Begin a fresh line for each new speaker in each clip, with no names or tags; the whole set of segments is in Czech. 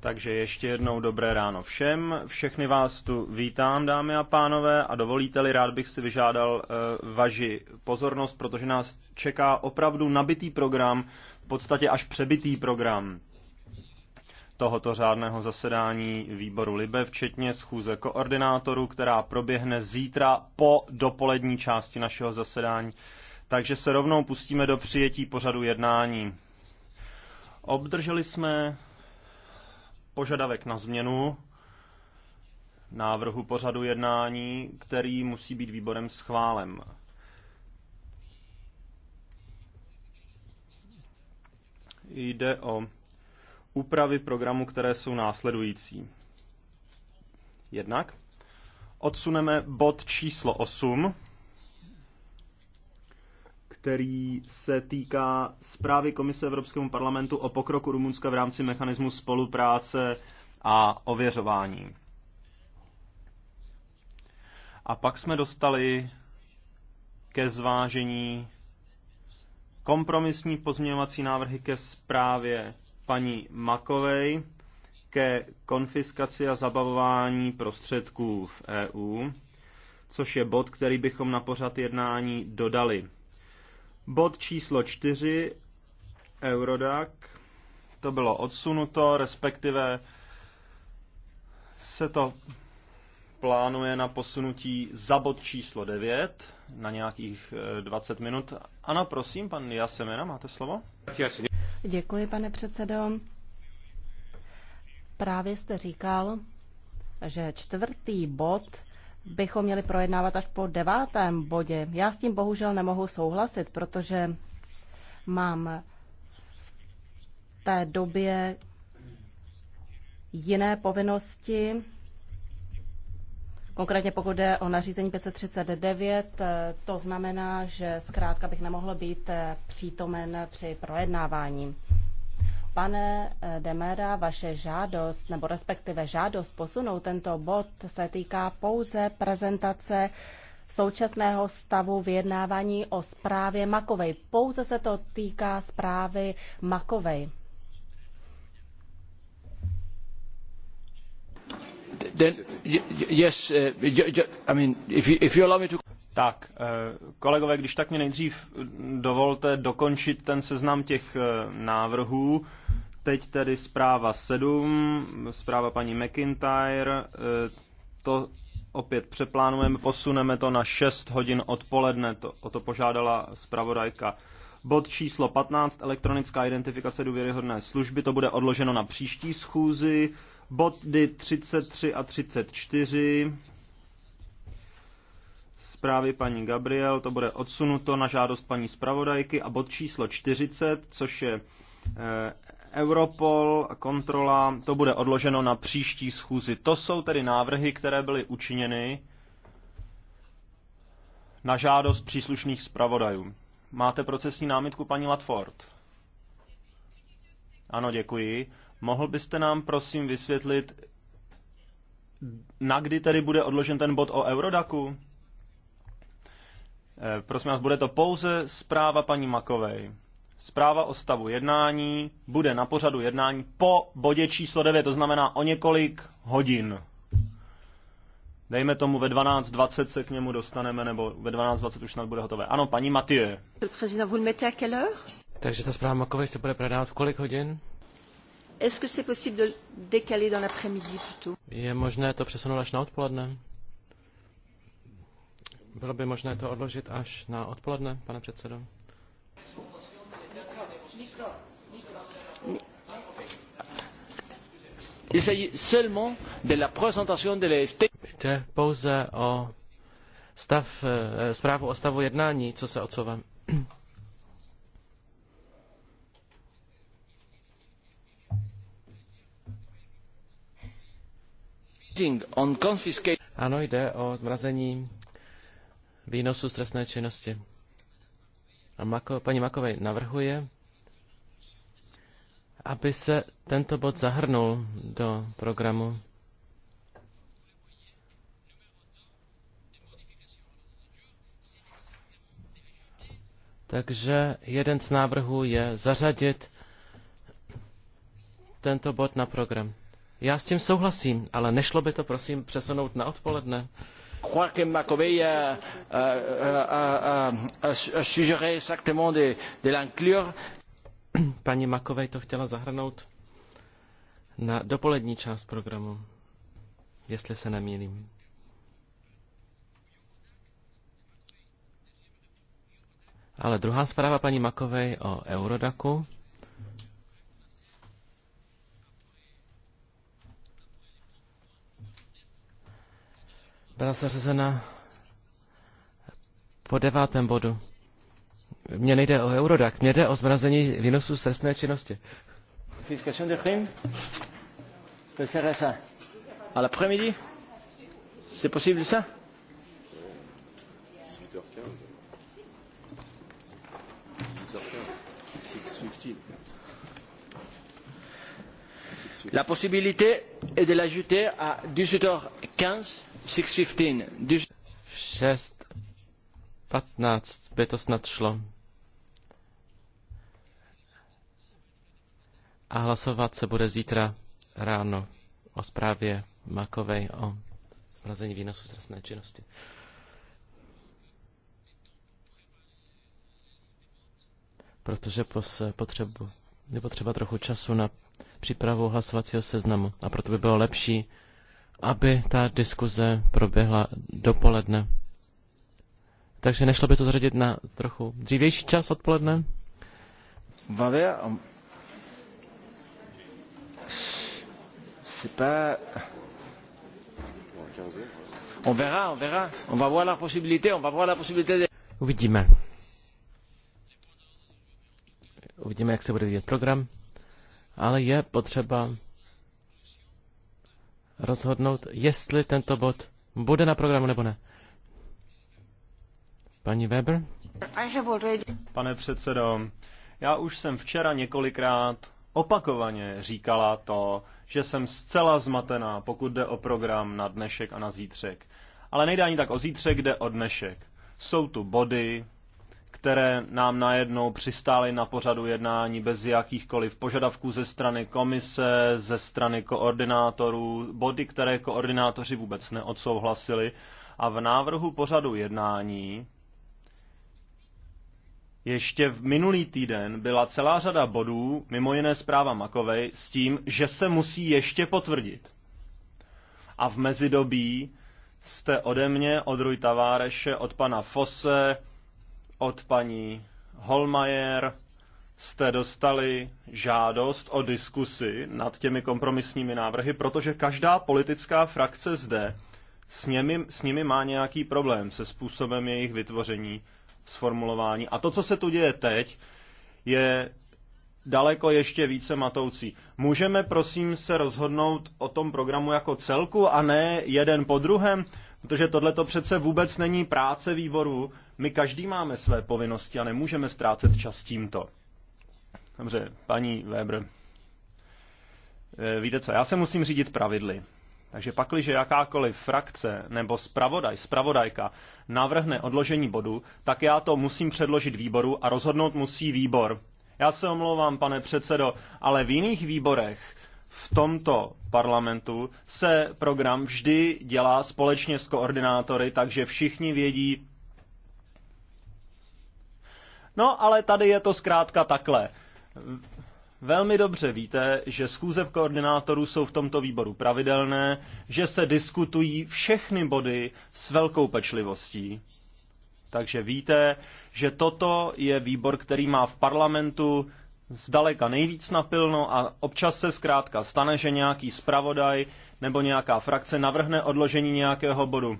Takže ještě jednou dobré ráno všem. Všechny vás tu vítám, dámy a pánové, a dovolíte-li, rád bych si vyžádal uh, vaši pozornost, protože nás čeká opravdu nabitý program, v podstatě až přebitý program tohoto řádného zasedání výboru Libe, včetně schůze koordinátorů, která proběhne zítra po dopolední části našeho zasedání. Takže se rovnou pustíme do přijetí pořadu jednání. Obdrželi jsme požadavek na změnu návrhu pořadu jednání, který musí být výborem schválen. Jde o úpravy programu, které jsou následující. Jednak odsuneme bod číslo 8 který se týká zprávy Komise Evropskému parlamentu o pokroku Rumunska v rámci mechanismu spolupráce a ověřování. A pak jsme dostali ke zvážení kompromisní pozměňovací návrhy ke zprávě paní Makovej ke konfiskaci a zabavování prostředků v EU, což je bod, který bychom na pořad jednání dodali. Bod číslo 4, Eurodac, to bylo odsunuto, respektive se to plánuje na posunutí za bod číslo 9 na nějakých 20 eh, minut. Ano, prosím, pan Jasemena, máte slovo?
Děkuji, pane předsedo. Právě jste říkal, že čtvrtý bod bychom měli projednávat až po devátém bodě. Já s tím bohužel nemohu souhlasit, protože mám v té době jiné povinnosti, Konkrétně pokud jde o nařízení 539, eh, to znamená, že zkrátka bych nemohl být eh, přítomen při projednávání. Pane eh, Demera, vaše žádost, nebo respektive žádost posunout tento bod se týká pouze prezentace současného stavu vyjednávání o zprávě Makovej. Pouze se to týká zprávy Makovej.
Then, yes, eh, I mean,
if you, if you allow me to... Tak, eh, kolegové, když tak mě nejdřív dovolte dokončit ten seznam těch eh, návrhů. Teď tedy zpráva 7, zpráva paní McIntyre, eh, to opět přeplánujeme, posuneme to na 6 hodin odpoledne, to, o to požádala zpravodajka. Bod číslo 15, elektronická identifikace důvěryhodné služby, to bude odloženo na příští schůzi. Body 33 a 34, zprávy paní Gabriel, to bude odsunuto na žádost paní zpravodajky a bod číslo 40, což je eh, Europol, kontrola, to bude odloženo na příští schůzi. To jsou tedy návrhy, které byly učiněny na žádost příslušných zpravodajů. Máte procesní námitku, paní Latford? Ano, děkuji. Mohl byste nám prosím vysvětlit, na kdy tedy bude odložen ten bod o Eurodaku? Eh, prosím vás, bude to pouze zpráva paní Makovej. Zpráva o stavu jednání bude na pořadu jednání po bodě číslo 9, to znamená o několik hodin. Dejme tomu ve 12.20 se k němu dostaneme, nebo ve 12.20 už snad bude hotové. Ano, paní Matie.
Takže ta zpráva Makovej se bude prodávat v kolik hodin? Je možné to přesunout až na odpoledne? Bylo by možné to odložit až na odpoledne, pane předsedo? Jde pouze o stav, eh, zprávu o stavu jednání, co se odsouvám. ano, jde o zmrazení výnosů z trestné činnosti. A Mako, paní Makovej navrhuje, aby se tento bod zahrnul do programu. Takže jeden z návrhů je zařadit tento bod na program. Já s tím souhlasím, ale nešlo by to, prosím, přesunout na odpoledne. Joaquín Macovey a, a, a, a, a suggéré exactement de, de l'inclure. Paní Makovej to chtěla zahrnout na dopolední část programu, jestli se nemýlím. Ale druhá zpráva paní Makovej o Eurodaku. byla zařazena po devátém bodu. Mně nejde o Eurodac, mně jde o zmrazení výnosů z trestné činnosti. Confiscation de crimes Le CRSA À l'après-midi C'est possible ça La possibilité est de l'ajouter à 18h15 v 6.15 by to snad šlo. A hlasovat se bude zítra ráno o zprávě Makovej o zmrazení výnosu z trestné činnosti. Protože potřebu, je potřeba trochu času na přípravu hlasovacího seznamu a proto by bylo lepší aby ta diskuze proběhla dopoledne. Takže nešlo by to zařadit na trochu dřívější čas odpoledne? Vavia, On verra, on verra. On va voir la possibilité, on va voir la possibilité de... Uvidíme. Uvidíme, jak se bude vyvíjet program. Ale je potřeba rozhodnout, jestli tento bod bude na programu nebo ne. Paní Weber?
Pane předsedo, já už jsem včera několikrát opakovaně říkala to, že jsem zcela zmatená, pokud jde o program na dnešek a na zítřek. Ale nejde ani tak o zítřek, jde o dnešek. Jsou tu body, které nám najednou přistály na pořadu jednání bez jakýchkoliv požadavků ze strany komise, ze strany koordinátorů, body, které koordinátoři vůbec neodsouhlasili. A v návrhu pořadu jednání ještě v minulý týden byla celá řada bodů, mimo jiné zpráva Makovej, s tím, že se musí ještě potvrdit. A v mezidobí jste ode mě, od Ruj Taváreše, od pana Fose, od paní Holmajer jste dostali žádost o diskusi nad těmi kompromisními návrhy, protože každá politická frakce zde s nimi, s nimi má nějaký problém se způsobem jejich vytvoření, sformulování. A to, co se tu děje teď, je daleko ještě více matoucí. Můžeme prosím se rozhodnout o tom programu jako celku a ne jeden po druhém, protože tohle to přece vůbec není práce výboru my každý máme své povinnosti a nemůžeme ztrácet čas tímto. Dobře, paní Weber, eh, víte co, já se musím řídit pravidly. Takže pakliže jakákoliv frakce nebo spravodaj, spravodajka navrhne odložení bodu, tak já to musím předložit výboru a rozhodnout musí výbor. Já se omlouvám, pane předsedo, ale v jiných výborech v tomto parlamentu se program vždy dělá společně s koordinátory, takže všichni vědí, No, ale tady je to zkrátka takhle. Velmi dobře víte, že schůze v koordinátorů jsou v tomto výboru pravidelné, že se diskutují všechny body s velkou pečlivostí. Takže víte, že toto je výbor, který má v parlamentu zdaleka nejvíc napilno a občas se zkrátka stane, že nějaký zpravodaj nebo nějaká frakce navrhne odložení nějakého bodu.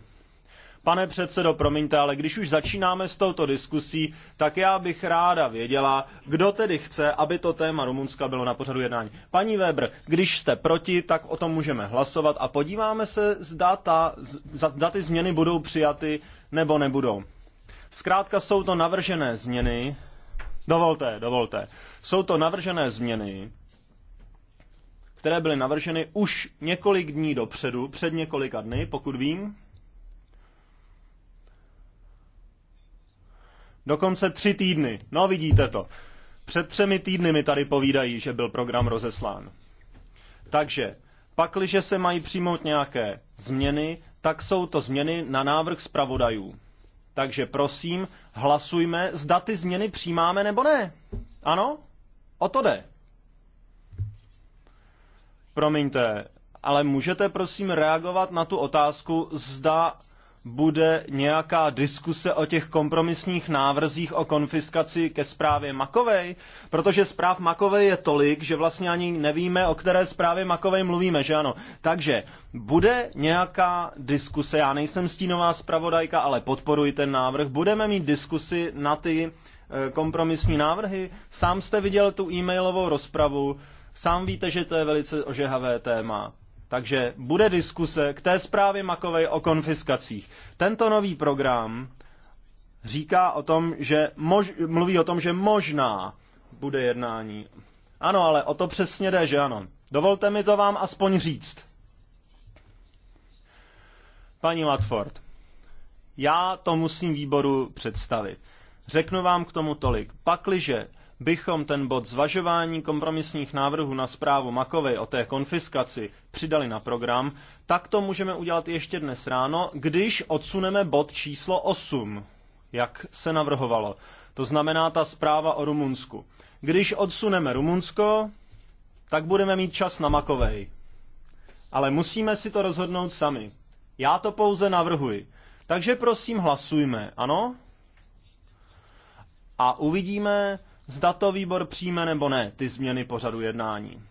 Pane předsedo, promiňte, ale když už začínáme s touto diskusí, tak já bych ráda věděla, kdo tedy chce, aby to téma Rumunska bylo na pořadu jednání. Paní Weber, když jste proti, tak o tom můžeme hlasovat a podíváme se, zda, ta, zda ty změny budou přijaty nebo nebudou. Zkrátka jsou to navržené změny. Dovolte, dovolte. Jsou to navržené změny, které byly navrženy už několik dní dopředu, před několika dny, pokud vím. Dokonce tři týdny. No, vidíte to. Před třemi týdny mi tady povídají, že byl program rozeslán. Takže, pakliže se mají přijmout nějaké změny, tak jsou to změny na návrh zpravodajů. Takže prosím, hlasujme, zda ty změny přijímáme nebo ne. Ano? O to jde. Promiňte, ale můžete prosím reagovat na tu otázku, zda bude nějaká diskuse o těch kompromisních návrzích o konfiskaci ke zprávě Makovej? Protože zpráv Makovej je tolik, že vlastně ani nevíme, o které zprávě Makovej mluvíme, že ano? Takže bude nějaká diskuse, já nejsem stínová zpravodajka, ale podporuji ten návrh, budeme mít diskusy na ty eh, kompromisní návrhy. Sám jste viděl tu e-mailovou rozpravu, sám víte, že to je velice ožehavé téma takže bude diskuse k té zprávě Makovej o konfiskacích. Tento nový program říká o tom, že mož, mluví o tom, že možná bude jednání. Ano, ale o to přesně jde, že ano. Dovolte mi to vám aspoň říct. Paní Latford, já to musím výboru představit. Řeknu vám k tomu tolik. Pakliže bychom ten bod zvažování kompromisních návrhů na zprávu Makovej o té konfiskaci přidali na program, tak to můžeme udělat ještě dnes ráno, když odsuneme bod číslo 8, jak se navrhovalo. To znamená ta zpráva o Rumunsku. Když odsuneme Rumunsko, tak budeme mít čas na Makovej. Ale musíme si to rozhodnout sami. Já to pouze navrhuji. Takže prosím hlasujme, ano? A uvidíme, zda to výbor přijme nebo ne ty změny pořadu jednání.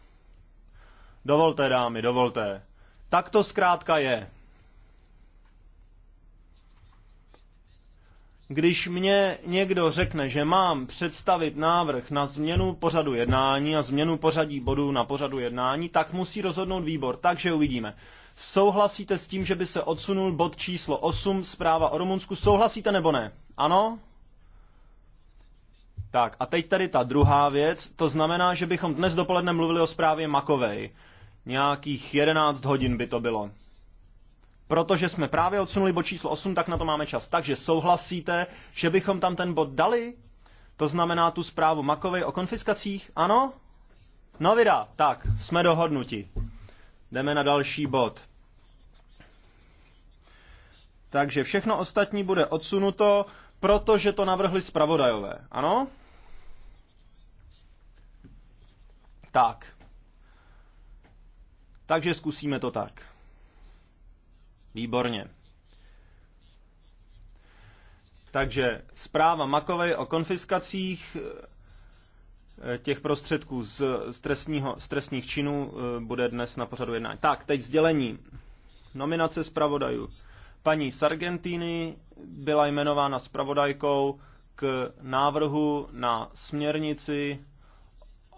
Dovolte, dámy, dovolte. Tak to zkrátka je. Když mě někdo řekne, že mám představit návrh na změnu pořadu jednání a změnu pořadí bodů na pořadu jednání, tak musí rozhodnout výbor. Takže uvidíme. Souhlasíte s tím, že by se odsunul bod číslo 8, zpráva o Rumunsku? Souhlasíte nebo ne? Ano? Tak a teď tady ta druhá věc, to znamená, že bychom dnes dopoledne mluvili o zprávě Makovej. Nějakých 11 hodin by to bylo. Protože jsme právě odsunuli bod číslo 8, tak na to máme čas. Takže souhlasíte, že bychom tam ten bod dali? To znamená tu zprávu Makovej o konfiskacích? Ano? No vydá, tak, jsme dohodnuti. Jdeme na další bod. Takže všechno ostatní bude odsunuto, protože to navrhli zpravodajové. Ano? Tak. Takže zkusíme to tak. Výborně. Takže zpráva Makovej o konfiskacích eh, těch prostředků z, z, trestního, z trestních činů eh, bude dnes na pořadu jednání. Tak, teď sdělení. Nominace zpravodajů. Paní Sargentini byla jmenována zpravodajkou k návrhu na směrnici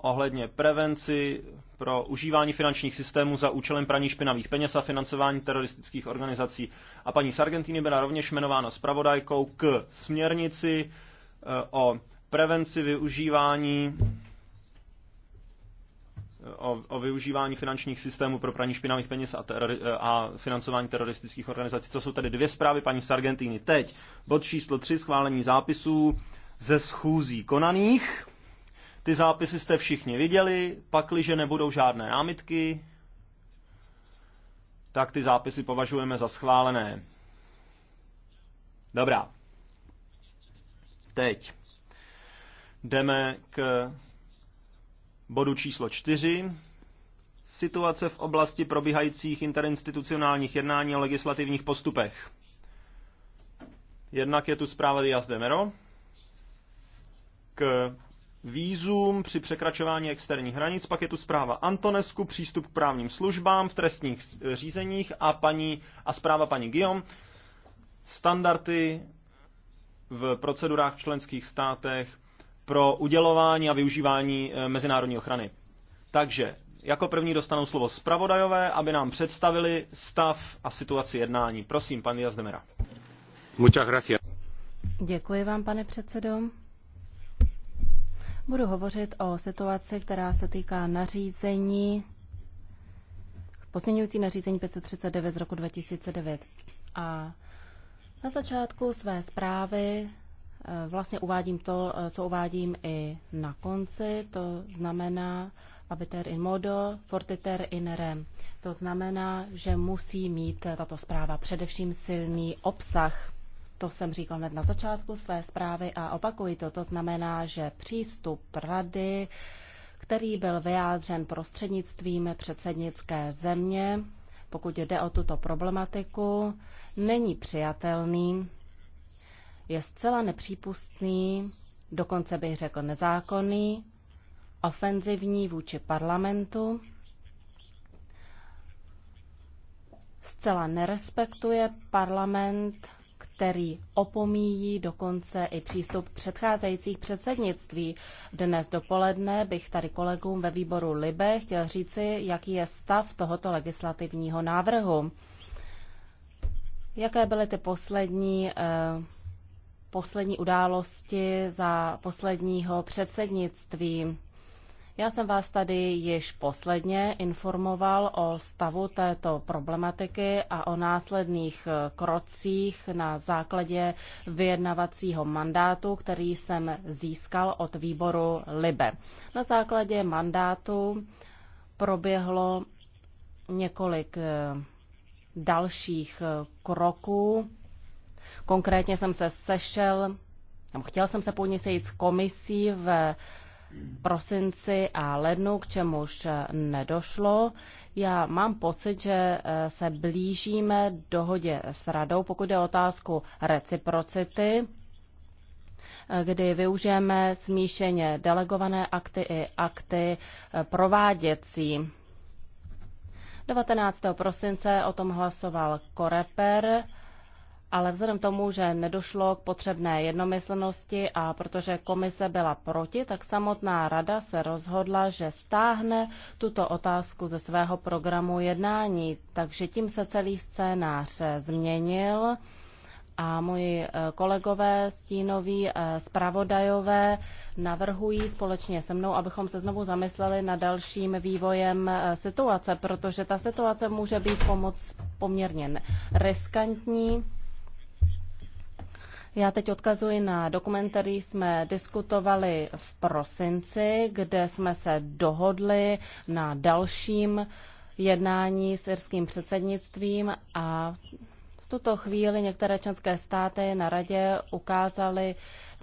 ohledně prevenci pro užívání finančních systémů za účelem praní špinavých peněz a financování teroristických organizací. A paní z Argentiny byla rovněž jmenována zpravodajkou k směrnici eh, o prevenci využívání eh, o, o využívání finančních systémů pro praní špinavých peněz a, terori- eh, a financování teroristických organizací. To jsou tedy dvě zprávy paní z Teď bod číslo 3 schválení zápisů ze schůzí konaných. Ty zápisy jste všichni viděli, pakliže nebudou žádné námitky, tak ty zápisy považujeme za schválené. Dobrá. Teď jdeme k bodu číslo čtyři. Situace v oblasti probíhajících interinstitucionálních jednání o legislativních postupech. Jednak je tu zpráva Diaz Demero k vízum při překračování externích hranic. Pak je tu zpráva Antonesku, přístup k právním službám v trestních řízeních a, paní, a zpráva paní Guillaume, standardy v procedurách v členských státech pro udělování a využívání eh, mezinárodní ochrany. Takže jako první dostanou slovo zpravodajové, aby nám představili stav a situaci jednání. Prosím, pan Jazdemera.
Děkuji vám, pane předsedo. Budu hovořit o situaci, která se týká nařízení, posměňující nařízení 539 z roku 2009. A na začátku své zprávy eh, vlastně uvádím to, eh, co uvádím i na konci, to znamená abiter in modo, fortiter in rem. To znamená, že musí mít eh, tato zpráva především silný obsah. To jsem říkal hned na začátku své zprávy a opakuji to. To znamená, že přístup rady, který byl vyjádřen prostřednictvím předsednické země, pokud jde o tuto problematiku, není přijatelný, je zcela nepřípustný, dokonce bych řekl nezákonný, ofenzivní vůči parlamentu, zcela nerespektuje parlament který opomíjí dokonce i přístup předcházejících předsednictví. Dnes dopoledne bych tady kolegům ve výboru Libe chtěl říci, jaký je stav tohoto legislativního návrhu. Jaké byly ty poslední eh, poslední události za posledního předsednictví. Já jsem vás tady již posledně informoval o stavu této problematiky a o následných eh, krocích na základě vyjednavacího mandátu, který jsem získal od výboru LIBE. Na základě mandátu proběhlo několik eh, dalších eh, kroků. Konkrétně jsem se sešel, nebo chtěl jsem se podnisit s komisí ve prosinci a lednu, k čemuž nedošlo. Já mám pocit, že eh, se blížíme dohodě s radou, pokud je otázku reciprocity, eh, kdy využijeme smíšeně delegované akty i akty eh, prováděcí. 19. prosince o tom hlasoval Koreper ale vzhledem tomu, že nedošlo k potřebné jednomyslnosti a protože komise byla proti, tak samotná rada se rozhodla, že stáhne tuto otázku ze svého programu jednání. Takže tím se celý scénář změnil a moji eh, kolegové stínoví eh, zpravodajové navrhují společně se mnou, abychom se znovu zamysleli na dalším vývojem eh, situace, protože ta situace může být pomoc poměrně riskantní. Já teď odkazuji na dokument, který jsme diskutovali v prosinci, kde jsme se dohodli na dalším jednání s irským předsednictvím a v tuto chvíli některé členské státy na radě ukázaly,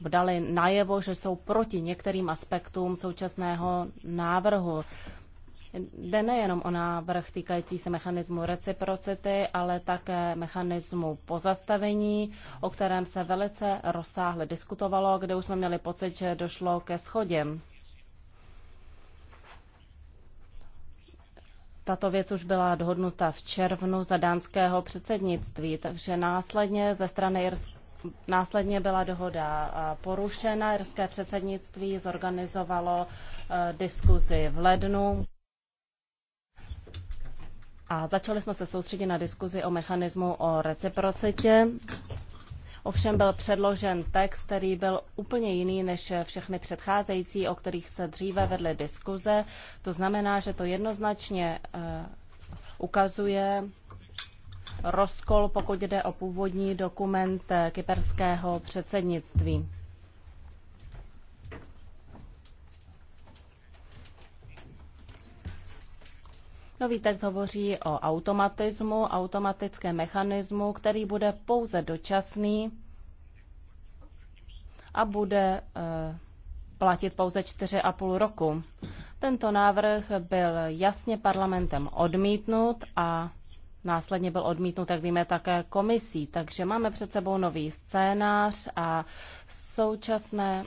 dali najevo, že jsou proti některým aspektům současného návrhu. Jde nejenom o návrh týkající se mechanismu reciprocity, ale také mechanismu pozastavení, o kterém se velice rozsáhle diskutovalo, kde už jsme měli pocit, že došlo ke schodě. Tato věc už byla dohodnuta v červnu za dánského předsednictví, takže následně ze strany Irsk Následně byla dohoda porušena. Irské předsednictví zorganizovalo diskuzi v lednu a začali jsme se soustředit na diskuzi o mechanismu o reciprocitě. Ovšem byl předložen text, který byl úplně jiný než všechny předcházející, o kterých se dříve vedly diskuze. To znamená, že to jednoznačně eh, ukazuje rozkol, pokud jde o původní dokument eh, kyperského předsednictví. Nový text hovoří o automatismu, automatickém mechanismu, který bude pouze dočasný a bude eh, platit pouze 4,5 roku. Tento návrh byl jasně parlamentem odmítnut a následně byl odmítnut, jak víme, také komisí. Takže máme před sebou nový scénář a současné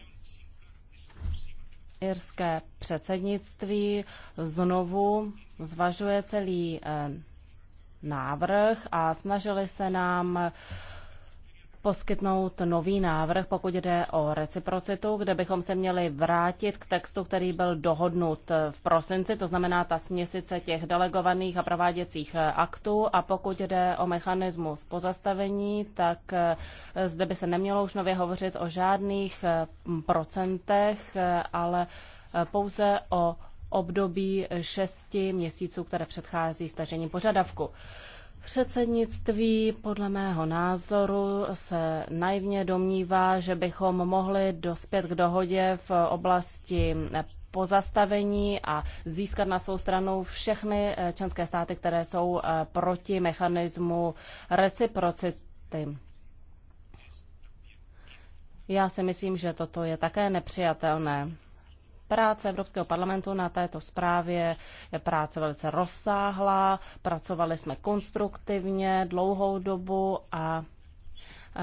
irské předsednictví znovu zvažuje celý eh, návrh a snažili se nám poskytnout nový návrh, pokud jde o reciprocitu, kde bychom se měli vrátit k textu, který byl dohodnut v prosinci, to znamená ta směsice těch delegovaných a prováděcích aktů. A pokud jde o mechanismus pozastavení, tak eh, zde by se nemělo už nově hovořit o žádných eh, procentech, eh, ale pouze o období šesti měsíců, které předchází stažení požadavku. Předsednictví podle mého názoru se naivně domnívá, že bychom mohli dospět k dohodě v oblasti pozastavení a získat na svou stranu všechny eh, členské státy, které jsou eh, proti mechanismu reciprocity. Já si myslím, že toto je také nepřijatelné. Práce Evropského parlamentu na této zprávě je práce velice rozsáhlá, pracovali jsme konstruktivně dlouhou dobu a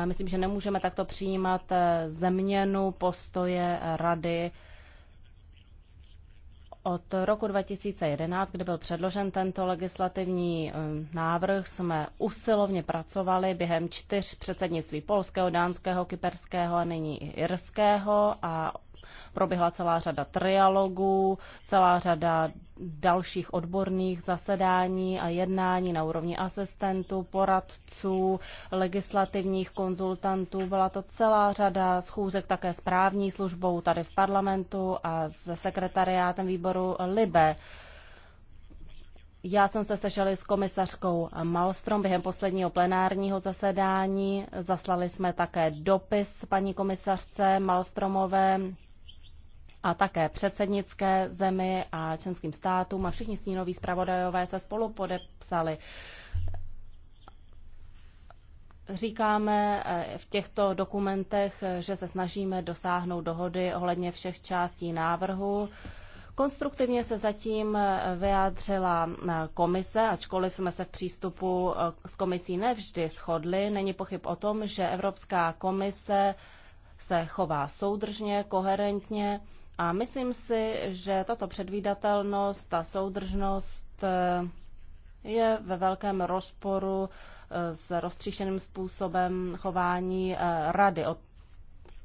myslím, že nemůžeme takto přijímat eh, zeměnu postoje rady od roku 2011, kdy byl předložen tento legislativní eh, návrh, jsme usilovně pracovali během čtyř předsednictví polského, dánského, kyperského a nyní i irského a proběhla celá řada trialogů, celá řada dalších odborných zasedání a jednání na úrovni asistentů, poradců, legislativních konzultantů. Byla to celá řada schůzek také s právní službou tady v parlamentu a se sekretariátem výboru LIBE. Já jsem se sešel s komisařkou Malstrom během posledního plenárního zasedání. Zaslali jsme také dopis paní komisařce Malstromové a také předsednické zemi a členským státům a všichni stínoví zpravodajové se spolu podepsali. Říkáme eh, v těchto dokumentech, že se snažíme dosáhnout dohody ohledně všech částí návrhu. Konstruktivně se zatím eh, vyjádřila eh, komise, ačkoliv jsme se v přístupu s komisí nevždy shodli. Není pochyb o tom, že Evropská komise se chová soudržně, koherentně a myslím si, že tato předvídatelnost, ta soudržnost eh, je ve velkém rozporu eh, s roztříšeným způsobem chování eh, rady. Od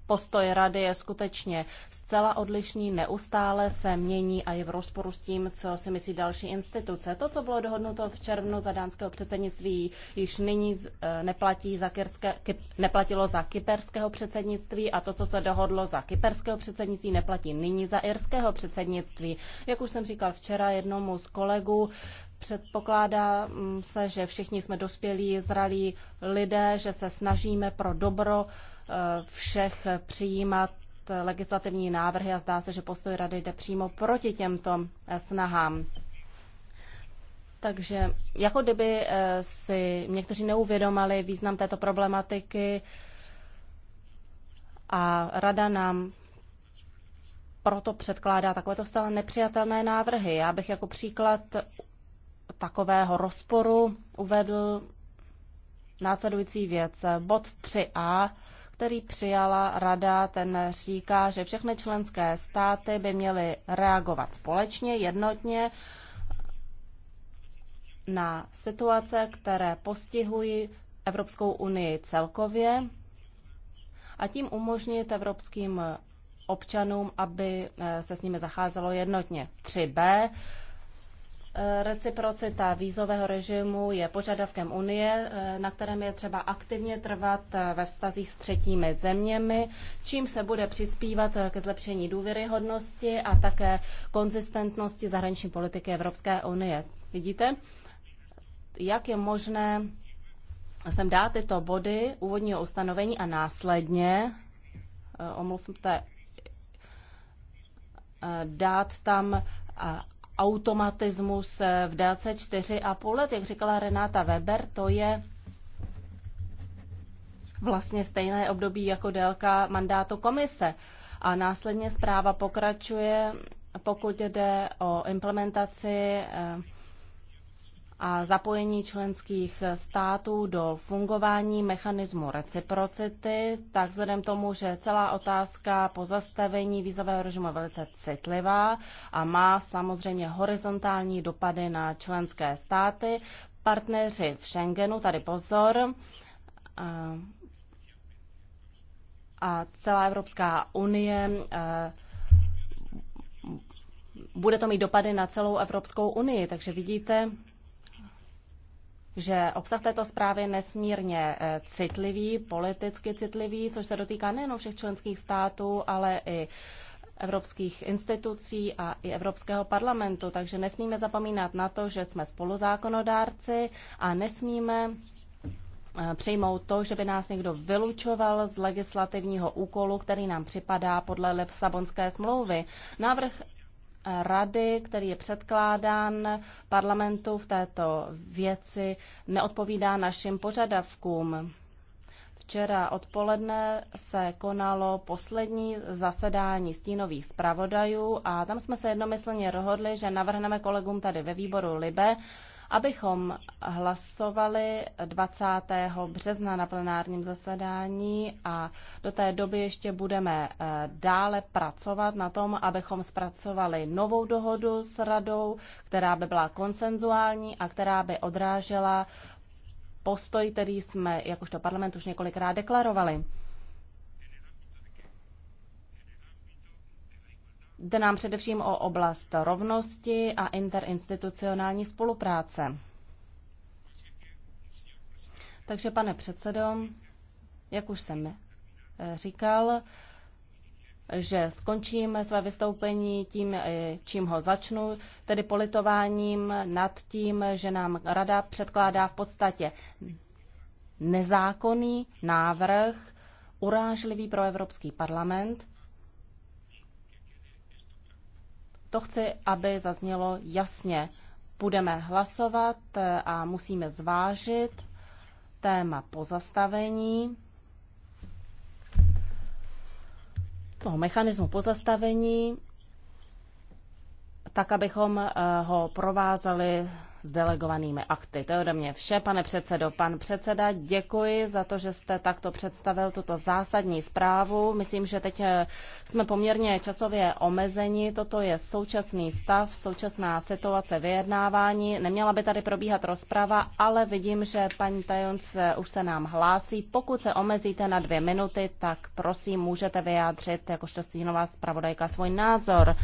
postoj rady je skutečně zcela odlišný, neustále se mění a je v rozporu s tím, co si myslí další instituce. To, co bylo dohodnuto v červnu za dánského předsednictví, již nyní eh, neplatí za kyrské, kyp, neplatilo za kyperského předsednictví a to, co se dohodlo za kyperského předsednictví, neplatí nyní za irského předsednictví. Jak už jsem říkal včera jednomu z kolegů, Předpokládá mm, se, že všichni jsme dospělí, zralí lidé, že se snažíme pro dobro všech přijímat legislativní návrhy a zdá se, že postoj rady jde přímo proti těmto eh, snahám. Takže jako kdyby eh, si někteří neuvědomali význam této problematiky a rada nám proto předkládá takovéto stále nepřijatelné návrhy. Já bych jako příklad takového rozporu uvedl následující věc. Bod 3a který přijala rada, ten říká, že všechny členské státy by měly reagovat společně, jednotně na situace, které postihují Evropskou unii celkově a tím umožnit evropským občanům, aby eh, se s nimi zacházelo jednotně. 3b Reciprocita vízového režimu je požadavkem Unie, na kterém je třeba aktivně trvat ve vztazích s třetími zeměmi, čím se bude přispívat ke zlepšení důvěryhodnosti a také konzistentnosti zahraniční politiky Evropské unie. Vidíte, jak je možné sem dát tyto body úvodního ustanovení a následně eh, omluvte eh, dát tam automatismus eh, v délce 4,5 let. Jak říkala Renáta Weber, to je vlastně stejné období jako délka mandátu komise. A následně zpráva pokračuje, pokud jde o implementaci eh, a zapojení členských států do fungování mechanismu reciprocity, tak vzhledem tomu, že celá otázka pozastavení vízového režimu je velice citlivá a má samozřejmě horizontální dopady na členské státy, partneři v Schengenu, tady pozor, a celá Evropská unie bude to mít dopady na celou Evropskou unii. Takže vidíte, že obsah této zprávy je nesmírně eh, citlivý, politicky citlivý, což se dotýká nejen všech členských států, ale i evropských institucí a i Evropského parlamentu. Takže nesmíme zapomínat na to, že jsme spoluzákonodárci a nesmíme eh, přijmout to, že by nás někdo vylučoval z legislativního úkolu, který nám připadá podle Lisabonské smlouvy. Návrh rady, který je předkládán parlamentu v této věci, neodpovídá našim požadavkům. Včera odpoledne se konalo poslední zasedání stínových zpravodajů a tam jsme se jednomyslně rozhodli, že navrhneme kolegům tady ve výboru Libe, abychom hlasovali 20. března na plenárním zasedání a do té doby ještě budeme eh, dále pracovat na tom, abychom zpracovali novou dohodu s radou, která by byla konsenzuální a která by odrážela postoj, který jsme jakožto parlament už několikrát deklarovali. Jde nám především o oblast rovnosti a interinstitucionální spolupráce. Takže, pane předsedo, jak už jsem eh, říkal, že skončím své vystoupení tím, eh, čím ho začnu, tedy politováním nad tím, že nám Rada předkládá v podstatě nezákonný návrh, urážlivý pro Evropský parlament, To chci, aby zaznělo jasně. Budeme hlasovat eh, a musíme zvážit téma pozastavení, toho mechanismu pozastavení, tak abychom eh, ho provázali s delegovanými akty. To je ode mě vše, pane předsedo. Pan předseda, děkuji za to, že jste takto představil tuto zásadní zprávu. Myslím, že teď eh, jsme poměrně časově omezeni. Toto je současný stav, současná situace vyjednávání. Neměla by tady probíhat rozprava, ale vidím, že paní Tajons eh, už se nám hlásí. Pokud se omezíte na dvě minuty, tak prosím, můžete vyjádřit jakožto stínová zpravodajka svůj názor.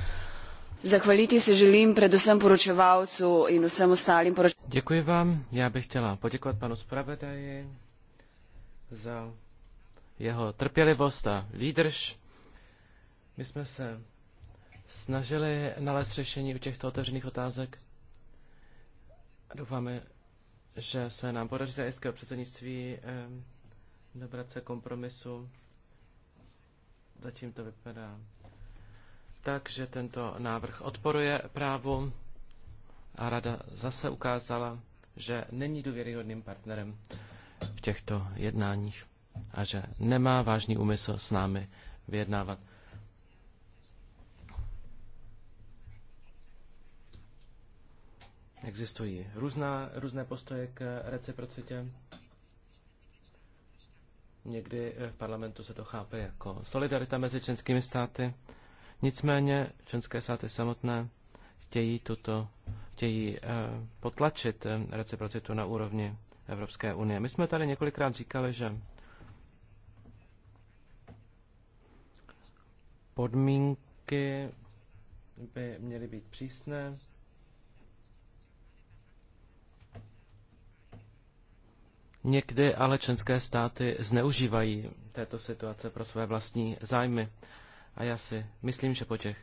Zahvaliti se želim predvsem poročevalcu in vsem ostalim poročevalcům.
Děkuji vám. Já bych chtěla poděkovat panu zpravodaji za jeho trpělivost a výdrž. My jsme se snažili nalézt řešení u těchto otevřených otázek. Doufáme, že se nám podaří za jeského předsednictví eh, dobrat se kompromisu. Zatím to vypadá takže tento návrh odporuje právu a rada zase ukázala, že není důvěryhodným partnerem v těchto jednáních a že nemá vážný úmysl s námi vyjednávat. Existují různá, různé postoje k reciprocitě. Někdy v parlamentu se to chápe jako solidarita mezi členskými státy, Nicméně členské státy samotné chtějí, tuto, chtějí eh, potlačit eh, reciprocitu na úrovni Evropské unie. My jsme tady několikrát říkali, že podmínky by měly být přísné. Někdy ale členské státy zneužívají této situace pro své vlastní zájmy. A já si myslím, že po těch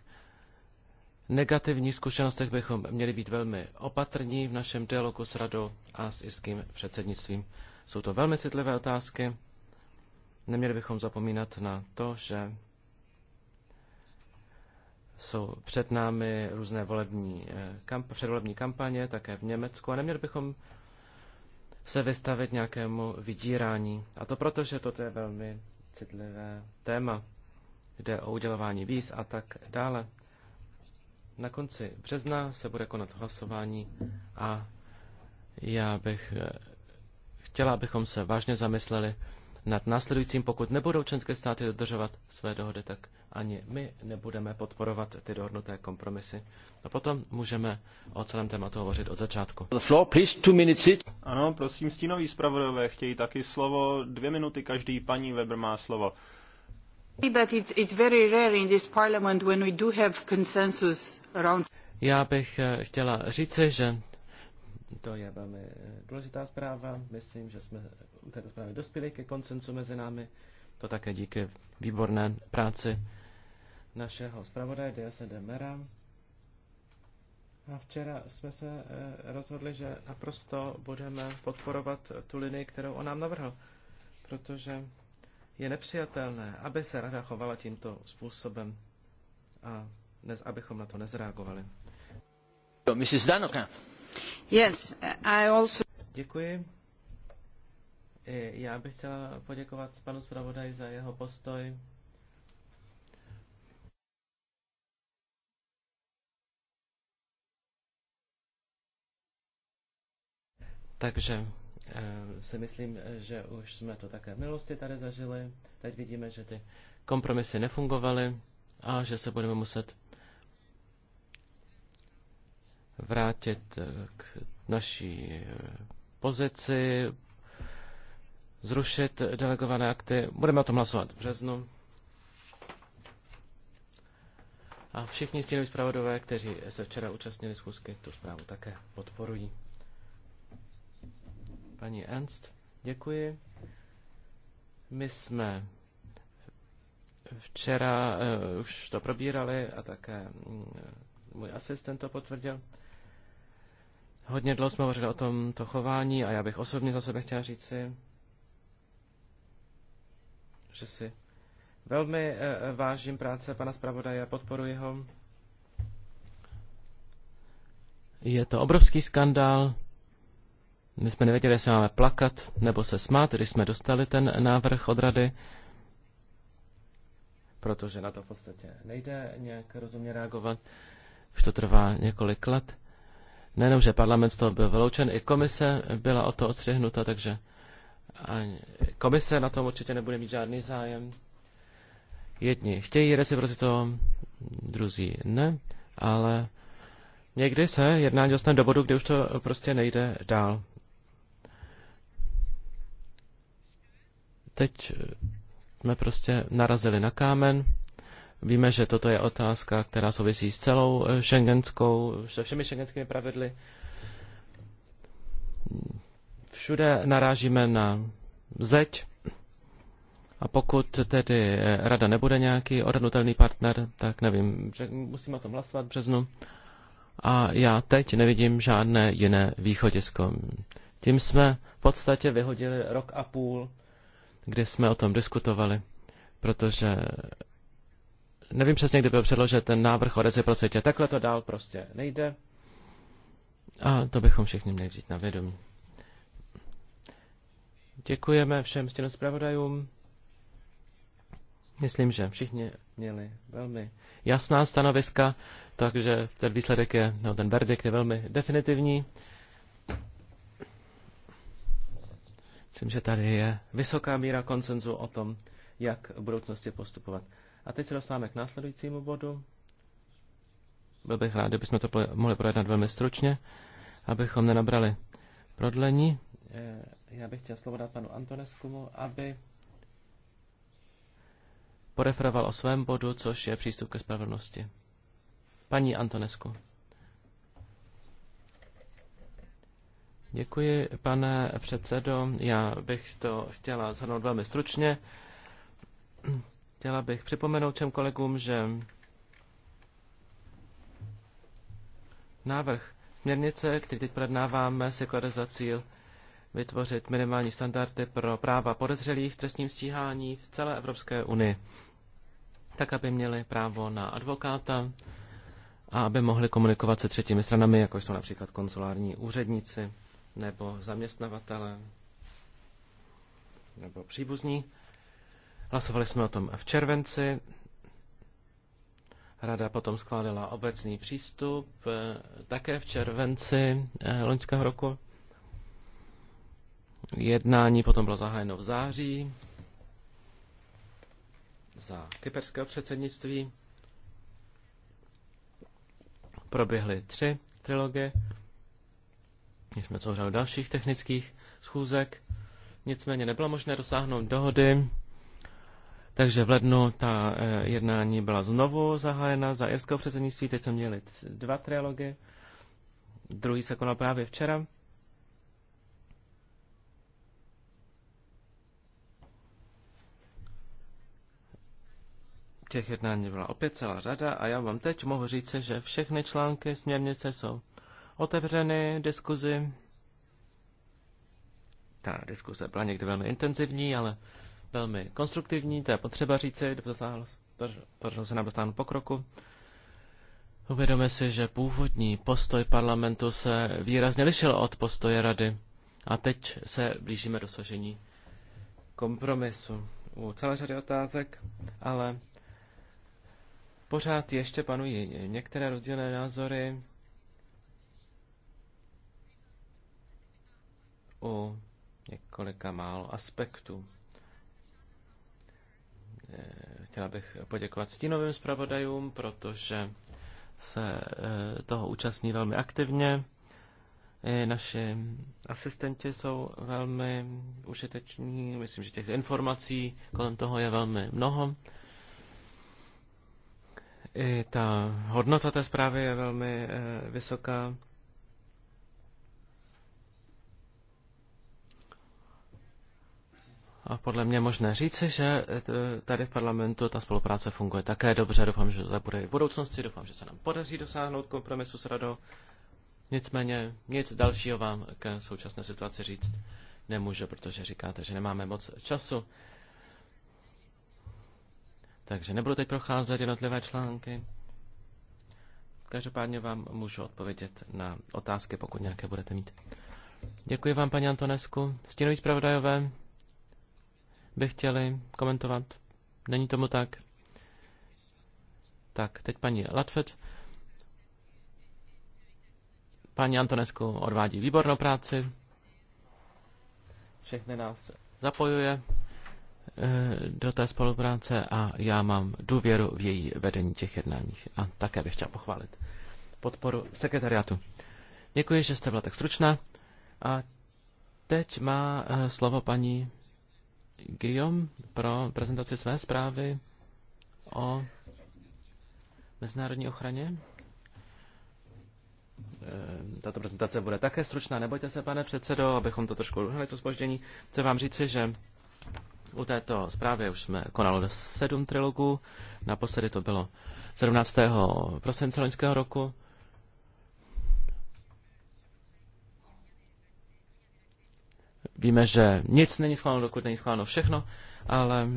negativních zkušenostech bychom měli být velmi opatrní v našem dialogu s radou a s iským předsednictvím. Jsou to velmi citlivé otázky. Neměli bychom zapomínat na to, že jsou před námi různé volební, eh, kamp- předvolební kampaně, také v Německu, a neměli bychom se vystavit nějakému vydírání. A to proto, že toto je velmi citlivé téma jde o udělování víz a tak dále. Na konci března se bude konat hlasování a já bych eh, chtěla, abychom se vážně zamysleli nad následujícím. Pokud nebudou členské státy dodržovat své dohody, tak ani my nebudeme podporovat ty dohodnuté kompromisy. A potom můžeme o celém tématu hovořit od začátku. The floor, please, two minutes.
Ano, prosím, stínoví zpravodové chtějí taky slovo. Dvě minuty každý, paní Weber má slovo.
Já bych eh, chtěla říci, že to je velmi eh, důležitá zpráva. Myslím, že jsme u této zprávy dospěli ke koncensu mezi námi. To také díky výborné práci našeho zpravodaje de Mera. A včera jsme se eh, rozhodli, že naprosto budeme podporovat tu linii, kterou on nám navrhl, protože je nepřijatelné, aby se rada chovala tímto způsobem a dnes, abychom na to nezreagovali. Mrs. Danoka. Yes, I also... Děkuji. Já bych chtěla poděkovat panu zpravodaji za jeho postoj. Takže Eh, si myslím, že už jsme to také v minulosti tady zažili. Teď vidíme, že ty kompromisy nefungovaly a že se budeme muset vrátit eh, k naší eh, pozici, zrušit delegované akty. Budeme o tom hlasovat v březnu. A všichni stínoví zpravodové, kteří se včera účastnili schůzky, tu zprávu také podporují. Paní Ernst, děkuji. My jsme včera uh, už to probírali a také mm, můj asistent to potvrdil. Hodně dlouho jsme hovořili o tom to chování a já bych osobně za sebe chtěl říci, že si velmi uh, vážím práce pana zpravodaje, podporuji ho. Je to obrovský skandál, my jsme nevěděli, jestli máme plakat nebo se smát, když jsme dostali ten návrh od rady, protože na to v podstatě nejde nějak rozumně reagovat. Už to trvá několik let. Nejenom, že parlament z toho byl vyloučen, i komise byla o to odstřihnuta, takže komise na tom určitě nebude mít žádný zájem. Jedni chtějí reciprocitu, druzí ne, ale někdy se jedná dostane do bodu, kdy už to prostě nejde dál. Teď eh, jsme prostě narazili na kámen. Víme, že toto je otázka, která souvisí s celou eh, šengenskou, se všemi šengenskými pravidly. Všude narážíme na zeď a pokud tedy eh, rada nebude nějaký odhadnutelný partner, tak nevím, že musíme o tom hlasovat v březnu. A já teď nevidím žádné jiné východisko. Tím jsme v podstatě vyhodili rok a půl kdy jsme o tom diskutovali, protože nevím přesně, kdy byl předložen ten návrh o reciprocitě. Takhle to dál prostě nejde. A to bychom všichni měli vzít na vědomí. Děkujeme všem stěnu zpravodajům. Myslím, že všichni měli velmi jasná stanoviska, takže ten výsledek je, no, ten verdikt je velmi definitivní. Myslím, že tady je vysoká míra koncenzu o tom, jak v budoucnosti postupovat. A teď se dostáváme k následujícímu bodu. Byl bych rád, kdybychom to mohli projednat velmi stručně, abychom nenabrali prodlení. Eh, já bych chtěl slovo dát panu Antoneskumu, aby poreferoval o svém bodu, což je přístup ke spravedlnosti. Paní Antonesku. Děkuji, pane předsedo. Já bych to chtěla zhrnout velmi stručně. Chtěla bych připomenout těm kolegům, že návrh směrnice, který teď projednáváme, si klade za cíl vytvořit minimální standardy pro práva podezřelých v trestním stíhání v celé Evropské unii, tak aby měli právo na advokáta a aby mohli komunikovat se třetími stranami, jako jsou například konzulární úředníci nebo zaměstnavatele nebo příbuzní. Hlasovali jsme o tom v červenci. Rada potom schválila obecný přístup eh, také v červenci eh, loňského roku. Jednání potom bylo zahájeno v září za kyperského předsednictví. Proběhly tři trilogie. Měli jsme co řadu dalších technických schůzek, nicméně nebylo možné dosáhnout dohody, takže v lednu ta eh, jednání byla znovu zahájena za irského předsednictví, teď jsme měli dva trialogy, druhý se konal právě včera. Těch jednání byla opět celá řada a já vám teď mohu říct, že všechny články směrnice jsou otevřeny diskuzi. Ta diskuze byla někdy velmi intenzivní, ale velmi konstruktivní, to je potřeba říci, podařilo se nám dosáhnout pokroku. Uvědomme si, že původní postoj parlamentu se výrazně lišil od postoje rady a teď se blížíme dosažení kompromisu u celé řady otázek, ale pořád ještě panují některé rozdílné názory u několika málo aspektů. Eh, chtěla bych poděkovat stínovým zpravodajům, protože se eh, toho účastní velmi aktivně. I naši asistenti jsou velmi užiteční. Myslím, že těch informací kolem toho je velmi mnoho. I ta hodnota té zprávy je velmi eh, vysoká. A podle mě možné říci, že eh, tady v parlamentu ta spolupráce funguje také dobře. Doufám, že to tak bude i v budoucnosti. Doufám, že se nám podaří dosáhnout kompromisu s radou. Nicméně nic dalšího vám k současné situaci říct nemůžu, protože říkáte, že nemáme moc času. Takže nebudu teď procházet jednotlivé články. Každopádně vám můžu odpovědět na otázky, pokud nějaké budete mít. Děkuji vám, paní Antonesku. Stínový zpravodajové by chtěli komentovat? Není tomu tak? Tak, teď paní Latvet. Paní Antonesku odvádí výbornou práci. Všechny nás zapojuje eh, do té spolupráce a já mám důvěru v její vedení těch jednáních. A také bych chtěl pochválit podporu sekretariátu. Děkuji, že jste byla tak stručná. A teď má eh, slovo paní Guillaume pro prezentaci své zprávy o mezinárodní ochraně. Eh, tato prezentace bude také stručná. Nebojte se, pane předsedo, abychom to trošku uhnali, to spoždění. Chci vám říci, že u této zprávy už jsme konalo sedm trilogů. Naposledy to bylo 17. prosince loňského roku. Víme, že nic není schváleno, dokud není schváleno všechno, ale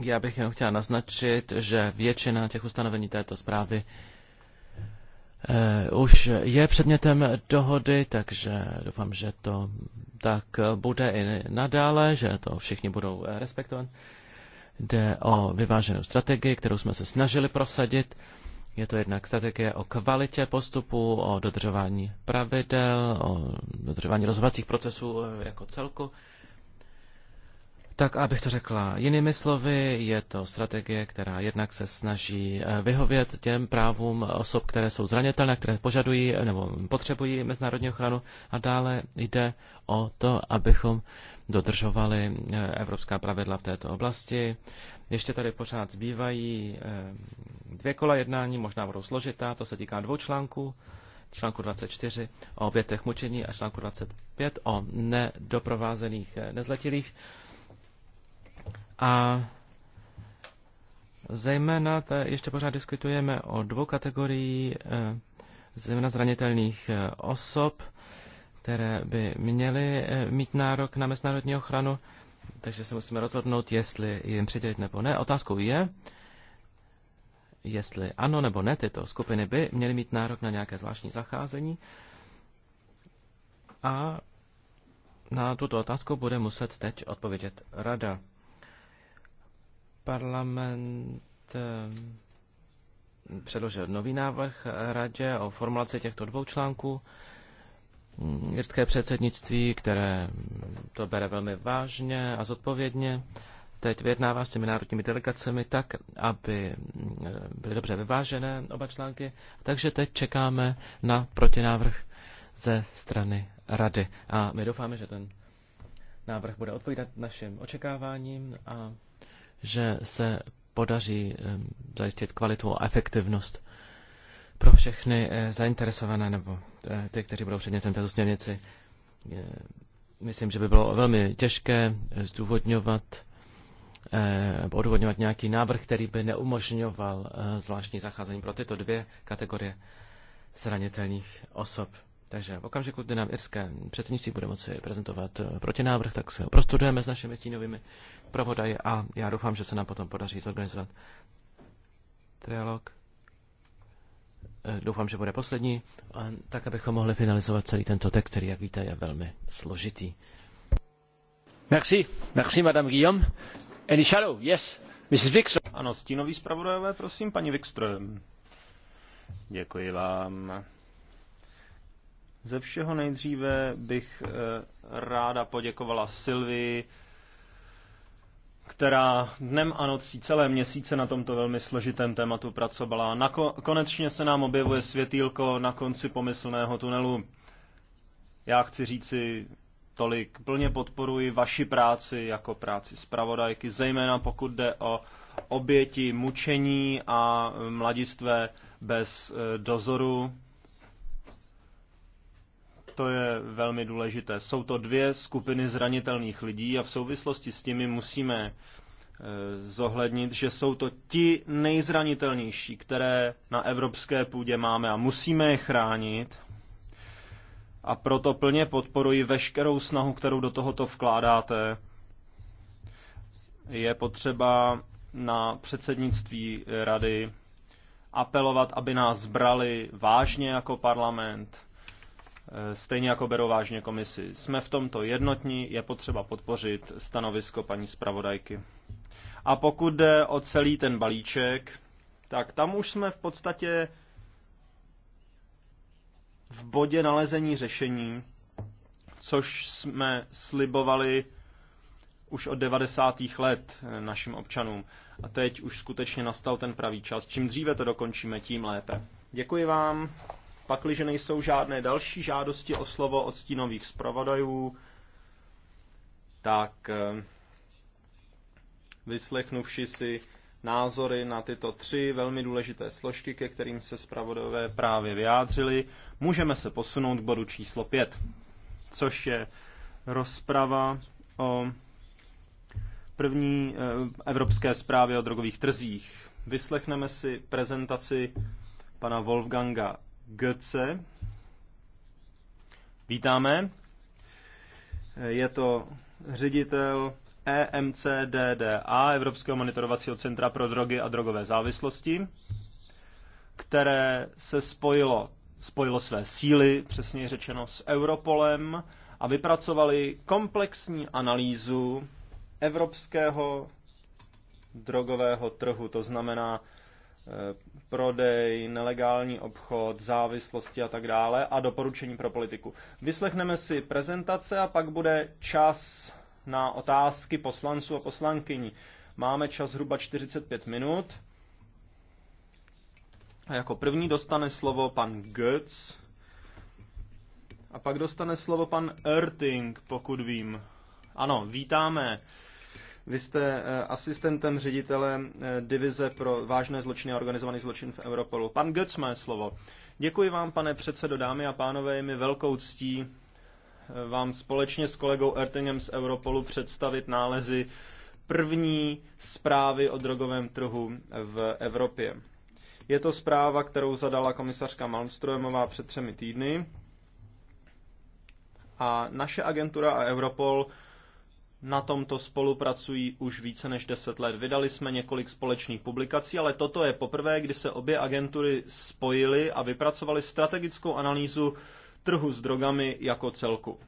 já bych jenom chtěla naznačit, že většina těch ustanovení této zprávy eh, už je předmětem dohody, takže doufám, že to tak bude i nadále, že to všichni budou eh, respektovat. Jde o vyváženou strategii, kterou jsme se snažili prosadit. Eh, je to jednak strategie o kvalitě postupu, o dodržování pravidel, o dodržování rozhodovacích procesů eh, jako celku. Tak abych to řekla jinými slovy, je to strategie, která jednak se snaží eh, vyhovět těm právům osob, které jsou zranitelné, které požadují nebo potřebují mezinárodní ochranu a dále jde o to, abychom dodržovali eh, evropská pravidla v této oblasti. Ještě tady pořád zbývají eh, dvě kola jednání, možná budou složitá, to se týká dvou článků článku 24 o obětech mučení a článku 25 o nedoprovázených nezletilých. A zejména ještě pořád diskutujeme o dvou kategorii eh, zejména zranitelných eh, osob, které by měly eh, mít nárok na mezinárodní ochranu, takže se musíme rozhodnout, jestli jim přidělit nebo ne. Otázkou je, jestli ano nebo ne tyto skupiny by měly mít nárok na nějaké zvláštní zacházení. A na tuto otázku bude muset teď odpovědět rada. Parlament eh, předložil nový návrh radě o formulaci těchto dvou článků. Mm, jirské předsednictví, které to bere velmi vážně a zodpovědně, teď vyjednává s těmi národními delegacemi tak, aby eh, byly dobře vyvážené oba články. Takže teď čekáme na protinávrh ze strany rady. A my doufáme, že ten návrh bude odpovídat našim očekáváním a že se podaří zajistit kvalitu a efektivnost pro všechny eh, zainteresované nebo eh, ty, kteří budou předmětem této směrnici. Myslím, že by bylo velmi těžké zdůvodňovat eh, odvodňovat nějaký návrh, který by neumožňoval zvláštní zacházení pro tyto dvě kategorie zranitelných osob. Takže v okamžiku, kdy nám irské předsednictví bude moci prezentovat eh, protinávrh, tak se prostudujeme s našimi stínovými provodaji a já doufám, že se nám potom podaří zorganizovat trialog. Eh, doufám, že bude poslední, tak abychom mohli finalizovat celý tento text, který, jak víte, je velmi složitý. Merci, merci, madame Guillaume. Any shadow? Yes.
Mrs. Wikström. Ano, stínový zpravodajové, prosím, paní Wikström. Děkuji vám. Ze všeho nejdříve bych eh, ráda poděkovala Sylvii, která dnem a nocí celé měsíce na tomto velmi složitém tématu pracovala. Nako- konečně se nám objevuje světýlko na konci pomyslného tunelu. Já chci říci tolik. Plně podporuji vaši práci jako práci zpravodajky, zejména pokud jde o oběti mučení a mladistvé bez eh, dozoru, to je velmi důležité. Jsou to dvě skupiny zranitelných lidí a v souvislosti s nimi musíme e, zohlednit, že jsou to ti nejzranitelnější, které na evropské půdě máme a musíme je chránit. A proto plně podporuji veškerou snahu, kterou do tohoto vkládáte. Je potřeba na předsednictví rady apelovat, aby nás brali vážně jako parlament Eh, stejně jako berou vážně komisi. Jsme v tomto jednotní, je potřeba podpořit stanovisko paní zpravodajky. A pokud jde o celý ten balíček, tak tam už jsme v podstatě v bodě nalezení řešení, což jsme slibovali už od 90. let eh, našim občanům. A teď už skutečně nastal ten pravý čas. Čím dříve to dokončíme, tím lépe. Děkuji vám. Pakliže nejsou žádné další žádosti o slovo od stínových zpravodajů, tak eh, vyslechnuvši si názory na tyto tři velmi důležité složky, ke kterým se zpravodové právě vyjádřili, můžeme se posunout k bodu číslo 5, což je rozprava o první eh, evropské zprávě o drogových trzích. Vyslechneme si prezentaci pana Wolfganga Götze. Vítáme. Je to ředitel EMCDDA, Evropského monitorovacího centra pro drogy a drogové závislosti, které se spojilo, spojilo své síly, přesně řečeno, s Europolem a vypracovali komplexní analýzu evropského drogového trhu, to znamená Eh, prodej, nelegální obchod, závislosti a tak dále a doporučení pro politiku. Vyslechneme si prezentace a pak bude čas na otázky poslanců a poslankyní. Máme čas zhruba 45 minut. A jako první dostane slovo pan Götz a pak dostane slovo pan Erting, pokud vím. Ano, vítáme vy jste eh, asistentem ředitele eh, divize pro vážné zločiny a organizovaný zločin v Europolu. Pan Götz má slovo. Děkuji vám, pane předsedo, dámy a pánové, je mi velkou ctí eh, vám společně s kolegou Ertingem z Europolu představit nálezy první zprávy o drogovém trhu v Evropě. Je to zpráva, kterou zadala komisařka Malmströmová před třemi týdny. A naše agentura a Europol na tomto spolupracují už více než deset let. Vydali jsme několik společných publikací, ale toto je poprvé, kdy se obě agentury spojily a vypracovaly strategickou analýzu trhu s drogami jako celku.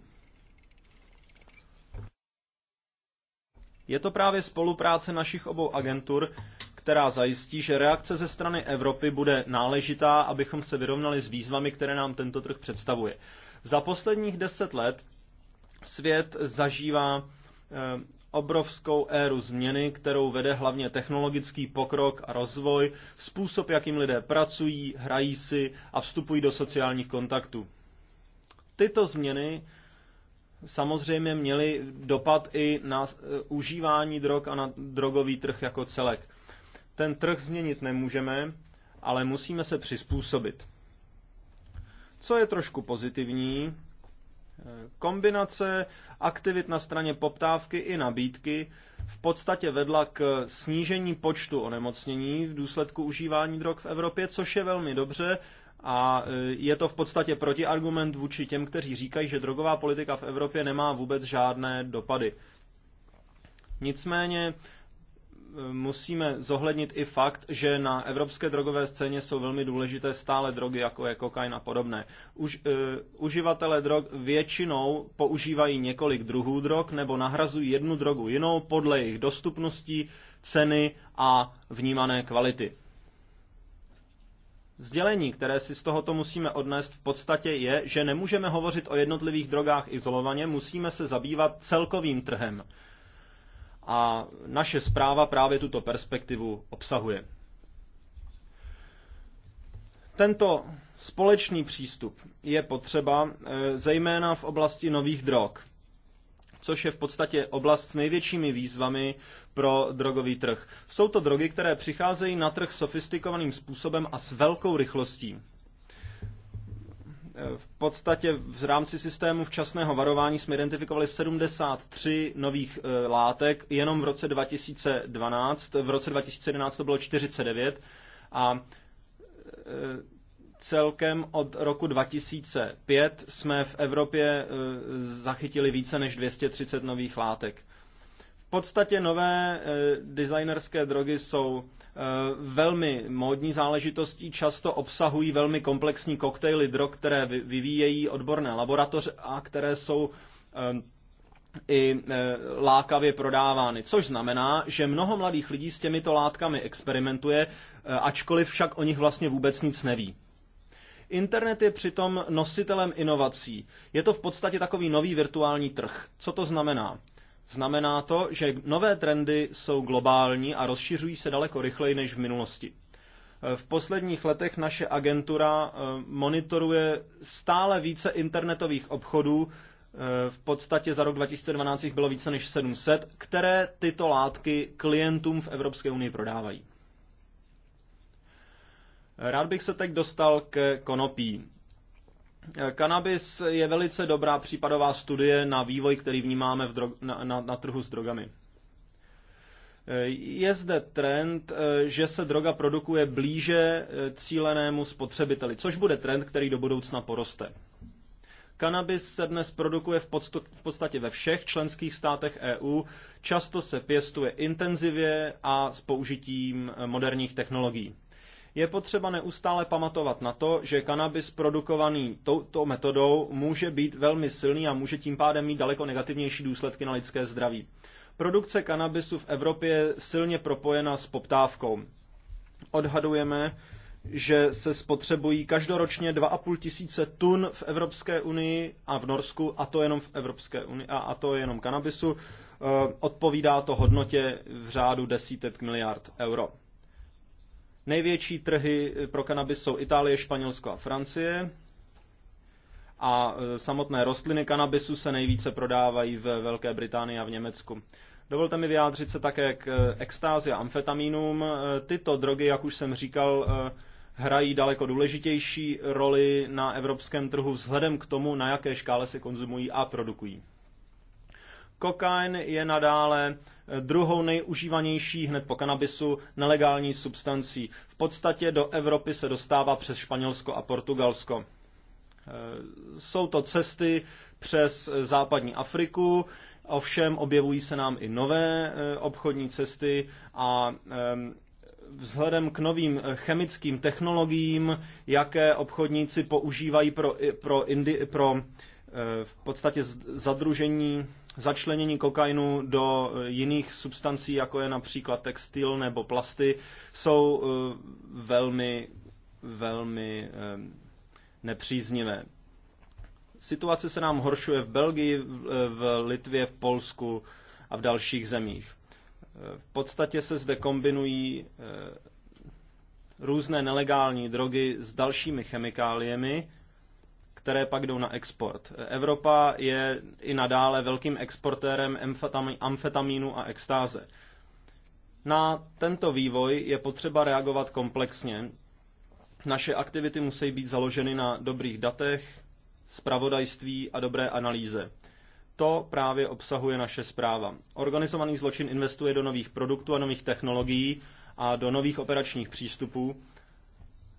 Je to právě spolupráce našich obou agentur, která zajistí, že reakce ze strany Evropy bude náležitá, abychom se vyrovnali s výzvami, které nám tento trh představuje. Za posledních deset let svět zažívá Eh, obrovskou éru změny, kterou vede hlavně technologický pokrok a rozvoj, způsob, jakým lidé pracují, hrají si a vstupují do sociálních kontaktů. Tyto změny samozřejmě měly dopad i na eh, užívání drog a na drogový trh jako celek. Ten trh změnit nemůžeme, ale musíme se přizpůsobit. Co je trošku pozitivní, Kombinace aktivit na straně poptávky i nabídky v podstatě vedla k snížení počtu onemocnění v důsledku užívání drog v Evropě, což je velmi dobře a e, je to v podstatě protiargument vůči těm, kteří říkají, že drogová politika v Evropě nemá vůbec žádné dopady. Nicméně musíme zohlednit i fakt, že na evropské drogové scéně jsou velmi důležité stále drogy, jako je kokain a podobné. Už, uh, uživatelé drog většinou používají několik druhů drog nebo nahrazují jednu drogu jinou podle jejich dostupnosti, ceny a vnímané kvality. Sdělení, které si z tohoto musíme odnést v podstatě je, že nemůžeme hovořit o jednotlivých drogách izolovaně, musíme se zabývat celkovým trhem a naše zpráva právě tuto perspektivu obsahuje. Tento společný přístup je potřeba eh, zejména v oblasti nových drog, což je v podstatě oblast s největšími výzvami pro drogový trh. Jsou to drogy, které přicházejí na trh sofistikovaným způsobem a s velkou rychlostí. V podstatě v rámci systému včasného varování jsme identifikovali 73 nových eh, látek jenom v roce 2012. V roce 2011 to bylo 49 a eh, celkem od roku 2005 jsme v Evropě eh, zachytili více než 230 nových látek podstatě nové eh, designerské drogy jsou eh, velmi módní záležitostí, často obsahují velmi komplexní koktejly drog, které vyvíjejí odborné laboratoře a které jsou eh, i lákavě prodávány. Což znamená, že mnoho mladých lidí s těmito látkami experimentuje, ačkoliv však o nich vlastně vůbec nic neví. Internet je přitom nositelem inovací. Je to v podstatě takový nový virtuální trh. Co to znamená? Znamená to, že nové trendy jsou globální a rozšiřují se daleko rychleji než v minulosti. Eh, v posledních letech naše agentura eh, monitoruje stále více internetových obchodů, eh, v podstatě za rok 2012 jich bylo více než 700, které tyto látky klientům v Evropské unii prodávají. Rád bych se teď dostal ke konopí. Kanabis je velice dobrá případová studie na vývoj, který vnímáme v drog- na, na, na trhu s drogami. Je zde trend, že se droga produkuje blíže eh, cílenému spotřebiteli, což bude trend, který do budoucna poroste. Kanabis se dnes produkuje v, podst- v podstatě ve všech členských státech EU, často se pěstuje intenzivě a s použitím eh, moderních technologií. Je potřeba neustále pamatovat na to, že kanabis produkovaný touto metodou může být velmi silný a může tím pádem mít daleko negativnější důsledky na lidské zdraví. Produkce kanabisu v Evropě je silně propojena s poptávkou. Odhadujeme, že se spotřebují každoročně 2,5 tisíce tun v Evropské unii a v Norsku, a to jenom v Evropské unii, a, a to jenom kanabisu, eh, odpovídá to hodnotě v řádu desítek miliard euro. Největší trhy eh, pro kanabis jsou Itálie, Španělsko a Francie. A eh, samotné rostliny kanabisu se nejvíce prodávají ve Velké Británii a v Německu. Dovolte mi vyjádřit se také k eh, extázi a amfetamínům. Tyto drogy, jak už jsem říkal, hrají daleko důležitější roli na evropském trhu vzhledem k tomu, na jaké škále se konzumují a produkují. Kokain je nadále eh, druhou nejužívanější hned po kanabisu nelegální substancí. V podstatě do Evropy se dostává přes Španělsko a Portugalsko. Eh, jsou to cesty přes eh, západní Afriku, ovšem objevují se nám i nové obchodní cesty a ehm, vzhledem k novým chemickým technologiím, jaké obchodníci používají pro, pro, indi, pro v podstatě zadružení začlenění kokainu do eh, jiných substancí, jako je například textil nebo plasty, jsou eh, velmi, velmi eh, nepříznivé. Situace se nám horšuje v Belgii, v Litvě, v Polsku a v dalších zemích. V podstatě se zde kombinují různé nelegální drogy s dalšími chemikáliemi, které pak jdou na export. Evropa je i nadále velkým exportérem amfetamínu a extáze. Na tento vývoj je potřeba reagovat komplexně. Naše aktivity musí být založeny na dobrých datech, spravodajství a dobré analýze. To právě obsahuje naše zpráva. Organizovaný zločin investuje do nových produktů a nových technologií a do nových operačních přístupů,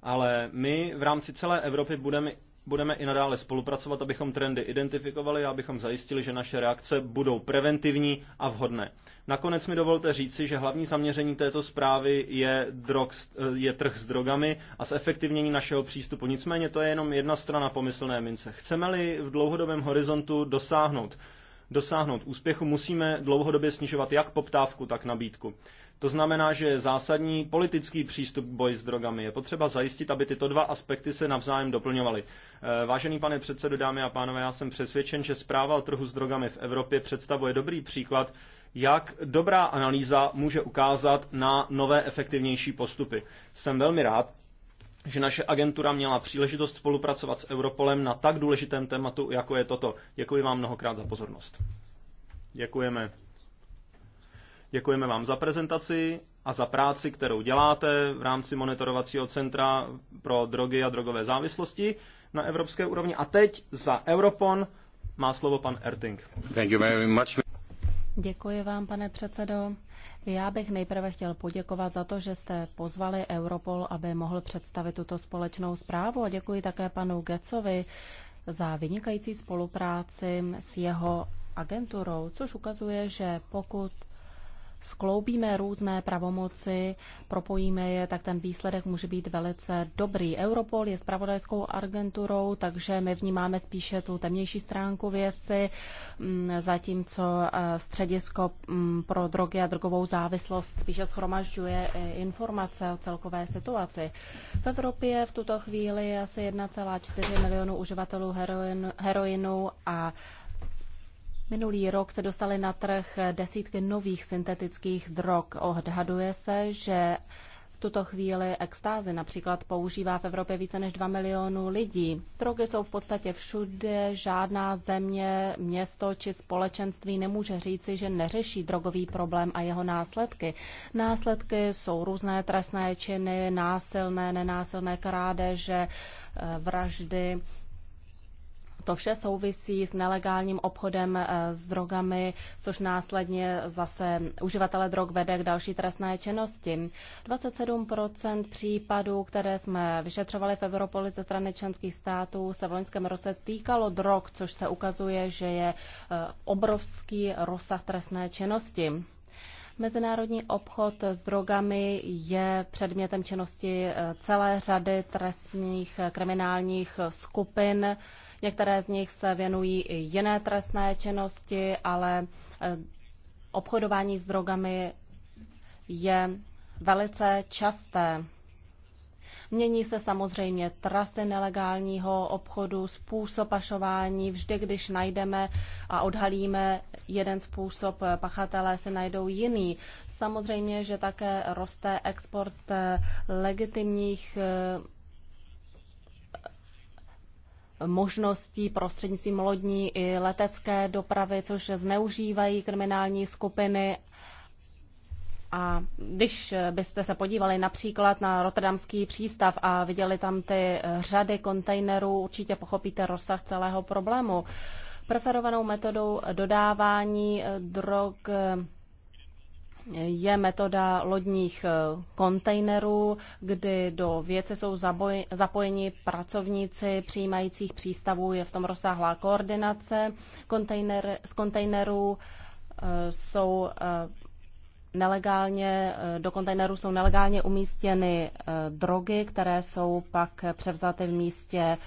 ale my v rámci celé Evropy budeme budeme i nadále spolupracovat, abychom trendy identifikovali a abychom zajistili, že naše reakce budou preventivní a vhodné. Nakonec mi dovolte říci, že hlavní zaměření této zprávy je, drog, je trh s drogami a zefektivnění našeho přístupu. Nicméně to je jenom jedna strana pomyslné mince. Chceme-li v dlouhodobém horizontu dosáhnout dosáhnout úspěchu, musíme dlouhodobě snižovat jak poptávku, tak nabídku. To znamená, že zásadní politický přístup k boji s drogami je potřeba zajistit, aby tyto dva aspekty se navzájem doplňovaly. Eh, vážený pane předsedo, dámy a pánové, já jsem přesvědčen, že zpráva o trhu s drogami v Evropě představuje dobrý příklad, jak dobrá analýza může ukázat na nové efektivnější postupy. Jsem velmi rád, že naše agentura měla příležitost spolupracovat s Europolem na tak důležitém tématu, jako je toto. Děkuji vám mnohokrát za pozornost. Děkujeme. Děkujeme vám za prezentaci a za práci, kterou děláte v rámci monitorovacího centra pro drogy a drogové závislosti na evropské úrovni. A teď za Europon má slovo pan Erting.
Thank you very much.
Děkuji vám, pane předsedo. Já bych nejprve chtěl poděkovat za to, že jste pozvali Europol, aby mohl představit tuto společnou zprávu a děkuji také panu Gecovi za vynikající spolupráci s jeho agenturou, což ukazuje, že pokud skloubíme různé pravomoci, propojíme je, tak ten výsledek může být velice dobrý. Europol je spravodajskou agenturou, takže my vnímáme spíše tu temnější stránku věci, mm, zatímco eh, středisko mm, pro drogy a drogovou závislost spíše schromažďuje eh, informace o celkové situaci. V Evropě v tuto chvíli asi 1,4 milionu uživatelů heroin, heroinu a Minulý rok se dostaly na trh desítky nových syntetických drog. Odhaduje se, že v tuto chvíli extázy například používá v Evropě více než 2 milionů lidí. Drogy jsou v podstatě všude, žádná země, město či společenství nemůže říci, že neřeší drogový problém a jeho následky. Následky jsou různé trestné činy, násilné, nenásilné krádeže, eh, vraždy, to vše souvisí s nelegálním obchodem eh, s drogami, což následně zase uživatele drog vede k další trestné činnosti. 27 případů, které jsme vyšetřovali v Europoli ze strany členských států, se v loňském roce týkalo drog, což se ukazuje, že je eh, obrovský rozsah trestné činnosti. Mezinárodní obchod s drogami je předmětem činnosti eh, celé řady trestních kriminálních skupin. Některé z nich se věnují i jiné trestné činnosti, ale eh, obchodování s drogami je velice časté. Mění se samozřejmě trasy nelegálního obchodu, způsob pašování. Vždy, když najdeme a odhalíme jeden způsob, eh, pachatelé se najdou jiný. Samozřejmě, že také roste export eh, legitimních možností prostřednictvím lodní i letecké dopravy, což zneužívají kriminální skupiny. A když byste se podívali například na Rotterdamský přístav a viděli tam ty řady kontejnerů, určitě pochopíte rozsah celého problému. Preferovanou metodou dodávání drog je metoda lodních eh, kontejnerů, kdy do věce jsou zapojeni pracovníci přijímajících přístavů, je v tom rozsáhlá koordinace. Kontejner, z kontejnerů eh, jsou eh, nelegálně, do kontejnerů jsou nelegálně umístěny drogy, které jsou pak převzaty v místě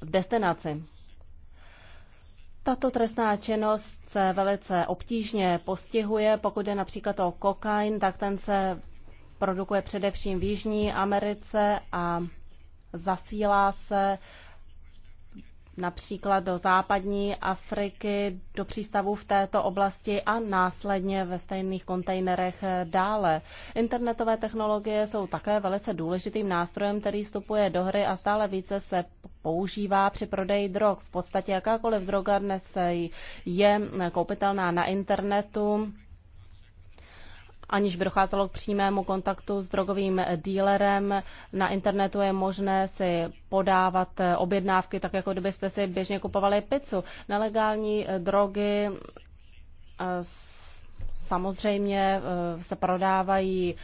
v destinaci. Tato trestná činnost se velice obtížně postihuje. Pokud je například o kokain, tak ten se produkuje především v Jižní Americe a zasílá se například do západní Afriky, do přístavů v této oblasti a následně ve stejných kontejnerech dále. Internetové technologie jsou také velice důležitým nástrojem, který vstupuje do hry a stále více se používá při prodeji drog. V podstatě jakákoliv droga dnes je koupitelná na internetu aniž by docházelo k přímému kontaktu s drogovým dílerem. Na internetu je možné si podávat objednávky, tak jako kdybyste si běžně kupovali pizzu. Nelegální eh, drogy eh, samozřejmě eh, se prodávají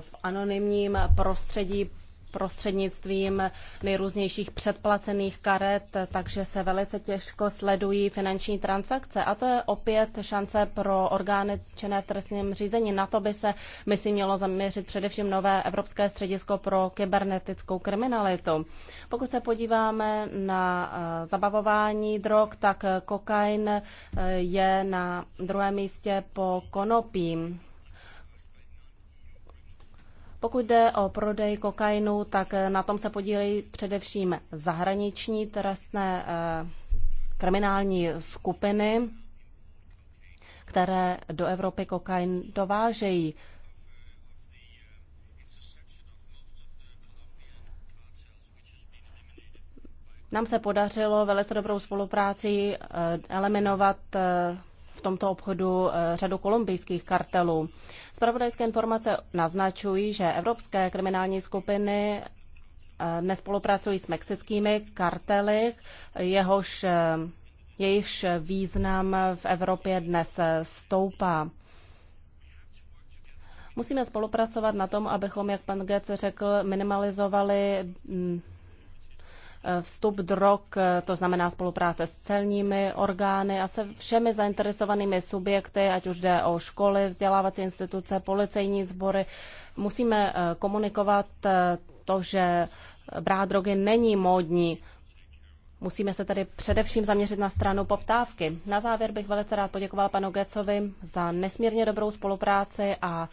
v anonymním prostředí prostřednictvím nejrůznějších předplacených karet, takže se velice těžko sledují finanční transakce. A to je opět šance pro orgány činné v trestním řízení. Na to by se, myslím, mělo zaměřit především nové Evropské středisko pro kybernetickou kriminalitu. Pokud se podíváme na eh, zabavování drog, tak kokain eh, je na druhém místě po konopím. Pokud jde o prodej kokainu, tak eh, na tom se podílejí především zahraniční trestné eh, kriminální skupiny, které do Evropy kokain dovážejí. Nám se podařilo velice dobrou spolupráci eh, eliminovat v tomto obchodu řadu kolumbijských kartelů. Spravodajské informace naznačují, že evropské kriminální skupiny eh, nespolupracují s mexickými kartely, jehož, eh, jejichž význam v Evropě dnes stoupá. Musíme spolupracovat na tom, abychom, jak pan Gec řekl, minimalizovali mm, vstup drog, to znamená spolupráce s celními orgány a se všemi zainteresovanými subjekty, ať už jde o školy, vzdělávací instituce, policejní sbory. Musíme eh, komunikovat eh, to, že brát drogy není módní. Musíme se tedy především zaměřit na stranu poptávky. Na závěr bych velice rád poděkoval panu Gecovi za nesmírně dobrou spolupráci a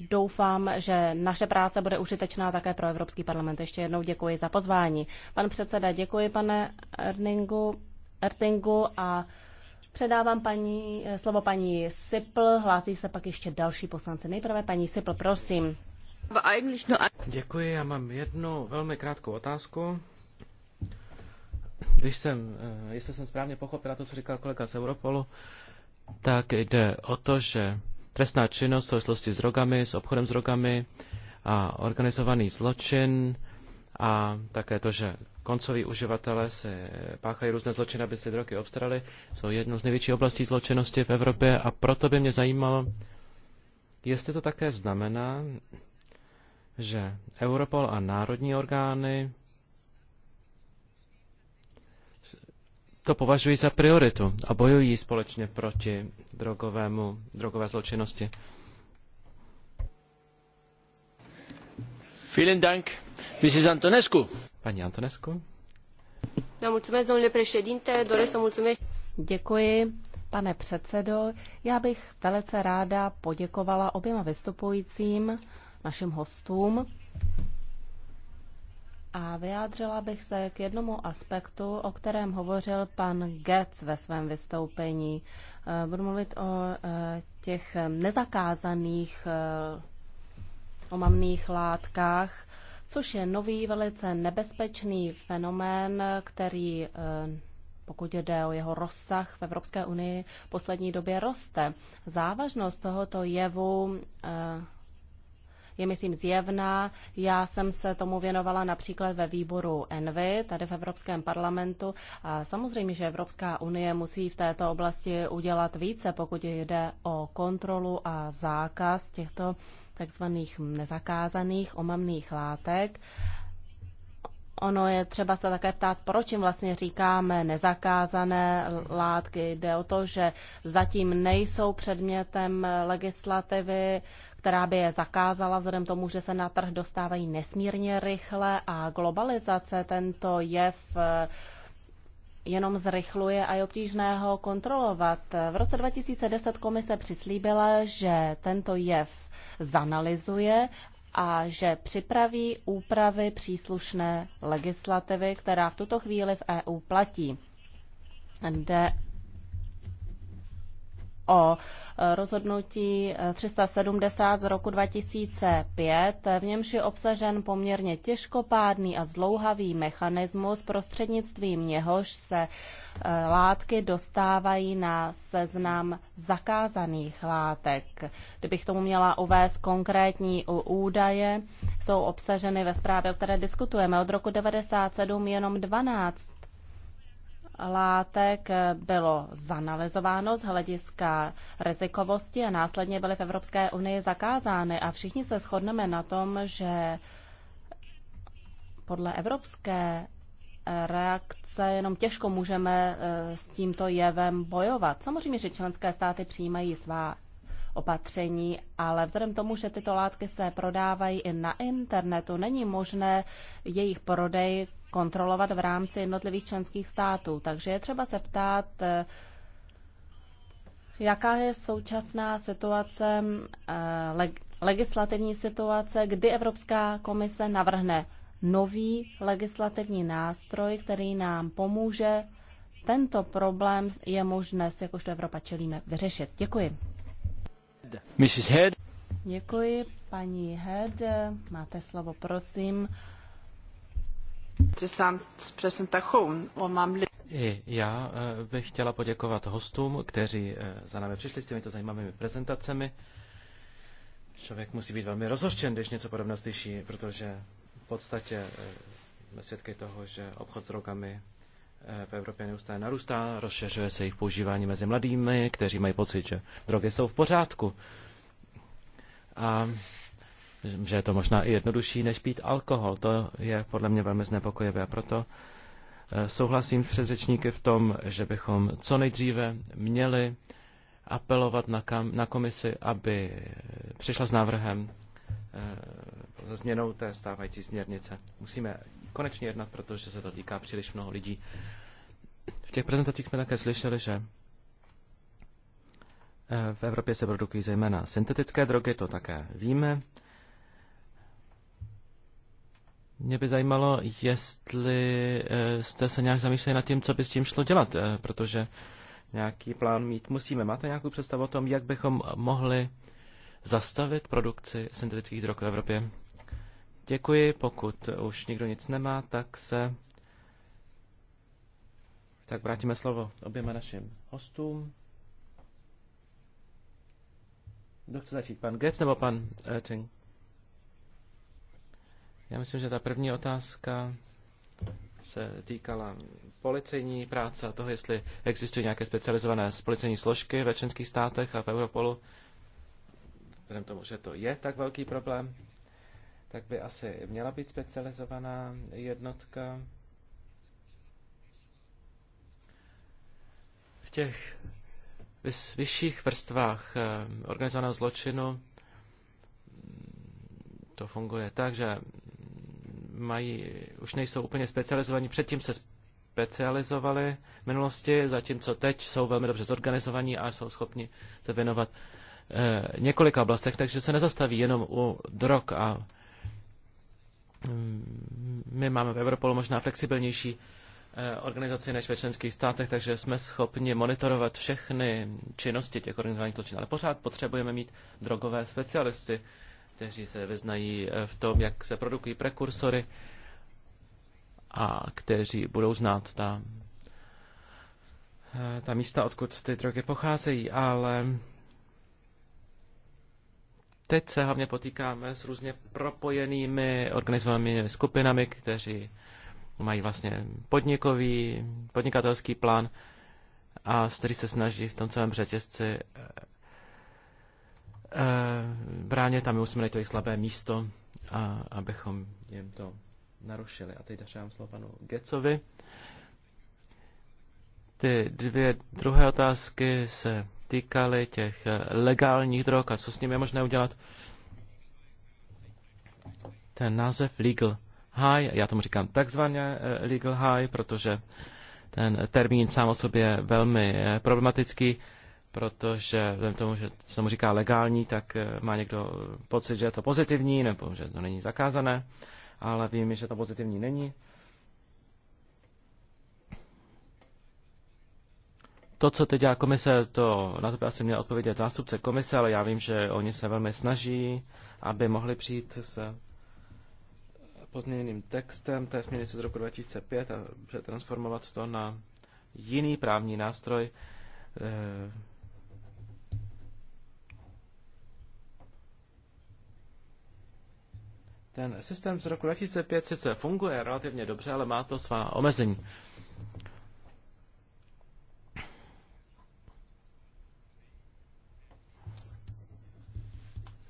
doufám, že naše práce bude užitečná také pro Evropský parlament. Ještě jednou děkuji za pozvání. Pan předseda, děkuji pane Erningu, Ertingu a Předávám paní, slovo paní Sipl, hlásí se pak ještě další poslanci. Nejprve paní Sipl, prosím.
Děkuji, já mám jednu velmi krátkou otázku. Když jsem, eh, jestli jsem správně pochopila to, co říkal kolega z Europolu, tak jde o to, že trestná činnost v souvislosti s drogami, s obchodem s drogami a organizovaný zločin a také to, že koncoví uživatelé se páchají různé zločiny, aby si drogy obstarali, jsou jednou z největších oblastí zločinnosti v Evropě a proto by mě zajímalo, jestli to také znamená, že Europol a národní orgány to považují za prioritu a bojují společně proti drogovému, drogové zločinnosti. Vielen Dank, Mrs. Antonescu.
Pani Antonescu. Da, mulțumesc, domnule președinte, doresc să mulțumesc. Děkuji, pane předsedo. Já bych velice ráda poděkovala oběma vystupujícím, našim hostům a vyjádřila bych se k jednomu aspektu, o kterém hovořil pan Getz ve svém vystoupení. Eh, budu mluvit o eh, těch nezakázaných eh, omamných látkách, což je nový, velice nebezpečný fenomén, který, pokud jde o jeho rozsah v Evropské unii, v poslední době roste. Závažnost tohoto jevu je, myslím, zjevná. Já jsem se tomu věnovala například ve výboru ENVY, tady v Evropském parlamentu. A samozřejmě, že Evropská unie musí v této oblasti udělat více, pokud jde o kontrolu a zákaz těchto takzvaných nezakázaných omamných látek. Ono je třeba se také ptát, proč jim vlastně říkáme nezakázané látky. Jde o to, že zatím nejsou předmětem legislativy, která by je zakázala, vzhledem tomu, že se na trh dostávají nesmírně rychle a globalizace tento jev eh, jenom zrychluje a je obtížné ho kontrolovat. V roce 2010 komise přislíbila, že tento jev zanalizuje a že připraví úpravy příslušné legislativy, která v tuto chvíli v EU platí. Jde o e, rozhodnutí 370 e, z roku 2005, v němž je obsažen poměrně těžkopádný a zlouhavý mechanismus, prostřednictvím něhož se e, látky dostávají na seznam zakázaných látek. Kdybych tomu měla uvést konkrétní údaje, jsou obsaženy ve zprávě, o které diskutujeme. Od roku 1997 jenom 12 látek bylo zanalizováno z hlediska rizikovosti a následně byly v Evropské unii zakázány. A všichni se shodneme na tom, že podle evropské reakce jenom těžko můžeme eh, s tímto jevem bojovat. Samozřejmě, že členské státy přijímají svá opatření, ale vzhledem tomu, že tyto látky se prodávají i na internetu, není možné jejich prodej kontrolovat v rámci jednotlivých členských států. Takže je třeba se ptát, eh, jaká je současná situace, eh, legislativní situace, kdy Evropská komise navrhne nový legislativní nástroj, který nám pomůže tento problém je možné s jakožto Evropa čelíme vyřešit. Děkuji. Mrs. Head. Děkuji, paní Head. Máte slovo, prosím.
I já eh, bych chtěla poděkovat hostům, kteří eh, za námi přišli s těmito zajímavými prezentacemi. Člověk musí být velmi rozhořčen, když něco podobného slyší, protože v podstatě eh, jsme svědky toho, že obchod s drogami v Evropě neustále narůstá, rozšiřuje se jejich používání mezi mladými, kteří mají pocit, že drogy jsou v pořádku. A že je to možná i jednodušší, než pít alkohol. To je podle mě velmi znepokojivé. Proto eh, souhlasím s předřečníky v tom, že bychom co nejdříve měli apelovat na, kam, na komisi, aby přišla s návrhem eh, se změnou té stávající směrnice. Musíme konečně jednat, protože se to týká příliš mnoho lidí. V těch prezentacích jsme také slyšeli, že eh, v Evropě se produkují zejména syntetické drogy, to také víme. Mě by zajímalo, jestli eh, jste se nějak zamýšleli nad tím, co by s tím šlo dělat, eh, protože nějaký plán mít musíme. Máte nějakou představu o tom, jak bychom mohli zastavit produkci syntetických drog v Evropě? Děkuji, pokud už nikdo nic nemá, tak se tak vrátíme slovo oběma našim hostům. Kdo chce začít, pan Getz nebo pan Erting? Eh, já myslím, že ta první otázka se týkala policejní práce a toho, jestli existují nějaké specializované policejní složky ve členských státech a v Europolu. Vzhledem tomu, že to je tak velký problém, tak by asi měla být specializovaná jednotka. V těch vyšších vrstvách eh, organizovaného zločinu to funguje tak, že mají, už nejsou úplně specializovaní, předtím se specializovali v minulosti, zatímco teď jsou velmi dobře zorganizovaní a jsou schopni se věnovat e, několika oblastech, takže se nezastaví jenom u drog a mm, my máme v Evropolu možná flexibilnější eh, organizaci než ve členských státech, takže jsme schopni monitorovat všechny činnosti těch organizovaných zločinů. Ale pořád potřebujeme mít drogové specialisty, kteří se vyznají eh, v tom, jak se produkují prekursory a kteří budou znát ta, eh, ta místa, odkud ty drogy pocházejí, ale teď se hlavně potýkáme s různě propojenými organizovanými skupinami, kteří mají vlastně podnikový, podnikatelský plán a který se snaží v tom celém řetězci eh, Eh, bráně, tam musíme najít to jejich slabé místo, a abychom jim to narušili. A teď dám slovo panu Gecovi. Ty dvě druhé otázky se týkaly těch eh, legálních drog a co s nimi je možné udělat. Ten název Legal High, já tomu říkám takzvaně eh, Legal High, protože ten termín sám o sobě je velmi problematický protože vzhledem tomu, že se mu říká legální, tak eh, má někdo eh, pocit, že je to pozitivní nebo že to není zakázané, ale vím, že to pozitivní není. To, co teď dělá komise, to na to by asi měl odpovědět zástupce komise, ale já vím, že oni se velmi snaží, aby mohli přijít s pozměněným textem té směrnice z roku 2005 a přetransformovat to na jiný právní nástroj, eh, Ten systém z roku 2005 sice funguje relativně dobře, ale má to svá omezení.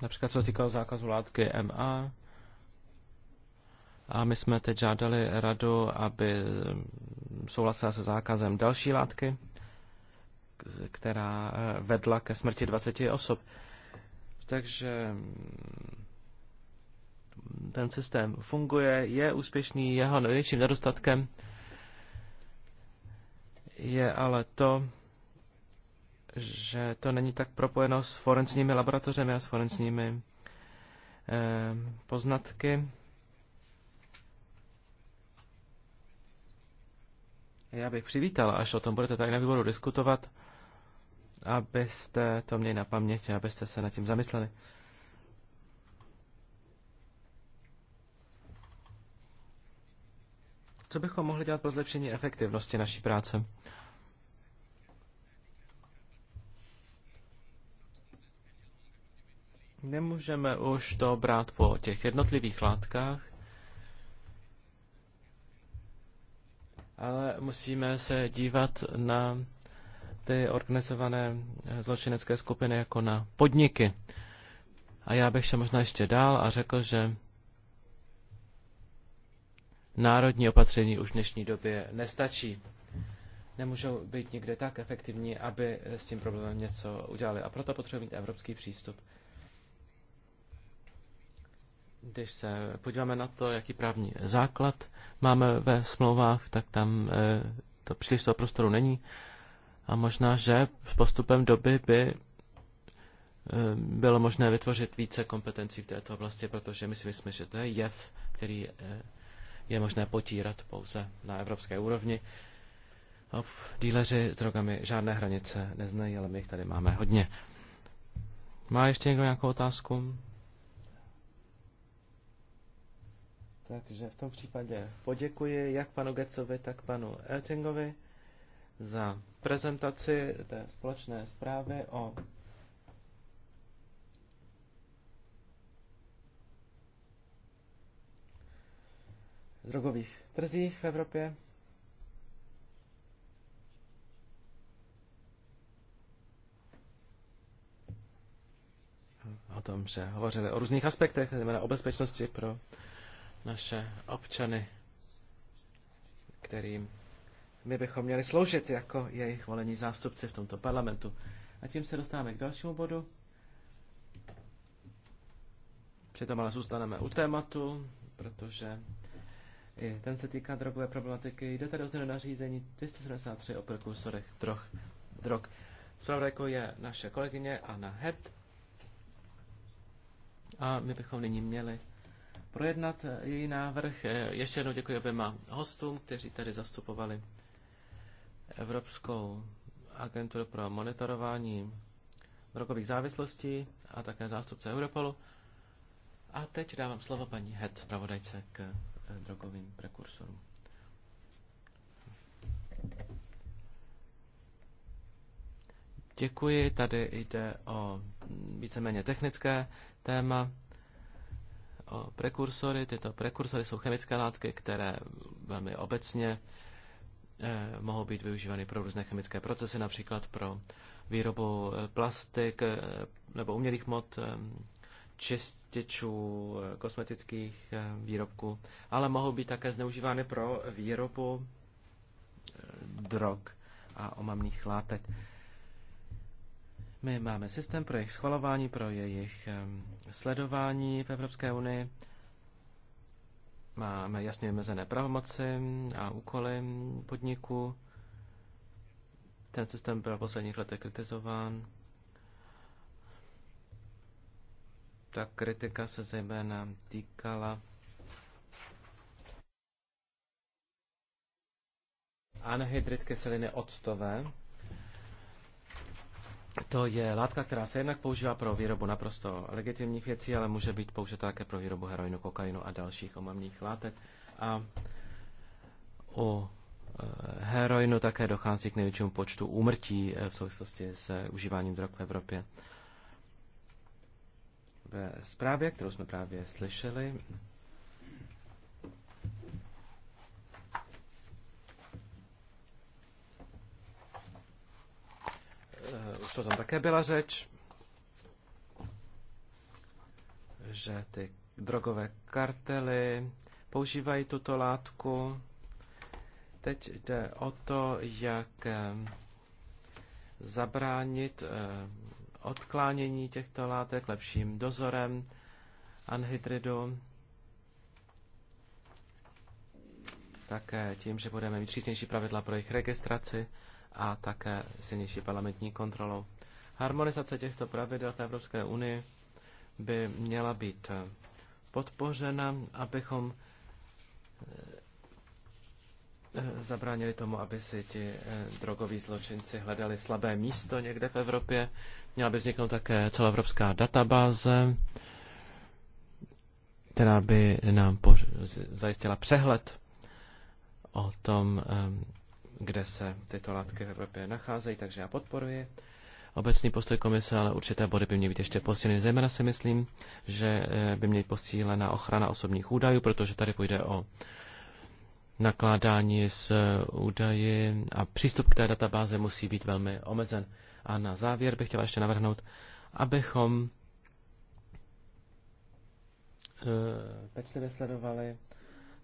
Například co týkalo zákazu látky MA. A my jsme teď žádali radu, aby souhlasila se zákazem další látky, která vedla ke smrti 20 osob. Takže ten systém funguje, je úspěšný, jeho největším nedostatkem je ale to, že to není tak propojeno s forenzními laboratořemi a s forenzními eh, poznatky. Já bych přivítal, až o tom budete tady na výboru diskutovat, abyste to měli na paměti, abyste se nad tím zamysleli. Co bychom mohli dělat pro zlepšení efektivnosti naší práce? Nemůžeme už to brát po těch jednotlivých látkách, ale musíme se dívat na ty organizované zločinecké skupiny jako na podniky. A já bych se možná ještě dál a řekl, že národní opatření už v dnešní době nestačí. Nemůžou být nikde tak efektivní, aby s tím problémem něco udělali. A proto potřebují mít evropský přístup. Když se podíváme na to, jaký právní základ máme ve smlouvách, tak tam eh, to příliš toho prostoru není. A možná, že s postupem doby by eh, bylo možné vytvořit více kompetencí v této oblasti, protože my si myslíme, že to je jev, který eh, je možné potírat pouze na evropské úrovni. A díleři s drogami žádné hranice neznají, ale my jich tady máme hodně. Má ještě někdo nějakou otázku? Takže v tom případě poděkuji jak panu Gecovi, tak panu Eltingovi za prezentaci té společné zprávy o drogových trzích v Evropě. O tom, že hovořili o různých aspektech, znamená o bezpečnosti pro naše občany, kterým my bychom měli sloužit jako jejich volení zástupci v tomto parlamentu. A tím se dostáváme k dalšímu bodu. Přitom ale zůstaneme u tématu, protože i ten se týká drogové problematiky. Jde tady o změnu nařízení 273 o prekursorech drog. drog. Spravodajko je naše kolegyně Anna Het. A my bychom nyní měli projednat eh, její návrh. Eh, ještě jednou děkuji oběma hostům, kteří tady zastupovali Evropskou agenturu pro monitorování drogových závislostí a také zástupce Europolu. A teď dávám slovo paní Het, zpravodajce, k Eh, drogovým prekursorům. Děkuji, tady jde o víceméně technické téma, o prekursory. Tyto prekursory jsou chemické látky, které velmi obecně eh, mohou být využívány pro různé chemické procesy, například pro výrobu eh, plastik eh, nebo umělých mod. eh, čističů, eh, kosmetických eh, výrobků, ale mohou být také zneužívány pro výrobu eh, drog a omamných látek. My máme systém pro jejich schvalování, pro jejich sledování v Evropské unii. Máme jasně vymezené pravomoci a úkoly podniku. Ten systém byl v posledních letech kritizován Ta kritika se zejména týkala anhydrid kyseliny octové. To je látka, která se jednak používá pro výrobu naprosto legitimních věcí, ale může být použita také pro výrobu heroinu, kokainu a dalších omamných látek. A u eh, heroinu také dochází k největšímu počtu úmrtí eh, v souvislosti s užíváním drog v Evropě ve zprávě, kterou jsme právě slyšeli. Eh, už to tam také byla řeč, že ty drogové kartely používají tuto látku. Teď jde o to, jak eh, zabránit eh, odklánění těchto látek, lepším dozorem anhydridu, také tím, že budeme mít přísnější pravidla pro jejich registraci a také silnější parlamentní kontrolou. Harmonizace těchto pravidel v Evropské unii by měla být podpořena, abychom Eh, zabránili tomu, aby si ti eh, drogoví zločinci hledali slabé místo někde v Evropě. Měla by vzniknout také celoevropská databáze, která by nám zajistila přehled o tom, eh, kde se tyto látky v Evropě nacházejí, takže já podporuji obecný postoj komise, ale určité body by měly být ještě posíleny. Zejména si myslím, že by měly posílena ochrana osobních údajů, protože tady půjde o nakládání s eh, údaji a přístup k té databáze musí být velmi omezen. A na závěr bych chtěla ještě navrhnout, abychom eh, pečlivě sledovali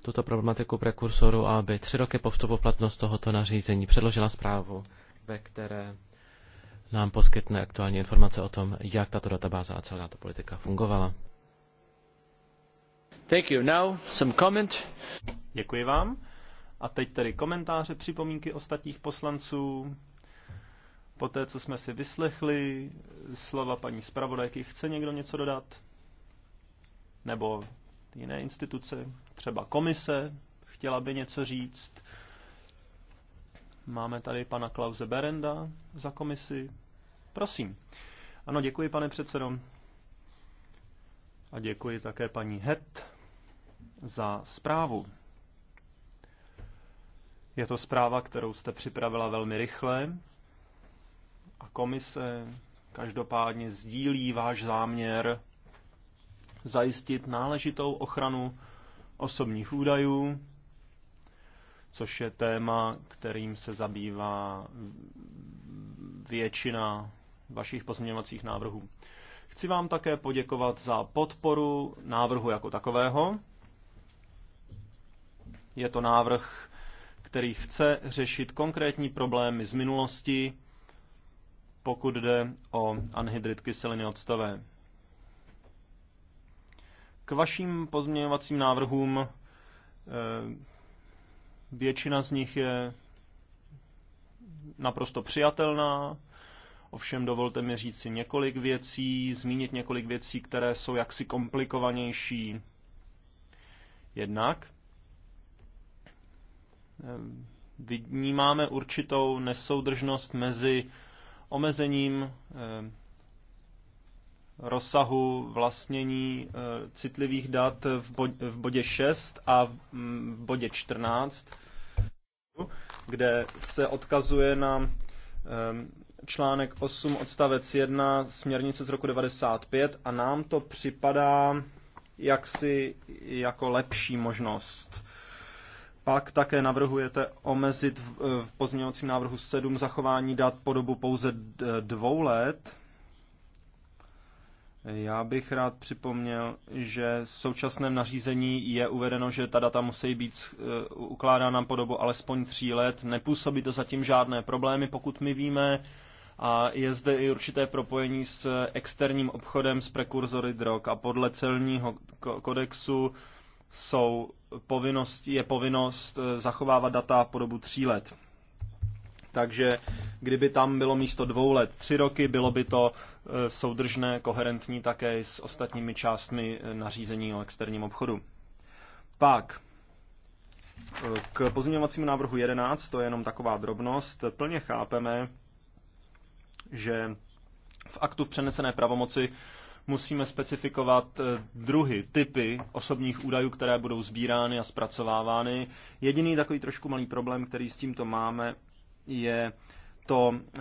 tuto problematiku prekursoru a aby tři roky po vstupu platnost tohoto nařízení předložila zprávu, ve které nám poskytne aktuální informace o tom, jak tato databáze a celá ta politika fungovala comment. Děkuji vám.
A teď tedy komentáře, připomínky ostatních poslanců. Po té, co jsme si vyslechli slova paní zpravodajky, chce někdo něco dodat? Nebo jiné instituce, třeba komise, chtěla by něco říct? Máme tady pana Klause Berenda za komisi. Prosím. Ano, děkuji, pane předsedo. A děkuji také paní Het za zprávu. Je to zpráva, kterou jste připravila velmi rychle a komise každopádně sdílí váš záměr zajistit náležitou ochranu osobních údajů, což je téma, kterým se zabývá většina vašich pozměňovacích návrhů. Chci vám také poděkovat za podporu návrhu jako takového. Je to návrh, který chce řešit konkrétní problémy z minulosti, pokud jde o anhydrid kyseliny octové. K vašim pozměňovacím návrhům eh, většina z nich je naprosto přijatelná, ovšem dovolte mi říct si několik věcí, zmínit několik věcí, které jsou jaksi komplikovanější. Jednak Ehm, vnímáme určitou nesoudržnost mezi omezením ehm, rozsahu vlastnění eh, citlivých dat v bodě 6 a v mm, bodě 14, kde se odkazuje na ehm, článek 8 odstavec 1 směrnice z roku 95 a nám to připadá jaksi jako lepší možnost pak také navrhujete omezit v pozměňovacím návrhu 7 zachování dat po dobu pouze dvou let. Já bych rád připomněl, že v současném nařízení je uvedeno, že ta data musí být eh, ukládána po dobu alespoň tří let. Nepůsobí to zatím žádné problémy, pokud my víme. A je zde i určité propojení s externím obchodem s prekurzory drog. A podle celního kodexu jsou povinnost, je povinnost eh, zachovávat data po dobu tří let. Takže kdyby tam bylo místo dvou let tři roky, bylo by to eh, soudržné, koherentní také s ostatními částmi eh, nařízení o externím obchodu. Pak k pozměňovacímu návrhu 11, to je jenom taková drobnost, plně chápeme, že v aktu v přenesené pravomoci musíme specifikovat eh, druhy, typy osobních údajů, které budou sbírány a zpracovávány. Jediný takový trošku malý problém, který s tímto máme, je to eh,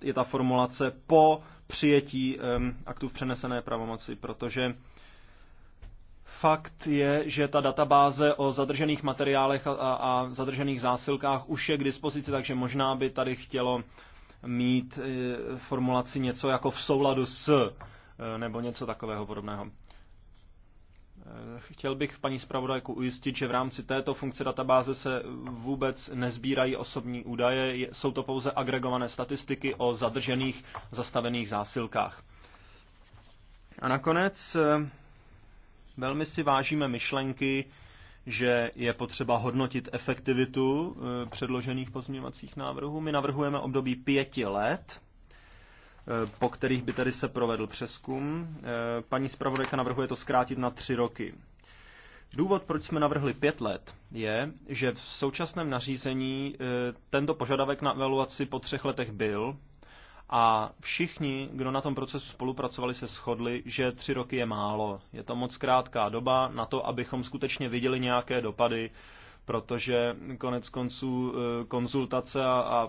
je ta formulace po přijetí eh, aktu v přenesené pravomoci, protože Fakt je, že ta databáze o zadržených materiálech a, a zadržených zásilkách už je k dispozici, takže možná by tady chtělo mít e, formulaci něco jako v souladu s nebo něco takového podobného. Eh, chtěl bych paní zpravodajku ujistit, že v rámci této funkce databáze se vůbec nezbírají osobní údaje, jsou to pouze agregované statistiky o zadržených zastavených zásilkách. A nakonec eh, velmi si vážíme myšlenky, že je potřeba hodnotit efektivitu eh, předložených pozměňovacích návrhů. My navrhujeme období pěti let Eh, po kterých by tedy se provedl přeskum. Eh, paní zpravodajka navrhuje to zkrátit na tři roky. Důvod, proč jsme navrhli pět let, je, že v současném nařízení eh, tento požadavek na evaluaci po třech letech byl a všichni, kdo na tom procesu spolupracovali, se shodli, že tři roky je málo. Je to moc krátká doba na to, abychom skutečně viděli nějaké dopady protože konec konců e, konzultace a, a,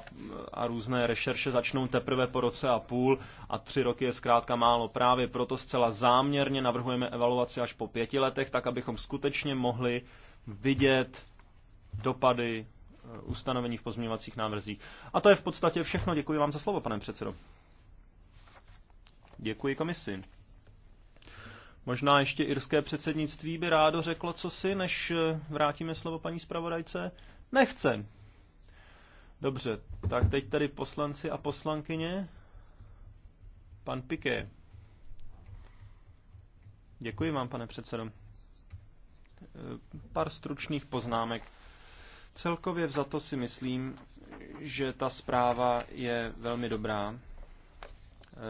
a různé rešerše začnou teprve po roce a půl a tři roky je zkrátka málo. Právě proto zcela záměrně navrhujeme evaluaci až po pěti letech, tak abychom skutečně mohli vidět dopady e, ustanovení v pozměňovacích návrzích. A to je v podstatě všechno. Děkuji vám za slovo, pane předsedo. Děkuji komisi. Možná ještě irské předsednictví by rádo řeklo co si, než eh, vrátíme slovo paní zpravodajce. Nechce. Dobře, tak teď tady poslanci a poslankyně. Pan Piké. Děkuji vám, pane předsedo. Eh, pár stručných poznámek. Celkově to si myslím, že ta zpráva je velmi dobrá,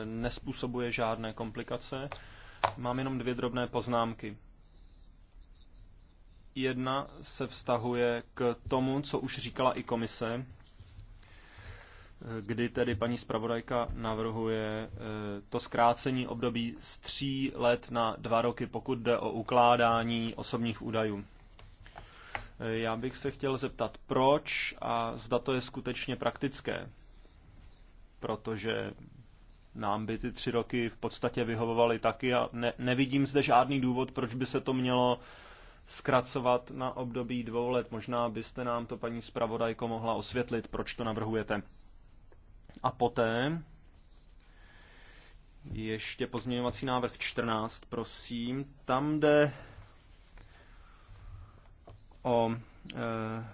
eh, nespůsobuje žádné komplikace Mám jenom dvě drobné poznámky. Jedna se vztahuje k tomu, co už říkala i komise, kdy tedy paní zpravodajka navrhuje eh, to zkrácení období z tří let na dva roky, pokud jde o ukládání osobních údajů. Eh, já bych se chtěl zeptat, proč a zda to je skutečně praktické. Protože nám by ty tři roky v podstatě vyhovovaly taky a ne, nevidím zde žádný důvod, proč by se to mělo zkracovat na období dvou let. Možná byste nám to, paní zpravodajko, mohla osvětlit, proč to navrhujete. A poté ještě pozměňovací návrh 14, prosím. Tam jde o e,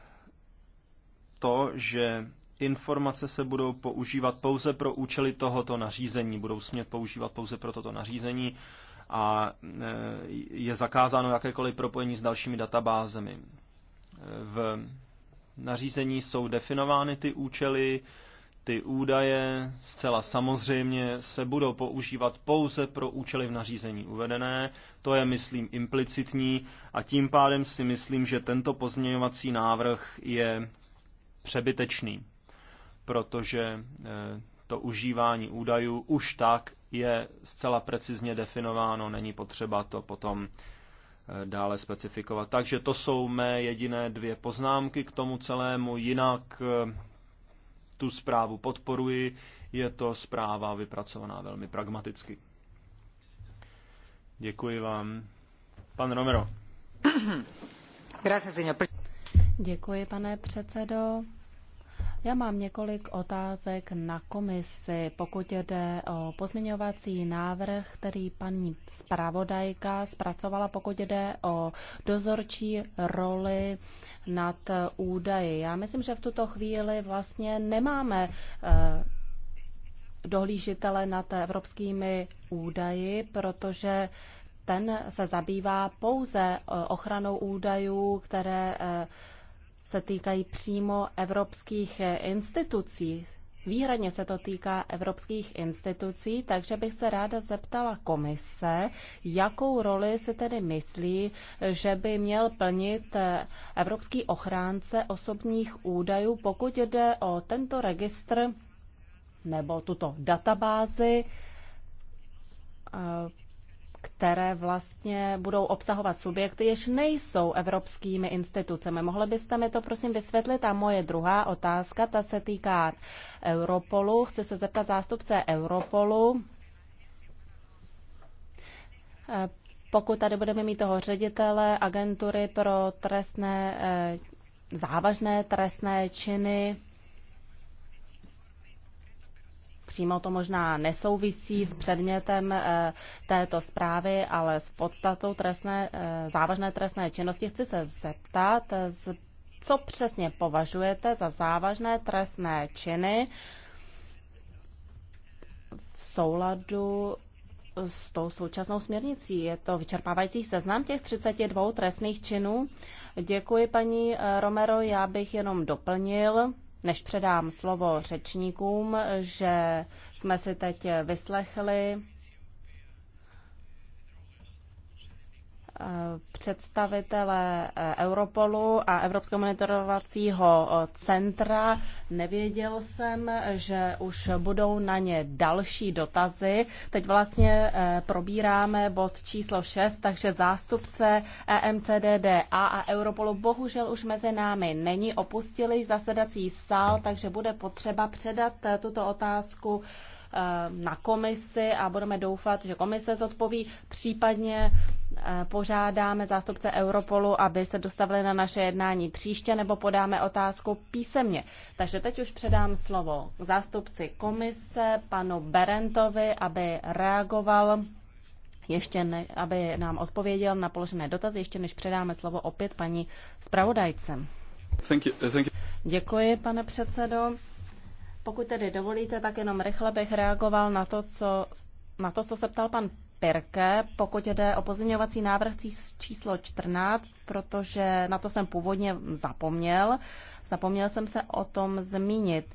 to, že informace se budou používat pouze pro účely tohoto nařízení, budou smět používat pouze pro toto nařízení a e, je zakázáno jakékoliv propojení s dalšími databázemi. E, v nařízení jsou definovány ty účely, ty údaje zcela samozřejmě se budou používat pouze pro účely v nařízení uvedené, to je, myslím, implicitní a tím pádem si myslím, že tento pozměňovací návrh je přebytečný protože eh, to užívání údajů už tak je zcela precizně definováno, není potřeba to potom eh, dále specifikovat. Takže to jsou mé jediné dvě poznámky k tomu celému, jinak eh, tu zprávu podporuji, je to zpráva vypracovaná velmi pragmaticky. Děkuji vám. Pan Romero.
Děkuji, pane předsedo. Já mám několik otázek na komisi, pokud jde o pozměňovací návrh, který paní zpravodajka zpracovala, pokud jde o dozorčí roli nad údaji. Já myslím, že v tuto chvíli vlastně nemáme eh, dohlížitele nad evropskými údaji, protože ten se zabývá pouze eh, ochranou údajů, které eh, se týkají přímo evropských eh, institucí. Výhradně se to týká evropských institucí, takže bych se ráda zeptala komise, jakou roli se tedy myslí, že by měl plnit eh, evropský ochránce osobních údajů, pokud jde o tento registr nebo tuto databázi eh, které vlastně budou obsahovat subjekty, jež nejsou evropskými institucemi. Mohli byste mi to prosím vysvětlit? A moje druhá otázka, ta se týká Europolu. Chci se zeptat zástupce Europolu. Eh, pokud tady budeme mít toho ředitele agentury pro trestné, eh, závažné trestné činy, Přímo to možná nesouvisí s předmětem eh, této zprávy, ale s podstatou trestné, eh, závažné trestné činnosti. Chci se zeptat, eh, co přesně považujete za závažné trestné činy v souladu s tou současnou směrnicí. Je to vyčerpávající seznam těch 32 trestných činů. Děkuji, paní Romero. Já bych jenom doplnil, než předám slovo řečníkům, že jsme si teď vyslechli představitelé eh, Europolu a Evropského monitorovacího eh, centra. Nevěděl jsem, že už budou na ně další dotazy. Teď vlastně eh, probíráme bod číslo 6, takže zástupce EMCDDA a Europolu bohužel už mezi námi není. Opustili zasedací sál, takže bude potřeba předat tuto otázku na komisi a budeme doufat, že komise zodpoví, případně Eh, požádáme zástupce Europolu, aby se dostavili na naše jednání příště, nebo podáme otázku písemně. Takže teď už předám slovo zástupci komise, panu Berentovi, aby reagoval, ještě ne, aby nám odpověděl na položené dotazy, ještě než předáme slovo opět paní zpravodajce. Thank you, thank you. Děkuji, pane předsedo. Pokud tedy dovolíte, tak jenom rychle bych reagoval na to, co, na to, co se ptal pan Pirke, pokud jde o pozměňovací návrh číslo 14, protože na to jsem původně zapomněl. Zapomněl jsem se o tom zmínit.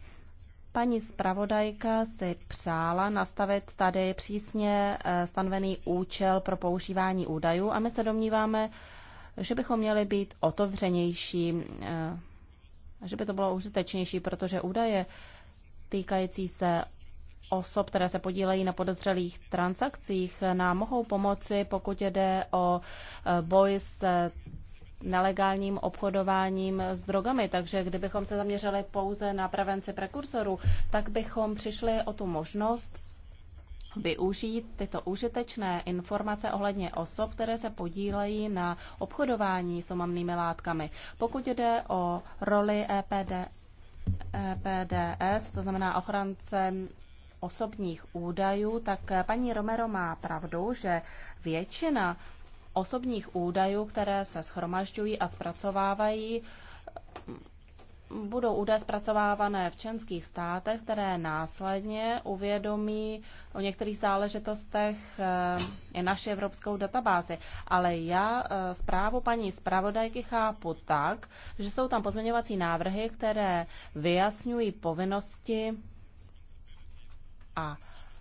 Paní zpravodajka si přála nastavit tady přísně eh, stanovený účel pro používání údajů a my se domníváme, že bychom měli být otevřenější, eh, že by to bylo užitečnější, protože údaje týkající se osob, které se podílejí na podezřelých transakcích, nám mohou pomoci, pokud jde o eh, boj s eh, nelegálním obchodováním s drogami. Takže kdybychom se zaměřili pouze na prevenci prekursorů, tak bychom přišli o tu možnost využít tyto užitečné informace ohledně osob, které se podílejí na obchodování s omamnými látkami. Pokud jde o roli EPD, EPDS, to znamená ochrance osobních údajů, tak eh, paní Romero má pravdu, že většina osobních údajů, které se schromažďují a zpracovávají, budou údaje zpracovávané v členských státech, které následně uvědomí o některých záležitostech eh, i naši evropskou databázi. Ale já eh, zprávu paní zpravodajky chápu tak, že jsou tam pozměňovací návrhy, které vyjasňují povinnosti a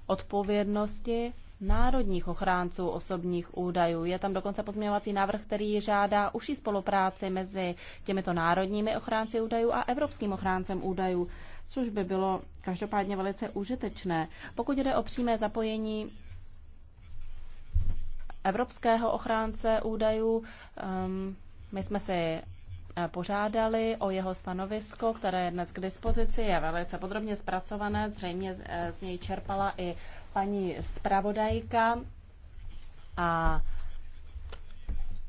odpovědnosti národních ochránců osobních údajů. Je tam dokonce pozměňovací návrh, který žádá užší spolupráci mezi těmito národními ochránci údajů a evropským ochráncem údajů, což by bylo každopádně velice užitečné. Pokud jde o přímé zapojení evropského ochránce údajů, um, my jsme si Eh, požádali o jeho stanovisko, které je dnes k dispozici, je velice podrobně zpracované, zřejmě eh, z něj čerpala i paní zpravodajka. A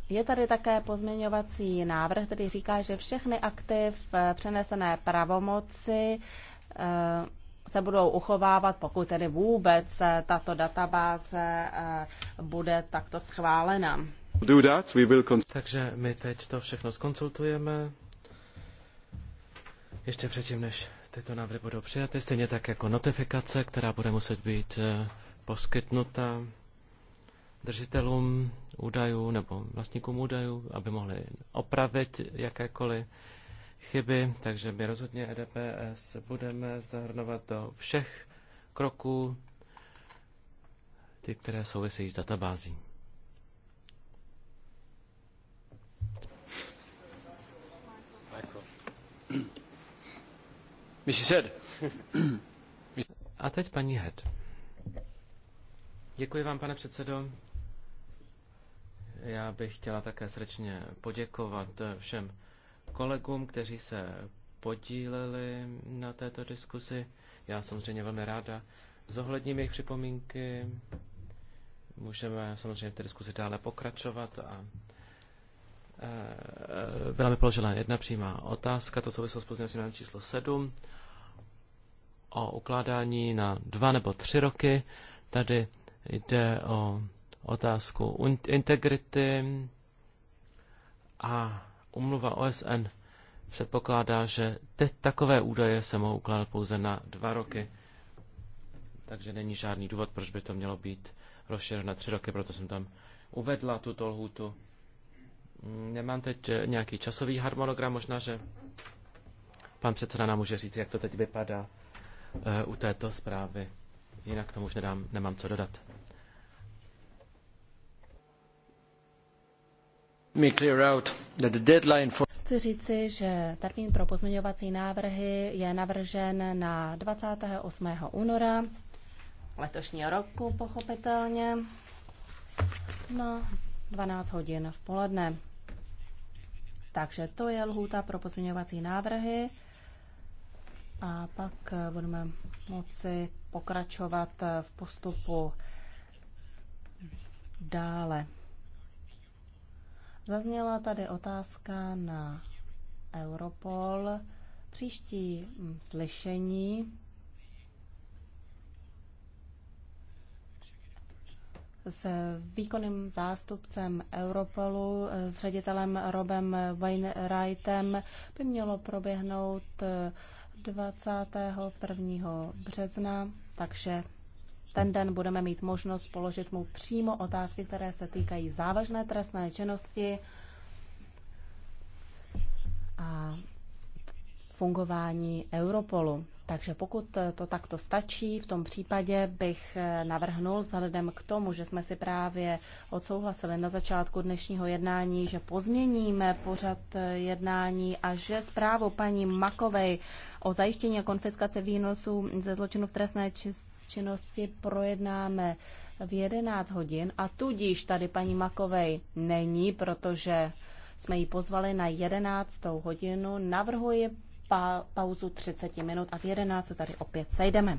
je tady také pozměňovací návrh, který říká, že všechny akty v eh, přenesené pravomoci se budou uchovávat, pokud tedy vůbec tato databáze bude takto schválena
do that, we will Takže my teď to všechno skonsultujeme. Ještě předtím, než tyto návrhy budou přijaty, stejně tak jako notifikace, která bude muset být eh, poskytnuta držitelům údajů nebo vlastníkům údajů, aby mohli opravit jakékoliv chyby, takže my rozhodně EDPS budeme zahrnovat do všech kroků, ty, které souvisí s databází. Mrs. A teď paní Head. Děkuji vám, pane předsedo. Já bych chtěla také srdečně poděkovat všem kolegům, kteří se podíleli na této diskusi. Já samozřejmě velmi ráda zohledním jejich připomínky. Můžeme samozřejmě v té diskusi dále pokračovat a Eh, byla mi položena jedna přímá otázka, to souviselo s pozměňovacím návrhem číslo 7, o ukládání na dva nebo tři roky. Tady jde o otázku integrity a umluva OSN předpokládá, že teď takové údaje se mohou ukládat pouze na dva roky. Takže není žádný důvod, proč by to mělo být rozšířeno na tři roky, proto jsem tam uvedla tuto lhůtu. Nemám teď eh, nějaký časový harmonogram, možná, že pan předseda nám může říct, jak to teď vypadá eh, u této zprávy. Jinak tomu už nedám, nemám co dodat.
Chci říci, že termín pro pozměňovací návrhy je navržen na 28. února letošního roku, pochopitelně, na no, 12 hodin v poledne. Takže to je lhůta pro pozměňovací návrhy a pak eh, budeme moci pokračovat eh, v postupu dále. Zazněla tady otázka na Europol. Příští mm, slyšení s výkonným zástupcem Europolu, s ředitelem Robem Wainwrightem by mělo proběhnout 21. Eh, března, takže ten den budeme mít možnost položit mu přímo otázky, které se týkají závažné trestné činnosti a fungování Europolu. Takže pokud to takto stačí, v tom případě bych eh, navrhnul vzhledem k tomu, že jsme si právě odsouhlasili na začátku dnešního jednání, že pozměníme pořad eh, jednání a že zprávu paní Makovej o zajištění a konfiskace výnosů ze zločinu v trestné činnosti projednáme v 11 hodin a tudíž tady paní Makovej není, protože jsme ji pozvali na 11. hodinu. Navrhuji pauzu 30 minut a v 11 se tady opět sejdeme.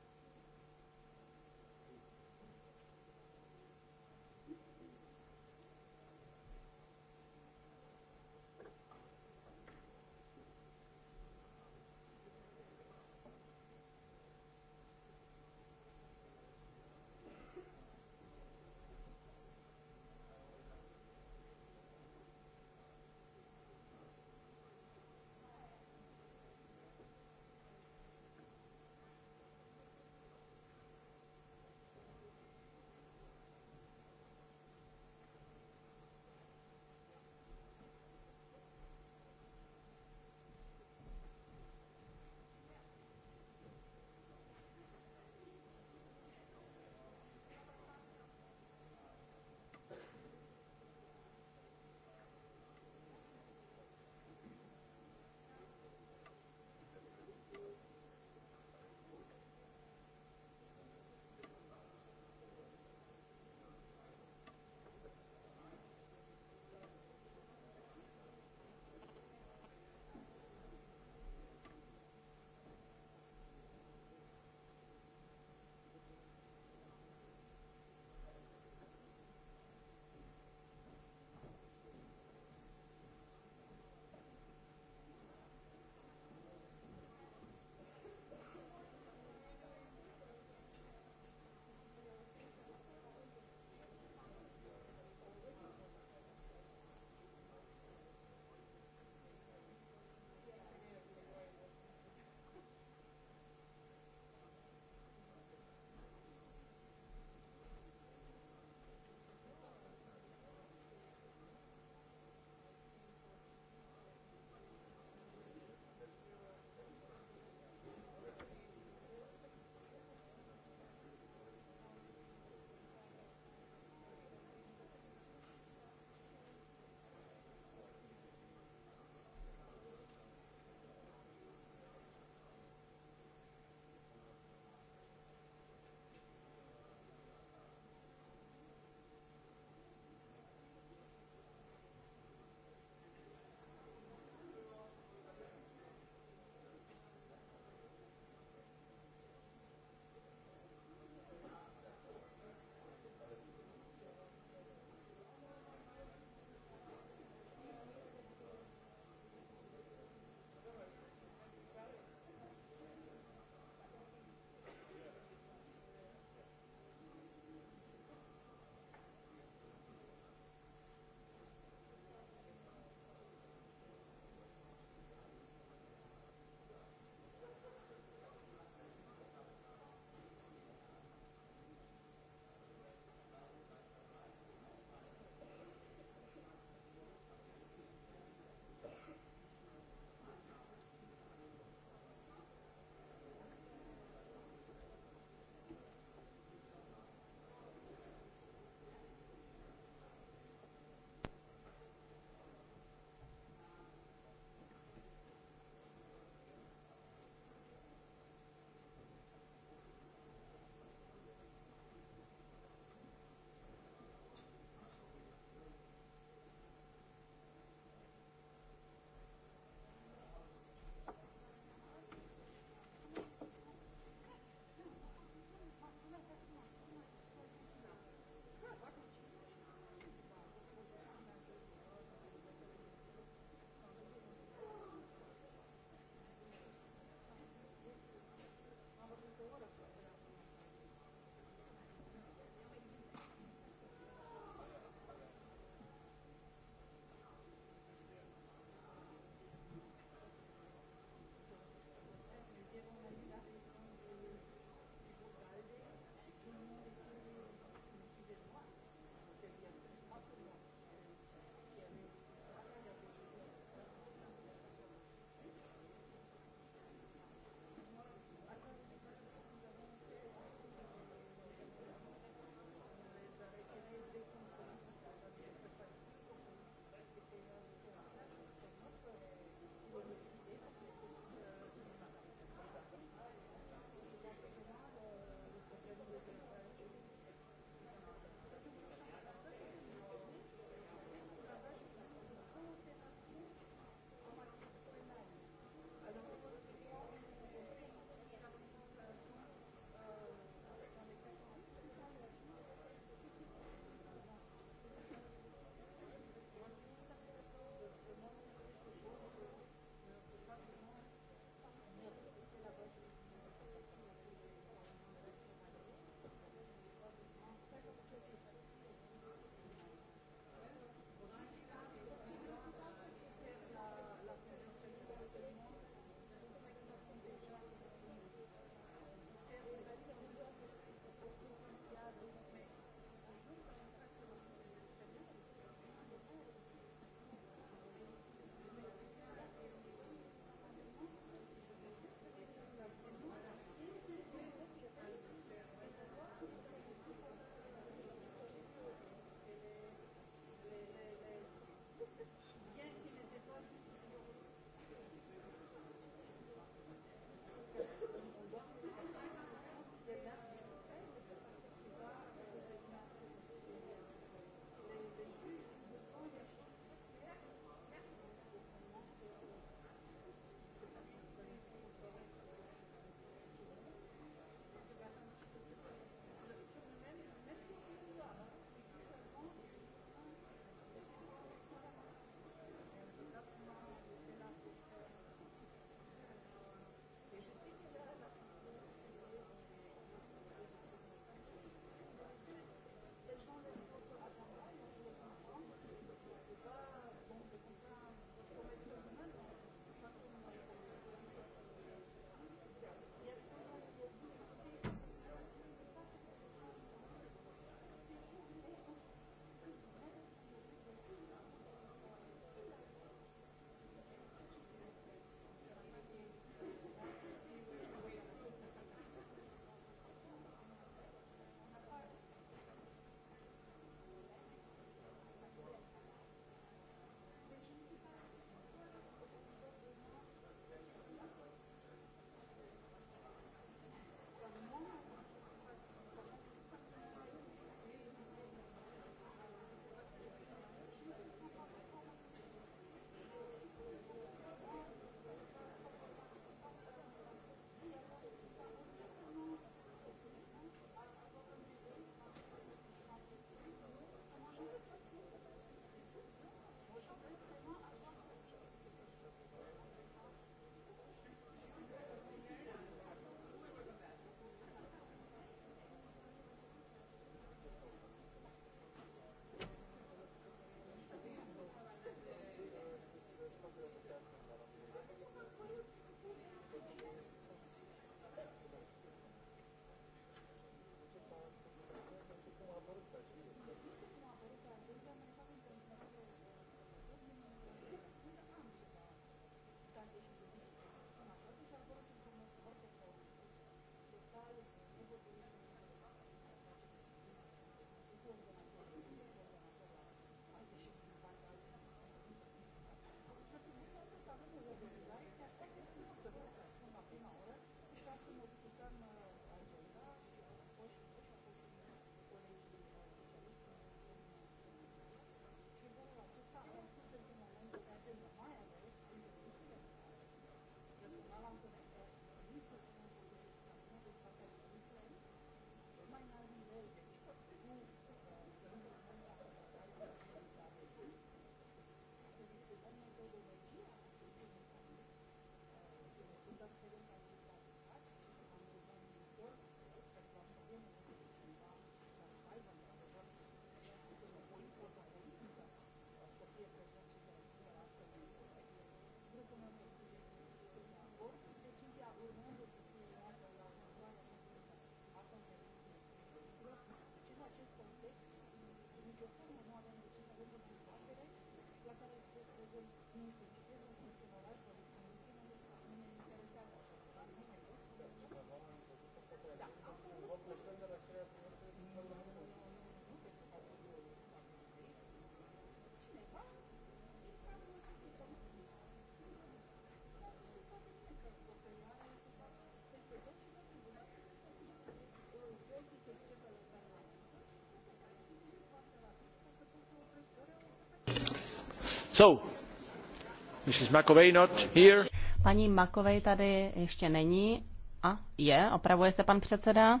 Paní Makovej tady ještě není. A je, opravuje se pan předseda.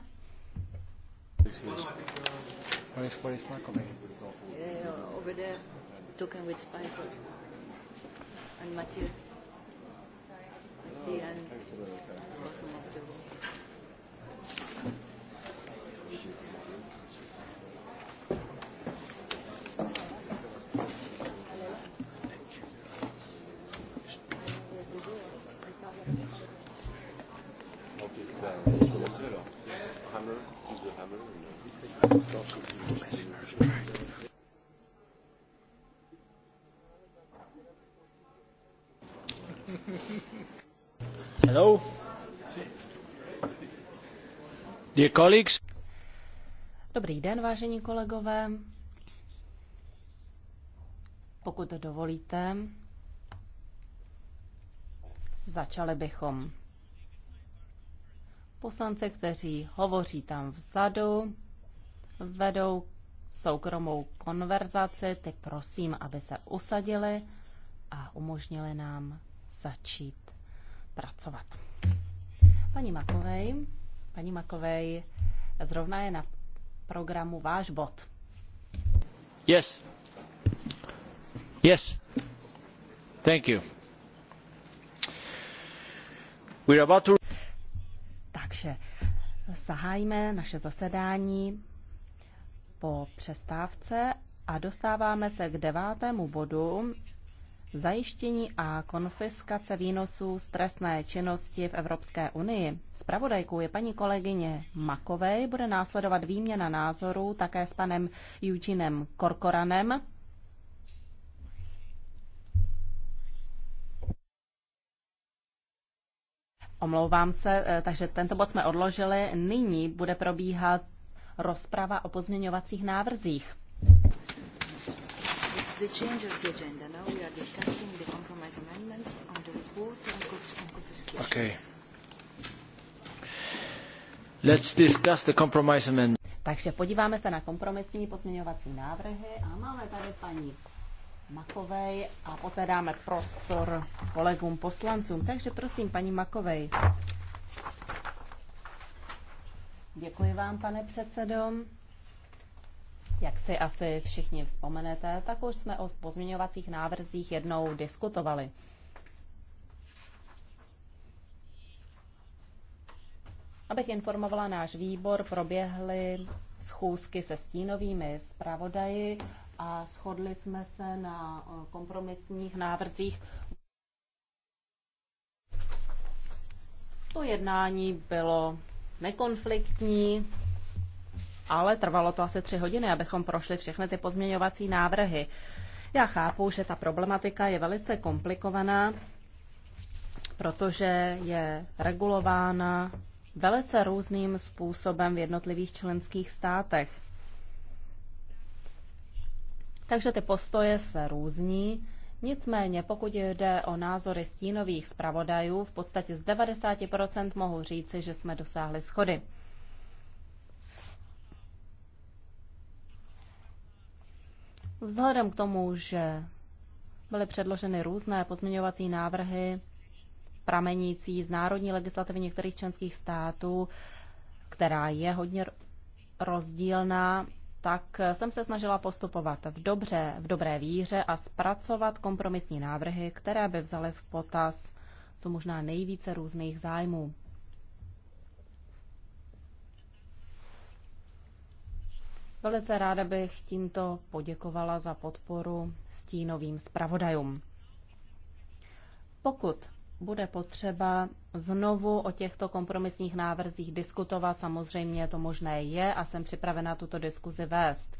over there,
talking with Spicer
Dobrý den, vážení kolegové. Pokud dovolíte, začali bychom. Poslance, kteří hovoří tam vzadu, vedou soukromou konverzaci, ty prosím, aby se usadili a umožnili nám začít pracovat. Paní Makovej, paní Makovej, zrovna je na programu váš bod.
Yes. Yes.
Thank you. We're about to...
Takže zahájíme naše zasedání po přestávce a dostáváme se k devátému bodu zajištění a konfiskace výnosů z trestné činnosti v Evropské unii. Spravodajkou je paní kolegyně Makovej, bude následovat výměna názorů také s panem Eugenem Korkoranem. Omlouvám se, eh, takže tento bod jsme odložili. Nyní bude probíhat rozprava o pozměňovacích návrzích
the change of the agenda. Now we are discussing the compromise amendments on the report on confiscation. Okay.
Let's discuss the compromise amendment.
Takže podíváme se na kompromisní pozměňovací návrhy a máme tady paní Makovej a poté dáme prostor kolegům poslancům. Takže prosím, paní Makovej. Děkuji vám, pane předsedom. Jak si asi všichni vzpomenete, tak už jsme o pozměňovacích návrzích jednou diskutovali. Abych informovala náš výbor, proběhly schůzky se stínovými zpravodaji a shodli jsme se na eh, kompromisních návrzích. To jednání bylo nekonfliktní, ale trvalo to asi tři hodiny, abychom prošli všechny ty pozměňovací návrhy. Já chápu, že ta problematika je velice komplikovaná, protože je regulována velice různým způsobem v jednotlivých členských státech. Takže ty postoje se různí. Nicméně, pokud jde o názory stínových zpravodajů, v podstatě z 90% mohu říci, že jsme dosáhli schody. Vzhledem k tomu, že byly předloženy různé pozměňovací návrhy pramenící z národní legislativy některých členských států, která je hodně rozdílná, tak jsem se snažila postupovat v, dobře, v dobré víře a zpracovat kompromisní návrhy, které by vzaly v potaz co možná nejvíce různých zájmů. Velice ráda bych tímto poděkovala za podporu stínovým zpravodajům. Pokud bude potřeba znovu o těchto kompromisních návrzích diskutovat, samozřejmě to možné je a jsem připravena tuto diskuzi vést.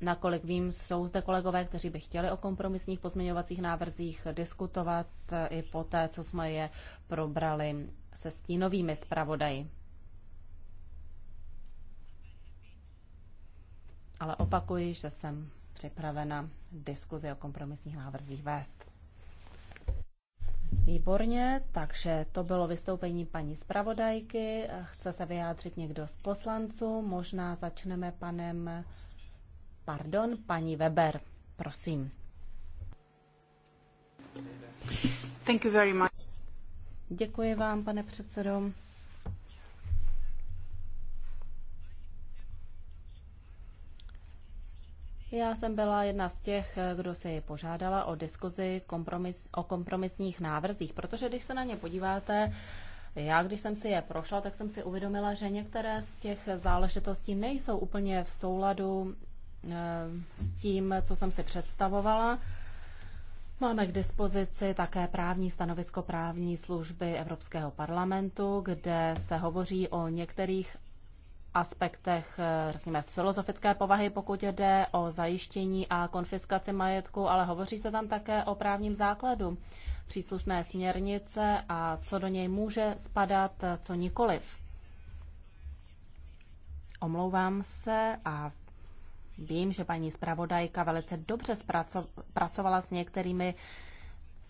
Nakolik vím, jsou zde kolegové, kteří by chtěli o kompromisních pozměňovacích návrzích diskutovat i po té, co jsme je probrali se stínovými zpravodaji. ale opakuji, že jsem připravena diskuzi o kompromisních návrzích vést. Výborně, takže to bylo vystoupení paní zpravodajky. Chce se vyjádřit někdo z poslanců? Možná začneme panem, pardon, paní Weber, prosím. Thank you very much. Děkuji vám, pane předsedo. Já jsem byla jedna z těch, kdo si požádala o diskuzi kompromis, o kompromisních návrzích, protože když se na ně podíváte, já, když jsem si je prošla, tak jsem si uvědomila, že některé z těch záležitostí nejsou úplně v souladu eh, s tím, co jsem si představovala. Máme k dispozici také právní stanovisko právní služby Evropského parlamentu, kde se hovoří o některých aspektech, eh, řekněme, filozofické povahy, pokud jde o zajištění a konfiskaci majetku, ale hovoří se tam také o právním základu příslušné směrnice a co do něj může spadat, eh, co nikoliv. Omlouvám se a vím, že paní zpravodajka velice dobře pracovala s některými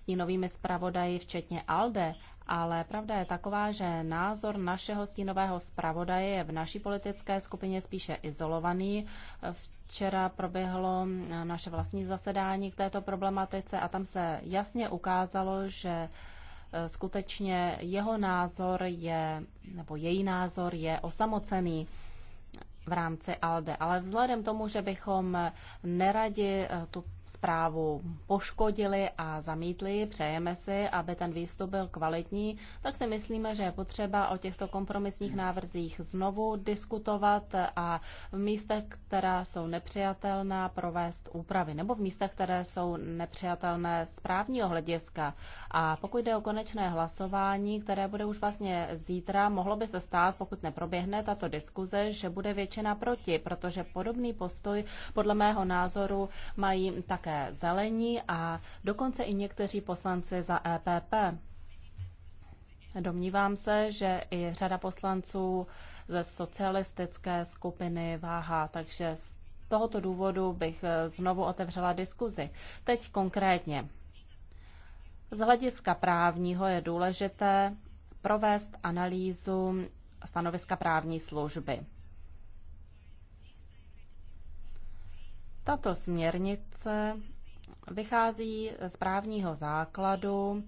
stínovými zpravodaji, včetně ALDE, ale pravda je taková, že názor našeho stínového zpravodaje je v naší politické skupině spíše izolovaný. Včera proběhlo naše vlastní zasedání k této problematice a tam se jasně ukázalo, že eh, skutečně jeho názor je, nebo její názor je osamocený v rámci ALDE. Ale vzhledem tomu, že bychom neradi eh, tu zprávu poškodili a zamítli, přejeme si, aby ten výstup byl kvalitní, tak si myslíme, že je potřeba o těchto kompromisních návrzích znovu diskutovat a v místech, která jsou nepřijatelná, provést úpravy, nebo v místech, které jsou nepřijatelné z právního hlediska. A pokud jde o konečné hlasování, které bude už vlastně zítra, mohlo by se stát, pokud neproběhne tato diskuze, že bude většina proti, protože podobný postoj podle mého názoru mají tak také zelení a dokonce i někteří poslanci za EPP. Domnívám se, že i řada poslanců ze socialistické skupiny váhá, takže z tohoto důvodu bych eh, znovu otevřela diskuzi. Teď konkrétně. Z hlediska právního je důležité provést analýzu stanoviska právní služby. Tato směrnice vychází z právního základu,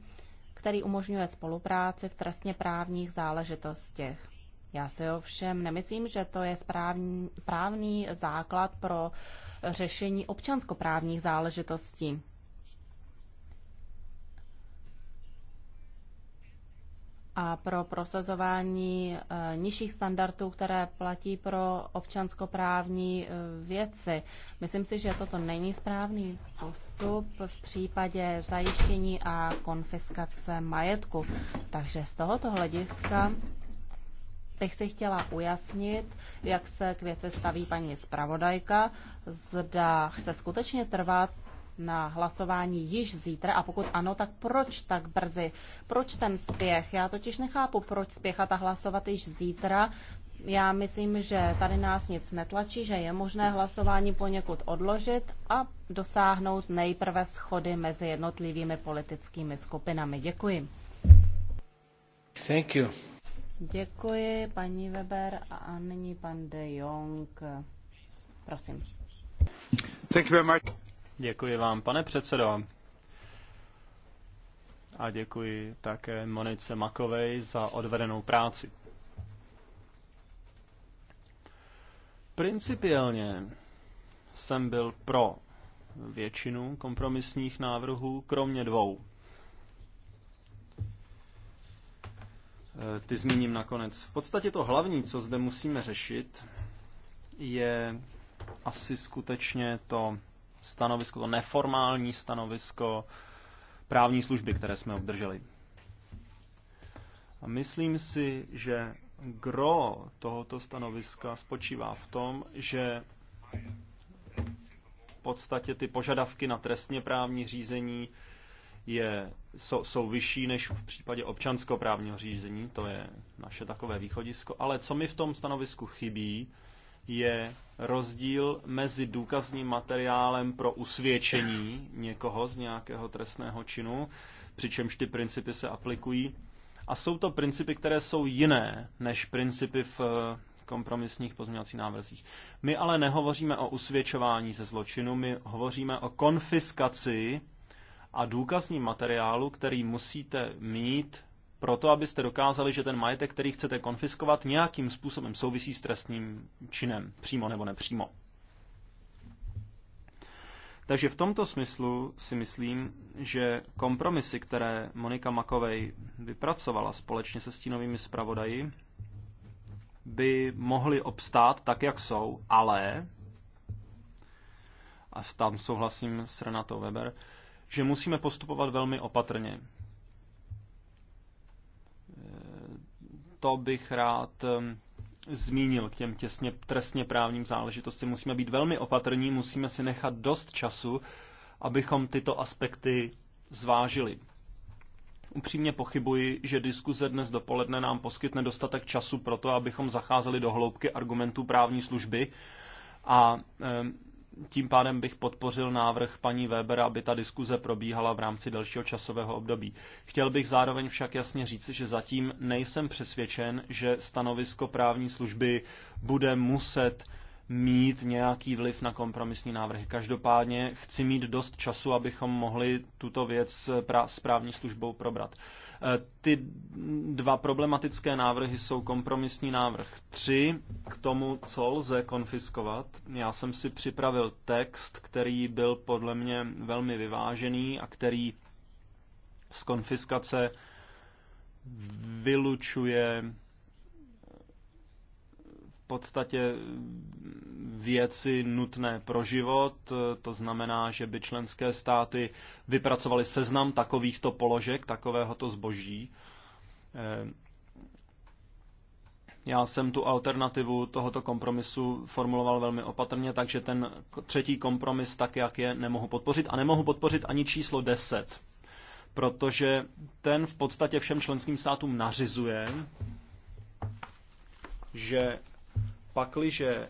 který umožňuje spolupráci v trestně právních záležitostech. Já si ovšem nemyslím, že to je správný, právný základ pro řešení občanskoprávních záležitostí. a pro prosazování eh, nižších standardů, které platí pro občanskoprávní eh, věci. Myslím si, že toto není správný postup v případě zajištění a konfiskace majetku. Takže z tohoto hlediska bych si chtěla ujasnit, jak se k věci staví paní zpravodajka, zda chce skutečně trvat na hlasování již zítra a pokud ano, tak proč tak brzy? Proč ten spěch? Já totiž nechápu, proč spěchat a hlasovat již zítra. Já myslím, že tady nás nic netlačí, že je možné hlasování poněkud odložit a dosáhnout nejprve schody mezi jednotlivými politickými skupinami. Děkuji. Thank you. Děkuji, paní Weber. A nyní pan De Jong. Prosím.
Thank you very much. Děkuji vám, pane předsedo. A děkuji také Monice Makovej za odvedenou práci. Principiálně jsem byl pro většinu kompromisních návrhů, kromě dvou. E, ty zmíním nakonec. V podstatě to hlavní, co zde musíme řešit, je asi skutečně to stanovisko, to neformální stanovisko právní služby, které jsme obdrželi. A myslím si, že gro tohoto stanoviska spočívá v tom, že v podstatě ty požadavky na trestně právní řízení je, jsou, jsou vyšší než v případě občanskoprávního řízení, to je naše takové východisko. Ale co mi v tom stanovisku chybí, je rozdíl mezi důkazním materiálem pro usvědčení někoho z nějakého trestného činu, přičemž ty principy se aplikují. A jsou to principy, které jsou jiné než principy v eh, kompromisních pozměňovacích návrzích. My ale nehovoříme o usvědčování ze zločinu, my hovoříme o konfiskaci a důkazním materiálu, který musíte mít proto, abyste dokázali, že ten majetek, který chcete konfiskovat, nějakým způsobem souvisí s trestním činem, přímo nebo nepřímo. Takže v tomto smyslu si myslím, že kompromisy, které Monika Makovej vypracovala společně se stínovými zpravodaji, by mohly obstát tak, jak jsou, ale, a tam souhlasím s Renatou Weber, že musíme postupovat velmi opatrně. to bych rád zmínil k těm těsně trestně právním záležitostem. Musíme být velmi opatrní, musíme si nechat dost času, abychom tyto aspekty zvážili. Upřímně pochybuji, že diskuze dnes dopoledne nám poskytne dostatek času pro to, abychom zacházeli do hloubky argumentů právní služby a tím pádem bych podpořil návrh paní Weber, aby ta diskuze probíhala v rámci dalšího časového období. Chtěl bych zároveň však jasně říct, že zatím nejsem přesvědčen, že stanovisko právní služby bude muset mít nějaký vliv na kompromisní návrhy. Každopádně chci mít dost času, abychom mohli tuto věc s právní službou probrat. Eh, ty dva problematické návrhy jsou kompromisní návrh 3 k tomu, co lze konfiskovat. Já jsem si připravil text, který byl podle mě velmi vyvážený a který z konfiskace vylučuje podstatě věci nutné pro život. To znamená, že by členské státy vypracovaly seznam takovýchto položek, takovéhoto zboží. Eh, já jsem tu alternativu tohoto kompromisu formuloval velmi opatrně, takže ten třetí kompromis, tak jak je, nemohu podpořit. A nemohu podpořit ani číslo 10, protože ten v podstatě všem členským státům nařizuje, že Pakliže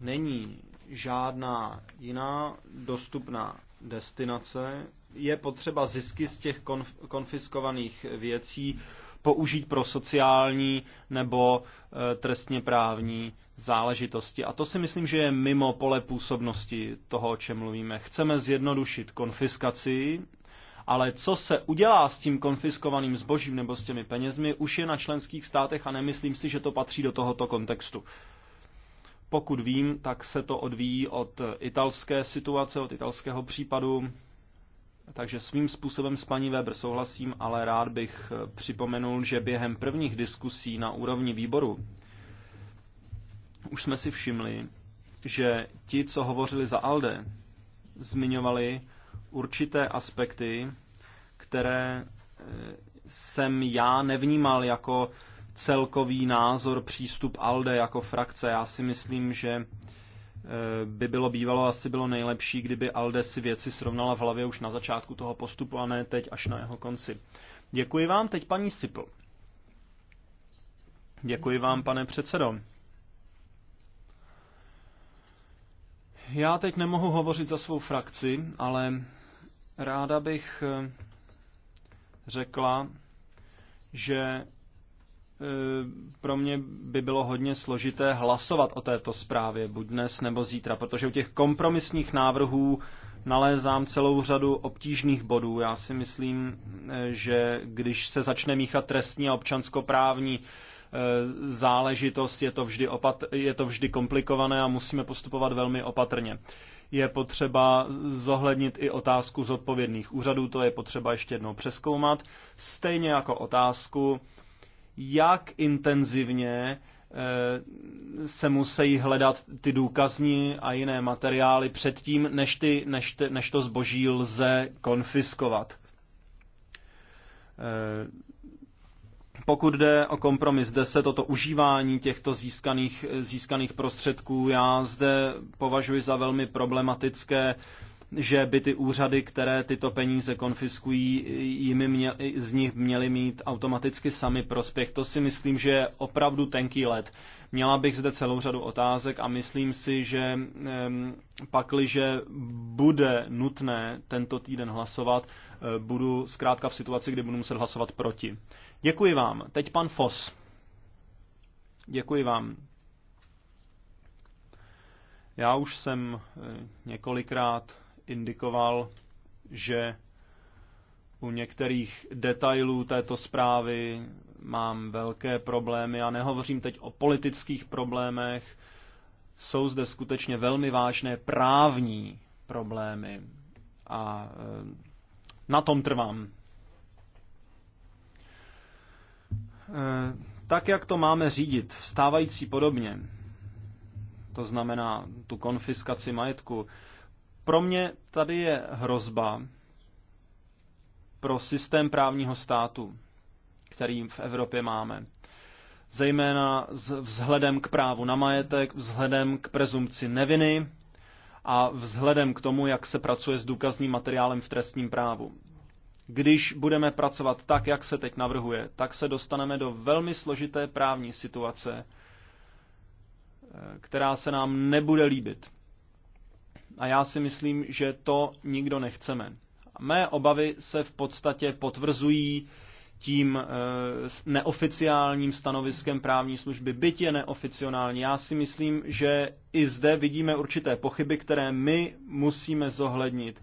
není žádná jiná dostupná destinace, je potřeba zisky z těch konf- konfiskovaných věcí použít pro sociální nebo e, trestně právní záležitosti. A to si myslím, že je mimo pole působnosti toho, o čem mluvíme. Chceme zjednodušit konfiskaci ale co se udělá s tím konfiskovaným zbožím nebo s těmi penězmi, už je na členských státech a nemyslím si, že to patří do tohoto kontextu. Pokud vím, tak se to odvíjí od italské situace, od italského případu, takže svým způsobem s paní Weber souhlasím, ale rád bych připomenul, že během prvních diskusí na úrovni výboru už jsme si všimli, že ti, co hovořili za ALDE, zmiňovali, určité aspekty, které eh, jsem já nevnímal jako celkový názor, přístup ALDE jako frakce. Já si myslím, že eh, by bylo bývalo asi bylo nejlepší, kdyby ALDE si věci srovnala v hlavě už na začátku toho postupu a ne teď až na jeho konci. Děkuji vám teď paní Sipl. Děkuji vám, pane předsedo. Já teď nemohu hovořit za svou frakci, ale Ráda bych eh, řekla, že eh, pro mě by bylo hodně složité hlasovat o této zprávě, buď dnes nebo zítra, protože u těch kompromisních návrhů nalézám celou řadu obtížných bodů. Já si myslím, eh, že když se začne míchat trestní a občanskoprávní záležitost, je to vždy, opat- je to vždy komplikované a musíme postupovat velmi opatrně je potřeba zohlednit i otázku zodpovědných úřadů, to je potřeba ještě jednou přeskoumat, stejně jako otázku, jak intenzivně eh, se musí hledat ty důkazní a jiné materiály předtím, než, ty, než, ty, než to zboží lze konfiskovat. Eh, pokud jde o kompromis 10, toto užívání těchto získaných, získaných prostředků, já zde považuji za velmi problematické, že by ty úřady, které tyto peníze konfiskují, jimi měl, z nich měly mít automaticky sami prospěch. To si myslím, že je opravdu tenký let. Měla bych zde celou řadu otázek a myslím si, že pakliže bude nutné tento týden hlasovat, eh, budu zkrátka v situaci, kdy budu muset hlasovat proti. Děkuji vám. Teď pan Fos. Děkuji vám. Já už jsem eh, několikrát indikoval, že u některých detailů této zprávy mám velké problémy. Já nehovořím teď o politických problémech. Jsou zde skutečně velmi vážné právní problémy. A eh, na tom trvám. Eh, tak, jak to máme řídit vstávající podobně, to znamená tu konfiskaci majetku, pro mě tady je hrozba pro systém právního státu, který v Evropě máme. Zejména s vzhledem k právu na majetek, vzhledem k prezumci neviny a vzhledem k tomu, jak se pracuje s důkazním materiálem v trestním právu. Když budeme pracovat tak, jak se teď navrhuje, tak se dostaneme do velmi složité právní situace, eh, která se nám nebude líbit. A já si myslím, že to nikdo nechceme. Mé obavy se v podstatě potvrzují tím eh, neoficiálním stanoviskem právní služby, byť je neoficiální. Já si myslím, že i zde vidíme určité pochyby, které my musíme zohlednit.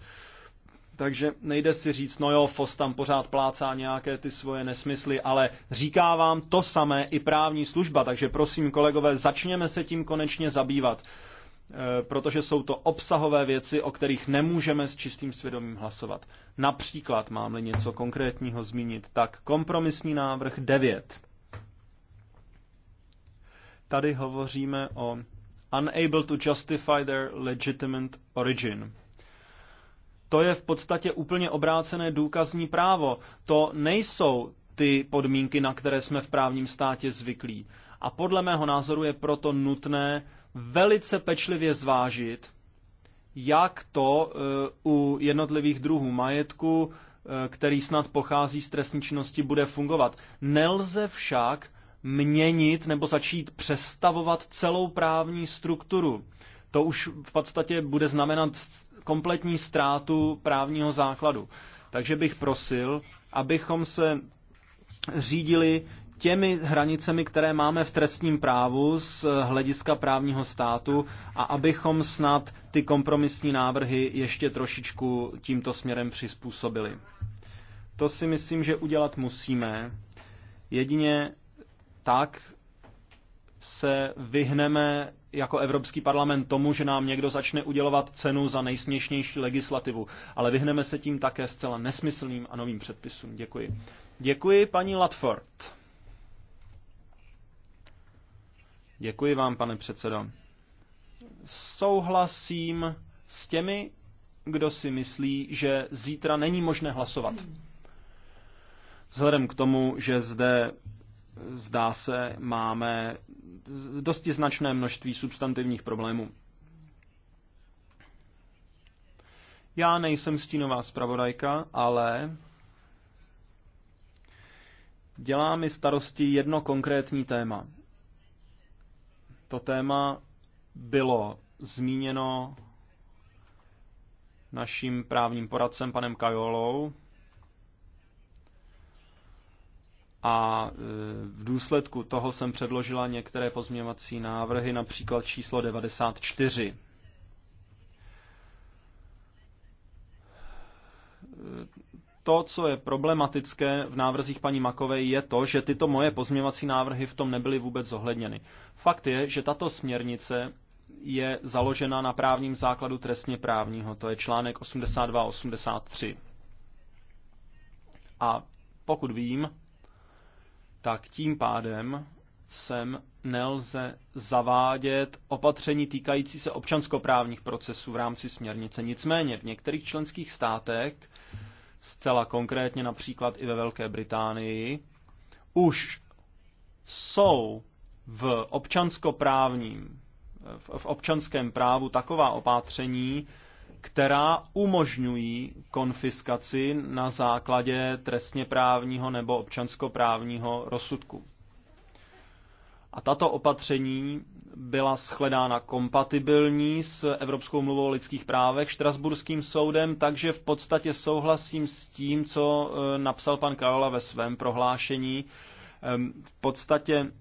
Takže nejde si říct, no jo, FOS tam pořád plácá nějaké ty svoje nesmysly, ale říká vám to samé i právní služba, takže prosím kolegové, začněme se tím konečně zabývat, eh, protože jsou to obsahové věci, o kterých nemůžeme s čistým svědomím hlasovat. Například, mám-li něco konkrétního zmínit, tak kompromisní návrh 9. Tady hovoříme o unable to justify their legitimate origin to je v podstatě úplně obrácené důkazní právo. To nejsou ty podmínky, na které jsme v právním státě zvyklí. A podle mého názoru je proto nutné velice pečlivě zvážit, jak to eh, u jednotlivých druhů majetku, eh, který snad pochází z trestní činnosti, bude fungovat. Nelze však měnit nebo začít přestavovat celou právní strukturu. To už v podstatě bude znamenat kompletní ztrátu právního základu. Takže bych prosil, abychom se řídili těmi hranicemi, které máme v trestním právu z hlediska právního státu a abychom snad ty kompromisní návrhy ještě trošičku tímto směrem přizpůsobili. To si myslím, že udělat musíme. Jedině tak se vyhneme jako Evropský parlament tomu, že nám někdo začne udělovat cenu za nejsměšnější legislativu, ale vyhneme se tím také zcela nesmyslným a novým předpisům. Děkuji. Děkuji, paní Latford. Děkuji vám, pane předsedo. Souhlasím s těmi, kdo si myslí, že zítra není možné hlasovat. Vzhledem k tomu, že zde zdá se, máme dosti značné množství substantivních problémů. Já nejsem stínová zpravodajka, ale dělá mi starosti jedno konkrétní téma. To téma bylo zmíněno naším právním poradcem panem Kajolou a e, v důsledku toho jsem předložila některé pozměňovací návrhy, například číslo 94. E, to, co je problematické v návrzích paní Makové, je to, že tyto moje pozměňovací návrhy v tom nebyly vůbec zohledněny. Fakt je, že tato směrnice je založena na právním základu trestně právního, to je článek 82 83. A pokud vím, tak tím pádem sem nelze zavádět opatření týkající se občanskoprávních procesů v rámci směrnice. Nicméně v některých členských státech, zcela konkrétně například i ve Velké Británii, už jsou v občanskoprávním, v občanském právu taková opatření, která umožňují konfiskaci na základě trestně právního nebo občanskoprávního rozsudku. A tato opatření byla shledána kompatibilní s Evropskou mluvou o lidských právech, Štrasburským soudem, takže v podstatě souhlasím s tím, co eh, napsal pan Karola ve svém prohlášení. Ehm, v podstatě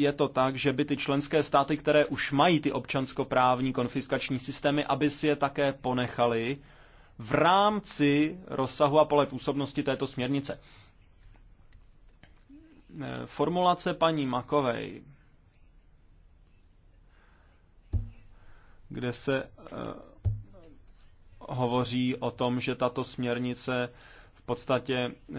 je to tak, že by ty členské státy, které už mají ty občanskoprávní konfiskační systémy, aby si je také ponechali v rámci rozsahu a pole působnosti této směrnice. Formulace paní Makovej, kde se eh, hovoří o tom, že tato směrnice podstatě eh,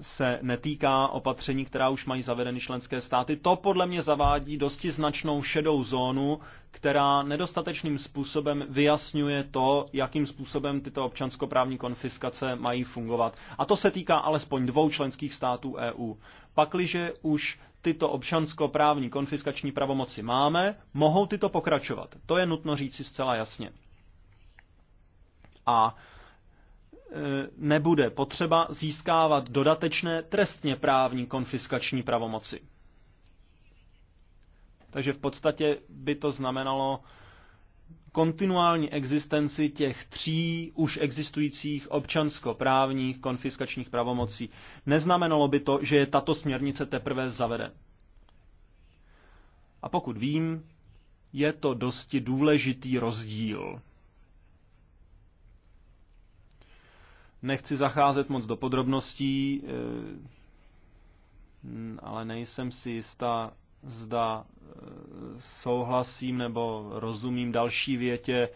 se netýká opatření, která už mají zavedeny členské státy. To podle mě zavádí dosti značnou šedou zónu, která nedostatečným způsobem vyjasňuje to, jakým způsobem tyto občanskoprávní konfiskace mají fungovat. A to se týká alespoň dvou členských států EU. Pakliže už tyto občanskoprávní konfiskační pravomoci máme, mohou tyto pokračovat. To je nutno říci zcela jasně. A E, nebude potřeba získávat dodatečné trestně právní konfiskační pravomoci. Takže v podstatě by to znamenalo kontinuální existenci těch tří už existujících občanskoprávních konfiskačních pravomocí. Neznamenalo by to, že je tato směrnice teprve zavede. A pokud vím, je to dosti důležitý rozdíl Nechci zacházet moc do podrobností, eh, ale nejsem si jistá, zda eh, souhlasím nebo rozumím další větě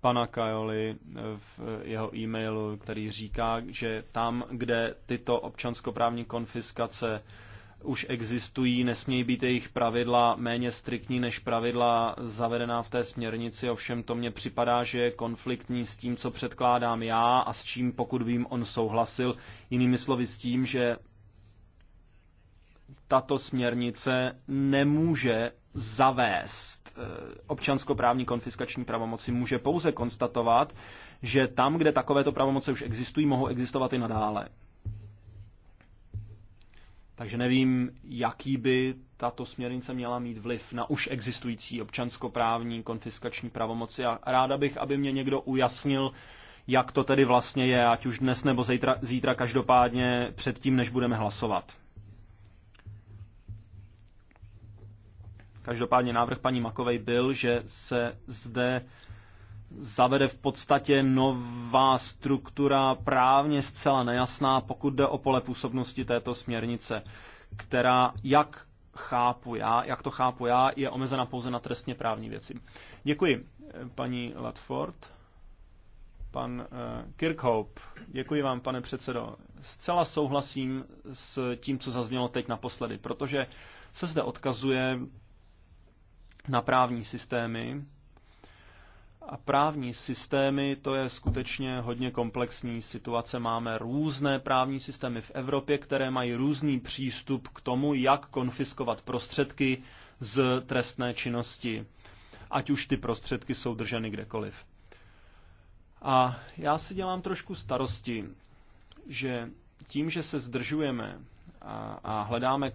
pana Kajoli eh, v jeho e-mailu, který říká, že tam, kde tyto občanskoprávní konfiskace už existují, nesmějí být jejich pravidla méně striktní než pravidla zavedená v té směrnici, ovšem to mně připadá, že je konfliktní s tím, co předkládám já a s čím, pokud vím, on souhlasil. Jinými slovy s tím, že tato směrnice nemůže zavést eh, občanskoprávní konfiskační pravomoci, může pouze konstatovat, že tam, kde takovéto pravomoce už existují, mohou existovat i nadále. Takže nevím, jaký by tato směrnice měla mít vliv na už existující občanskoprávní konfiskační pravomoci a ráda bych, aby mě někdo ujasnil, jak to tedy vlastně je, ať už dnes nebo zítra, zítra každopádně předtím, než budeme hlasovat. Každopádně návrh paní Makovej byl, že se zde zavede v podstatě nová struktura právně zcela nejasná, pokud jde o pole působnosti této směrnice, která, jak chápu já, jak to chápu já, je omezena pouze na trestně právní věci. Děkuji, eh, paní Latford. Pan eh, Kirkhope, děkuji vám, pane předsedo. Zcela souhlasím s tím, co zaznělo teď naposledy, protože se zde odkazuje na právní systémy, a právní systémy, to je skutečně hodně komplexní situace. Máme různé právní systémy v Evropě, které mají různý přístup k tomu, jak konfiskovat prostředky z trestné činnosti, ať už ty prostředky jsou drženy kdekoliv. A já si dělám trošku starosti, že tím, že se zdržujeme a, a hledáme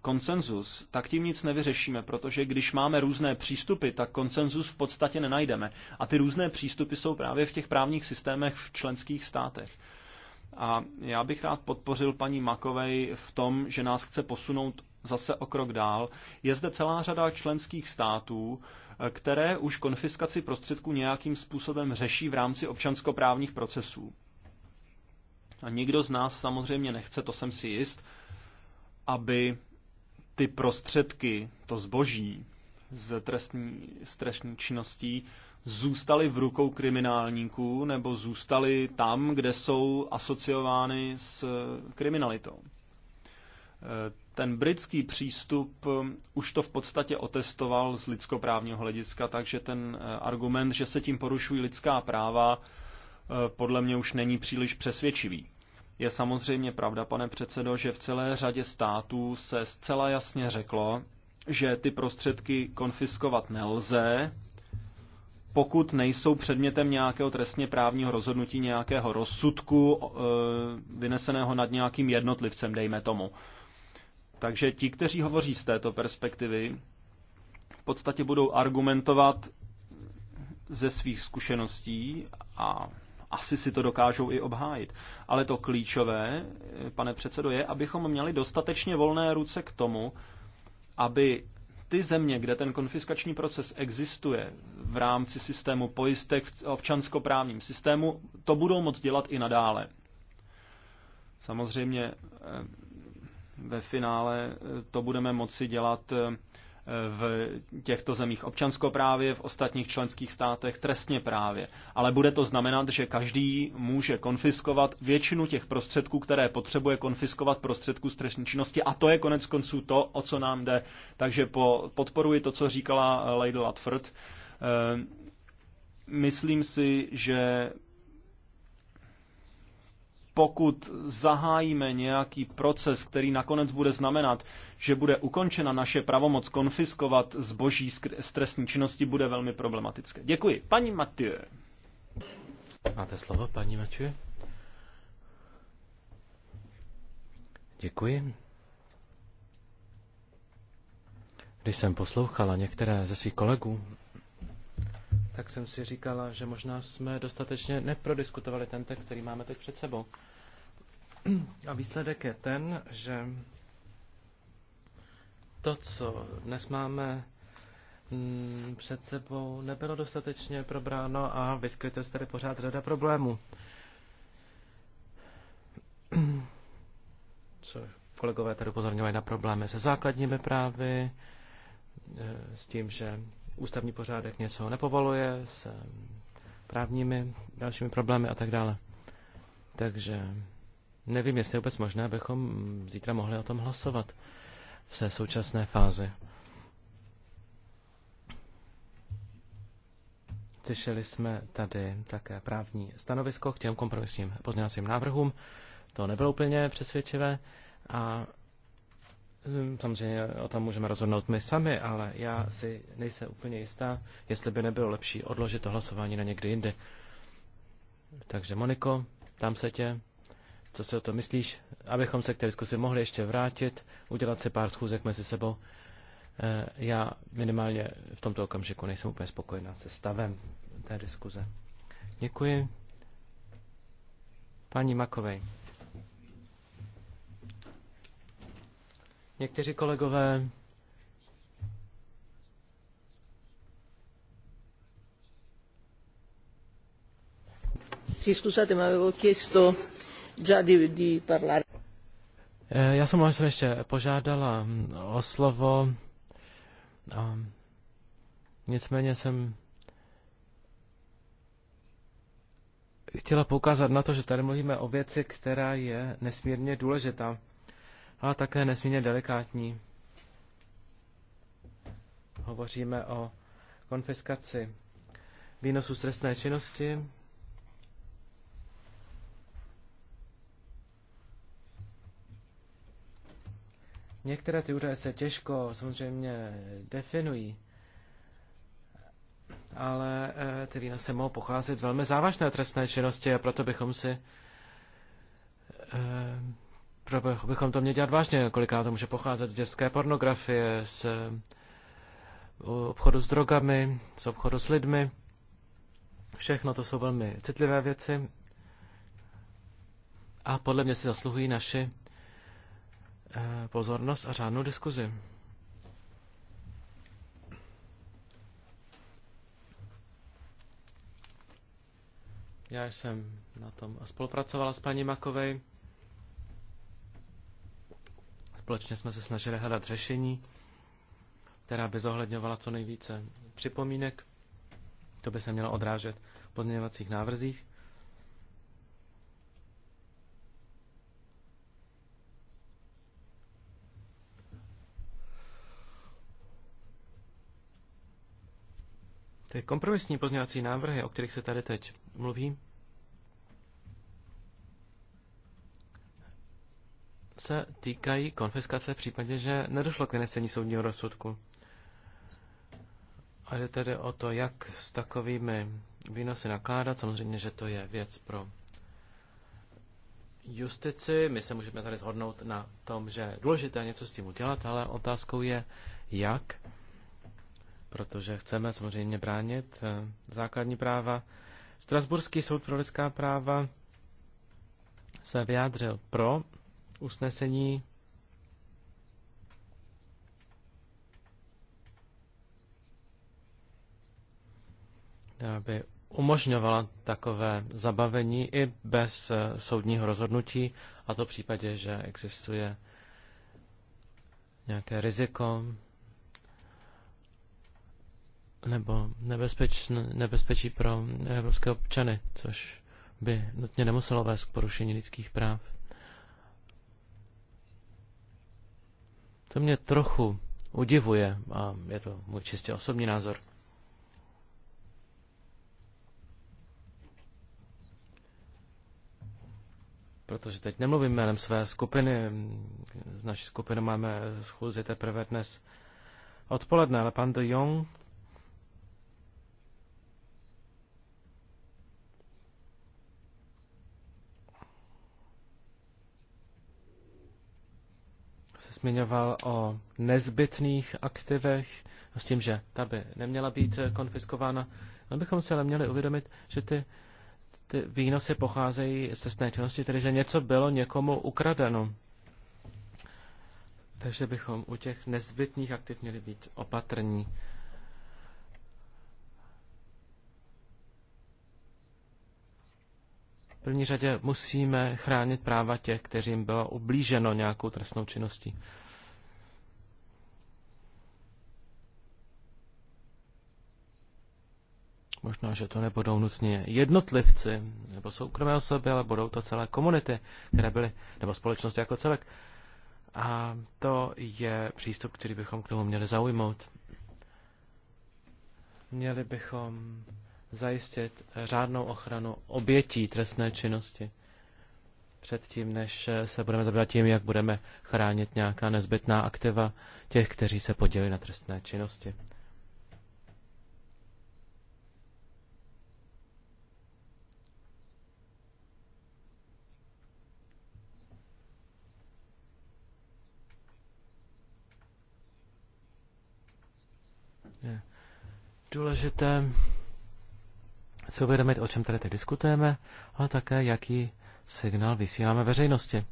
konsenzus, tak tím nic nevyřešíme, protože když máme různé přístupy, tak konsenzus v podstatě nenajdeme. A ty různé přístupy jsou právě v těch právních systémech v členských státech. A já bych rád podpořil paní Makovej v tom, že nás chce posunout zase o krok dál. Je zde celá řada členských států, které už konfiskaci prostředků nějakým způsobem řeší v rámci občanskoprávních procesů. A nikdo z nás samozřejmě nechce, to jsem si jist, aby ty prostředky, to zboží z trestní, z trestní činností, zůstaly v rukou kriminálníků nebo zůstaly tam, kde jsou asociovány s kriminalitou. E, ten britský přístup e, už to v podstatě otestoval z lidskoprávního hlediska, takže ten e, argument, že se tím porušují lidská práva, podle mě už není příliš přesvědčivý. Je samozřejmě pravda, pane předsedo, že v celé řadě států se zcela jasně řeklo, že ty prostředky konfiskovat nelze, pokud nejsou předmětem nějakého trestně právního rozhodnutí, nějakého rozsudku e, vyneseného nad nějakým jednotlivcem, dejme tomu. Takže ti, kteří hovoří z této perspektivy, v podstatě budou argumentovat ze svých zkušeností a asi si to dokážou i obhájit. Ale to klíčové, pane předsedo, je, abychom měli dostatečně volné ruce k tomu, aby ty země, kde ten konfiskační proces existuje v rámci systému pojistek v občanskoprávním systému, to budou moct dělat i nadále. Samozřejmě eh, ve finále eh, to budeme moci dělat eh, v těchto zemích občanskoprávě, v ostatních členských státech trestně právě. Ale bude to znamenat, že každý může konfiskovat většinu těch prostředků, které potřebuje konfiskovat prostředků z trestní činnosti a to je konec konců to, o co nám jde. Takže po, podporuji to, co říkala Lady Latford. Eh, myslím si, že pokud zahájíme nějaký proces, který nakonec bude znamenat, že bude ukončena naše pravomoc konfiskovat zboží z trestní činnosti, bude velmi problematické. Děkuji. Paní Mathieu.
Máte slovo, paní Mathieu? Děkuji. Když jsem poslouchala některé ze svých kolegů, tak jsem si říkala, že možná jsme dostatečně neprodiskutovali ten text, který máme teď před sebou. A výsledek je ten, že to, co dnes máme mm, před sebou, nebylo dostatečně probráno a vyskytuje se tady pořád řada problémů. Co kolegové tady upozorňovali na problémy se základními právy, e, s tím, že ústavní pořádek něco nepovoluje, s právními dalšími problémy a tak dále. Takže nevím, jestli je vůbec možné, abychom zítra mohli o tom hlasovat v té současné fázi. Slyšeli jsme tady také právní stanovisko k těm kompromisním pozměňovacím návrhům. To nebylo úplně přesvědčivé a hm, samozřejmě o tom můžeme rozhodnout my sami, ale já si nejsem úplně jistá, jestli by nebylo lepší odložit to hlasování na někdy jindy. Takže Moniko, tam se tě co si o to myslíš, abychom se k té diskusi mohli ještě vrátit, udělat si pár schůzek mezi sebou. Eh, já minimálně v tomto okamžiku nejsem úplně spokojená se stavem té diskuze. Děkuji. Paní Makovej. Někteří kolegové Sì,
scusate, ma avevo chiesto già di, di parlare.
Eh, já jsem vás ještě požádala mm, o slovo, a nicméně jsem chtěla poukázat na to, že tady mluvíme o věci, která je nesmírně důležitá, ale také nesmírně delikátní. Hovoříme o konfiskaci výnosů z trestné činnosti, Některé ty údaje se těžko samozřejmě definují, ale eh, ty se mohou pocházet z velmi závažné trestné činnosti a proto bychom si eh, proto bychom to měli dělat vážně, koliká to může pocházet z dětské pornografie, z eh, obchodu s drogami, z obchodu s lidmi. Všechno to jsou velmi citlivé věci a podle mě si zasluhují naši Eh, pozornost a řádnou diskuzi. Já jsem na tom spolupracovala s paní Makovej. Společně jsme se snažili hledat řešení, která by zohledňovala co nejvíce připomínek. To by se mělo odrážet v pozměňovacích návrzích. Ty kompromisní pozměňovací návrhy, o kterých se tady teď mluví, se týkají konfiskace v případě, že nedošlo k vynesení soudního rozsudku. A jde tedy o to, jak s takovými výnosy nakládat. Samozřejmě, že to je věc pro justici. My se můžeme tady shodnout na tom, že důležité něco s tím udělat, ale otázkou je, jak protože chceme samozřejmě bránit eh, základní práva. Strasburský soud pro lidská práva se vyjádřil pro usnesení aby umožňovala takové zabavení i bez eh, soudního rozhodnutí, a to v případě, že existuje nějaké riziko nebo nebezpeč, nebezpečí pro evropské občany, což by nutně nemuselo vést k porušení lidských práv. To mě trochu udivuje a je to můj čistě osobní názor. Protože teď nemluvím jménem své skupiny, z naší skupiny máme schůzi teprve dnes odpoledne, ale pan de Jong zmiňoval o nezbytných aktivech, s tím, že ta by neměla být eh, konfiskována. No, ale bychom se ale měli uvědomit, že ty, ty výnosy pocházejí z trestné činnosti, tedy že něco bylo někomu ukradeno. Takže bychom u těch nezbytných aktiv měli být opatrní. první řadě musíme chránit práva těch, kterým bylo ublíženo nějakou trestnou činností. Možná, že to nebudou nutně jednotlivci nebo soukromé osoby, ale budou to celé komunity, které byly, nebo společnost jako celek. A to je přístup, který bychom k tomu měli zaujmout. Měli bychom zajistit řádnou ochranu obětí trestné činnosti předtím, než se budeme zabývat tím, jak budeme chránit nějaká nezbytná aktiva těch, kteří se podělili na trestné činnosti. důležité si uvědomit, o čem tady teď diskutujeme, ale také, jaký signál vysíláme veřejnosti.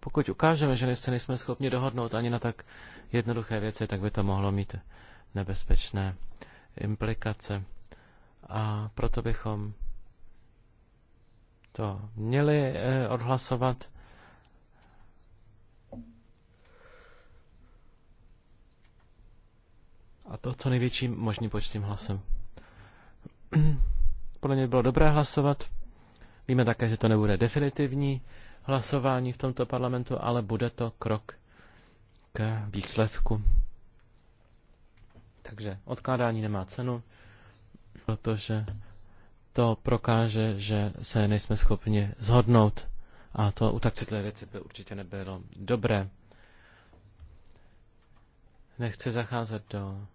Pokud ukážeme, že se nejsme schopni dohodnout ani na tak jednoduché věci, tak by to mohlo mít nebezpečné implikace. A proto bychom to měli eh, odhlasovat A to co největším možným počtím hlasem. Podle mě bylo dobré hlasovat. Víme také, že to nebude definitivní hlasování v tomto parlamentu, ale bude to krok k výsledku. Takže odkládání nemá cenu, protože to prokáže, že se nejsme schopni zhodnout a to u tak citlivé věci by určitě nebylo dobré. Nechci zacházet do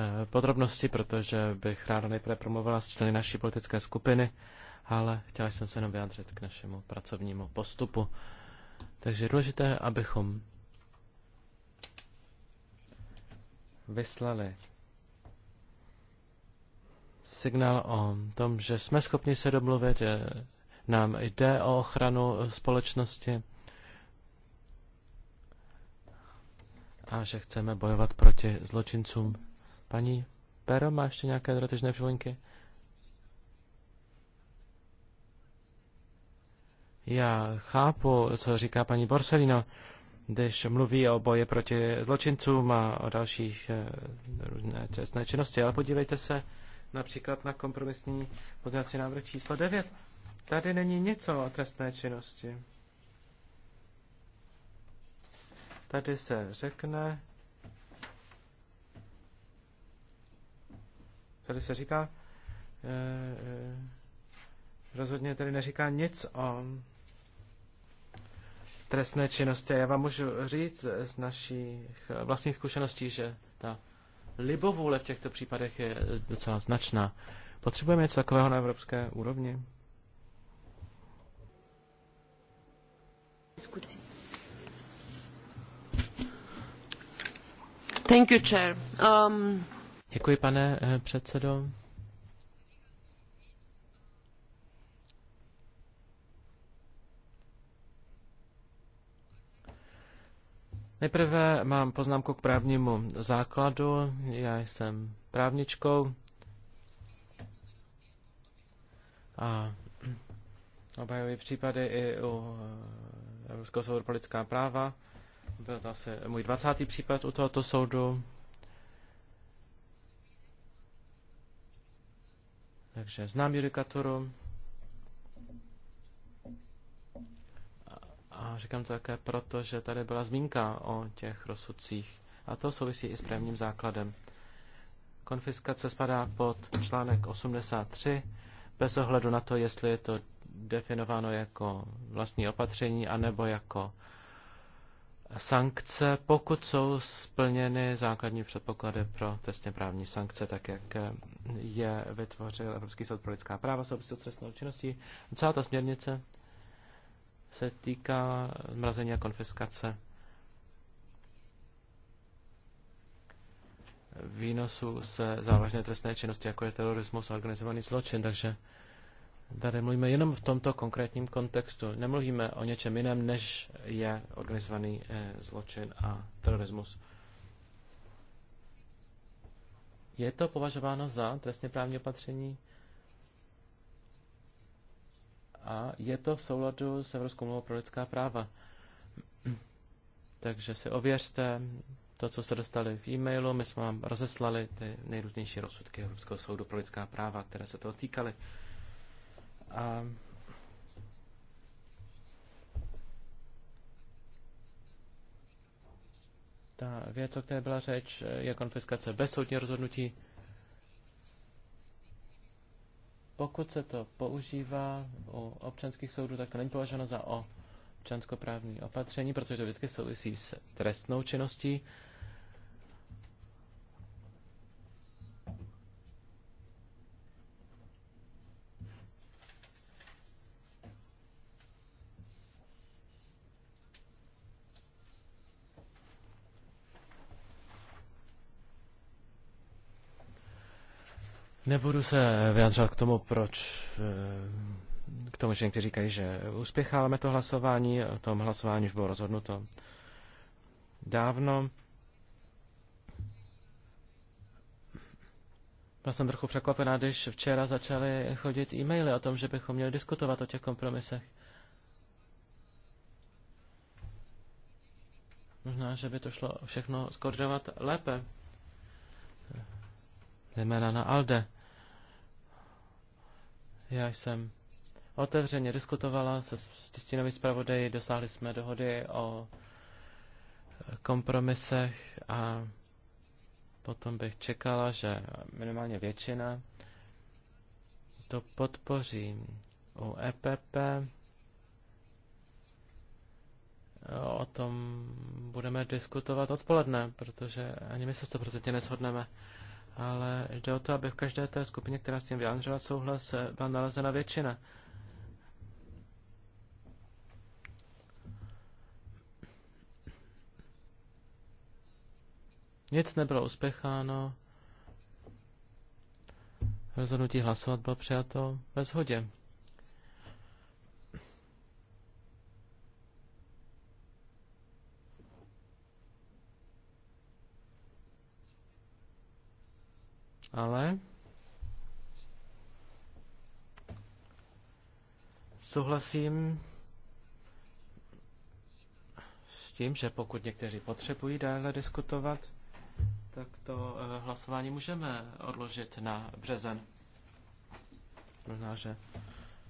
Eh, podrobnosti, protože bych ráda nejprve promluvila s členy naší politické skupiny, ale chtěla jsem se jenom vyjádřit k našemu pracovnímu postupu. Takže je důležité, abychom vyslali signál o tom, že jsme schopni se domluvit, že nám jde o ochranu společnosti a že chceme bojovat proti zločincům. Paní Pero má ještě nějaké dodatečné připomínky? Já chápu, co říká paní Borselino, když mluví o boji proti zločincům a o dalších eh, různé čestné činnosti, ale podívejte se například na kompromisní pozměňovací návrh číslo 9. Tady není nic o trestné činnosti. Tady se řekne, Tady se říká, eh, eh, rozhodně tady neříká nic o trestné činnosti. Já vám můžu říct z našich vlastních zkušeností, že ta libovůle v těchto případech je docela značná. Potřebujeme něco takového na evropské úrovni? Thank you, Chair. Um... Děkuji, pane eh, předsedo. Nejprve mám poznámku k právnímu základu. Já jsem právničkou a obhajují případy i u eh, Evropského soudu pro lidská práva. Byl to asi můj 20. případ u tohoto soudu. Takže znám judikaturu. A říkám to také proto, že tady byla zmínka o těch rozsudcích. A to souvisí i s právním základem. Konfiskace spadá pod článek 83, bez ohledu na to, jestli je to definováno jako vlastní opatření, anebo jako sankce, pokud jsou splněny základní předpoklady pro trestně právní sankce, tak jak je vytvořil Evropský soud pro lidská práva souvisí s trestnou činností. Celá ta směrnice se týká zmrazení a konfiskace výnosů se závažné trestné činnosti, jako je terorismus a organizovaný zločin, takže Tady mluvíme jenom v tomto konkrétním kontextu. Nemluvíme o něčem jiném, než je organizovaný eh, zločin a terorismus. Je to považováno za trestně právní opatření a je to v souladu s Evropskou mluvou pro lidská práva. Takže si ověřte to, co jste dostali v e-mailu. My jsme vám rozeslali ty nejrůznější rozsudky Evropského soudu pro lidská práva, které se toho týkaly. A ta věc, o které byla řeč, je konfiskace bez soudního rozhodnutí. Pokud se to používá u občanských soudů, tak to není považováno za občanskoprávní opatření, protože to vždycky souvisí s trestnou činností. Nebudu se vyjadřovat k tomu, proč eh, k tomu, že někteří říkají, že uspěcháváme to hlasování, o tom hlasování už bylo rozhodnuto dávno. Byla jsem trochu překvapená, když včera začaly chodit e-maily o tom, že bychom měli diskutovat o těch kompromisech. Možná, že by to šlo všechno skoordinovat lépe zejména na ALDE. Já jsem otevřeně diskutovala se stínovými zpravodaji, dosáhli jsme dohody o kompromisech a potom bych čekala, že minimálně většina to podpoří. U EPP o tom budeme diskutovat odpoledne, protože ani my se 100% neshodneme ale jde o to, aby v každé té skupině, která s tím vyjádřila souhlas, byla nalezena většina. Nic nebylo uspěcháno. Rozhodnutí hlasovat bylo přijato ve shodě. ale souhlasím s tím, že pokud někteří potřebují dále diskutovat, tak to eh, hlasování můžeme odložit na březen. Možná, že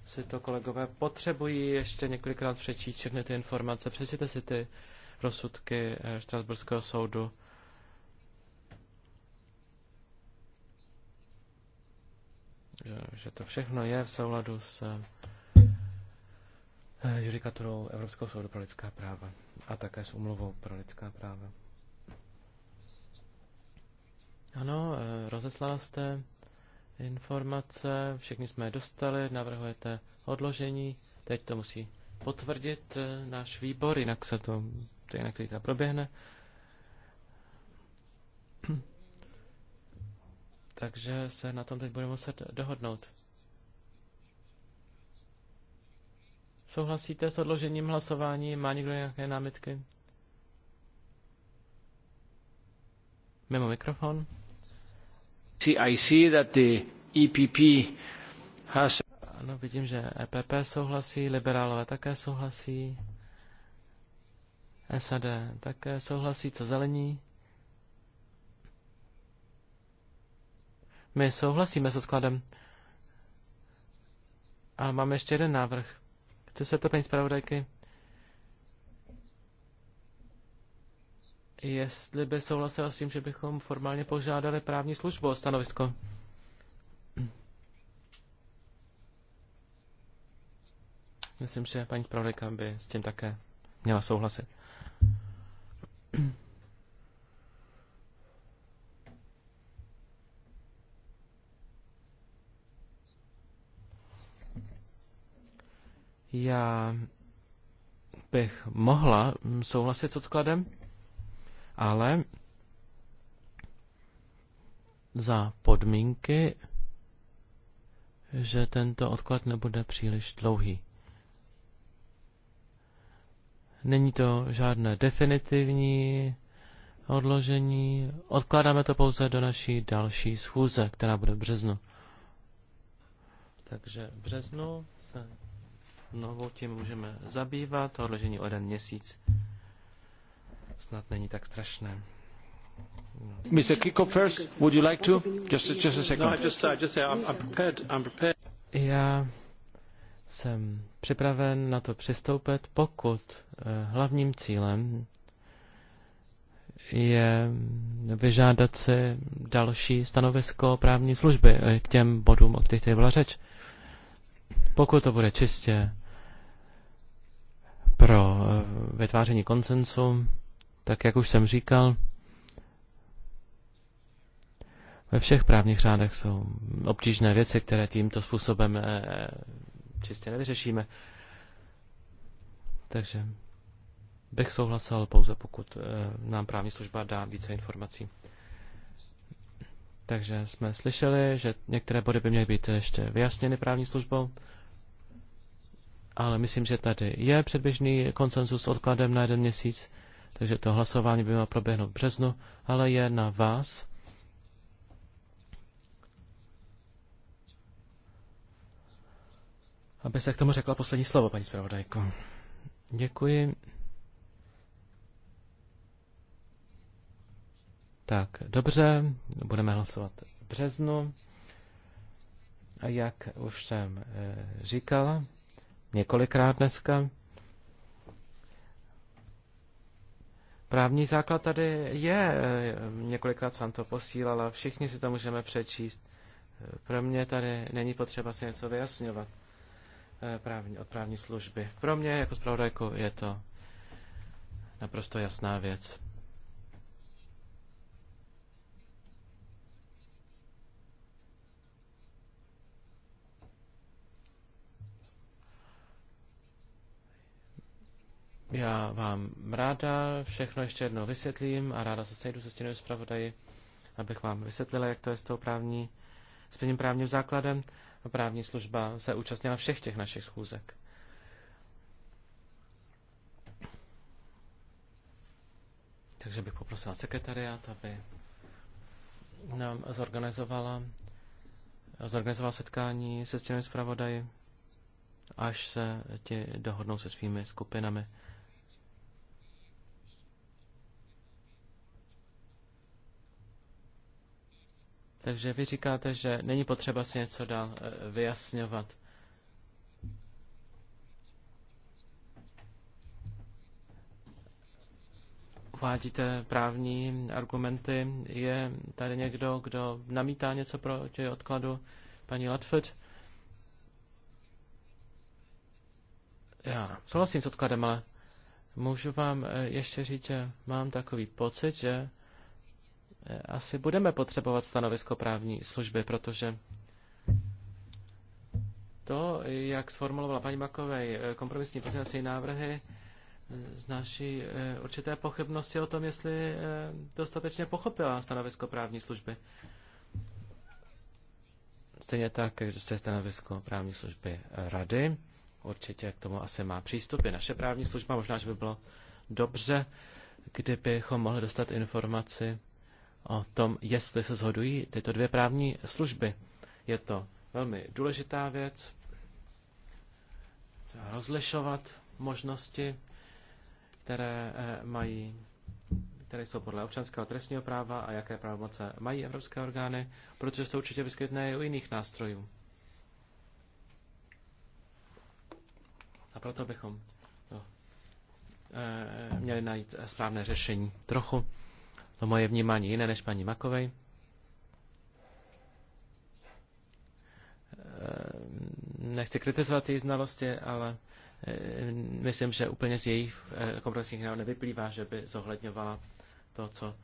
si to kolegové potřebují ještě několikrát přečíst všechny ty informace. Přečtěte si ty rozsudky eh, Štrasburského soudu že to všechno je v souladu s eh, judikaturou Evropského soudu pro lidská práva a také s umluvou pro lidská práva. Ano, eh, rozeslala jste informace, všichni jsme je dostali, navrhujete odložení, teď to musí potvrdit eh, náš výbor, jinak se to, jinak to proběhne. Takže se na tom teď budeme muset dohodnout. Souhlasíte s odložením hlasování? Má někdo nějaké námitky? Mimo mikrofon. I see that the EPP has... Ano, vidím, že EPP souhlasí, liberálové také souhlasí, SAD také souhlasí, co zelení. My souhlasíme s odkladem. A máme ještě jeden návrh. Chce se to paní zpravodajky? Jestli by souhlasila s tím, že bychom formálně požádali právní službu o stanovisko. Myslím, že paní zpravodajka by s tím také měla souhlasit. Já bych mohla souhlasit s odkladem, ale za podmínky, že tento odklad nebude příliš dlouhý. Není to žádné definitivní odložení, odkládáme to pouze do naší další schůze, která bude v březnu. Takže v březnu se Novou tím můžeme zabývat. To odložení o jeden měsíc snad není tak strašné. No. Mr. Kiko first, would you like to? Just, just a second. No, I just, I just say I'm, I'm prepared, I'm prepared. Já jsem připraven na to přistoupit, pokud eh, hlavním cílem je vyžádat si další stanovisko právní služby eh, k těm bodům, o kterých tady byla řeč. Pokud to bude čistě pro eh, vytváření koncensu, tak jak už jsem říkal, ve všech právních řádech jsou obtížné věci, které tímto způsobem eh, eh, čistě nevyřešíme. Takže bych souhlasil pouze, pokud nám právní služba dá více informací. Takže jsme slyšeli, že některé body by měly být ještě vyjasněny právní službou ale myslím, že tady je předběžný konsenzus s odkladem na jeden měsíc, takže to hlasování by mělo proběhnout v březnu, ale je na vás. Aby se k tomu řekla poslední slovo, paní zpravodajko. Děkuji. Tak, dobře, budeme hlasovat v březnu. A jak už jsem eh, říkala, několikrát dneska. Právní základ tady je, eh, několikrát jsem to posílala, všichni si to můžeme přečíst. Eh, pro mě tady není potřeba si něco vyjasňovat eh, právní, od právní služby. Pro mě jako zpravodajku je to naprosto jasná věc. Já vám ráda všechno ještě jednou vysvětlím a ráda se sejdu se stěnou zpravodaji, abych vám vysvětlila, jak to je s tou právní, s tím právním základem. A právní služba se účastnila všech těch našich schůzek. Takže bych poprosila sekretariát, aby nám zorganizovala zorganizoval setkání se stěnou zpravodaji, až se ti dohodnou se svými skupinami. Takže vy říkáte, že není potřeba si něco dál eh, vyjasňovat. Uvádíte právní argumenty. Je tady někdo, kdo namítá něco proti odkladu? Paní Latford? Já souhlasím s odkladem, ale můžu vám eh, ještě říct, že mám takový pocit, že asi budeme potřebovat stanovisko právní služby, protože to, jak sformulovala paní Makovej eh, kompromisní pozměňovací návrhy, eh, znaší eh, určité pochybnosti o tom, jestli dostatečně pochopila stanovisko právní služby. Stejně tak, že stanovisko právní služby rady. Určitě k tomu asi má přístup. i naše právní služba, možná, že by bylo dobře, kdybychom mohli dostat informaci o tom, jestli se shodují tyto dvě právní služby. Je to velmi důležitá věc, rozlišovat možnosti, které eh, mají které jsou podle občanského trestního práva a jaké pravomoce mají evropské orgány, protože jsou určitě vyskytné i u jiných nástrojů. A proto bychom to, no, e, eh, měli najít eh, správné řešení. Trochu to no, moje vnímání jiné než paní Makovej. Eh, nechci kritizovat její znalosti, ale eh, myslím, že úplně z jejich eh, kompromisních návrhů nevyplývá, že by zohledňovala to, co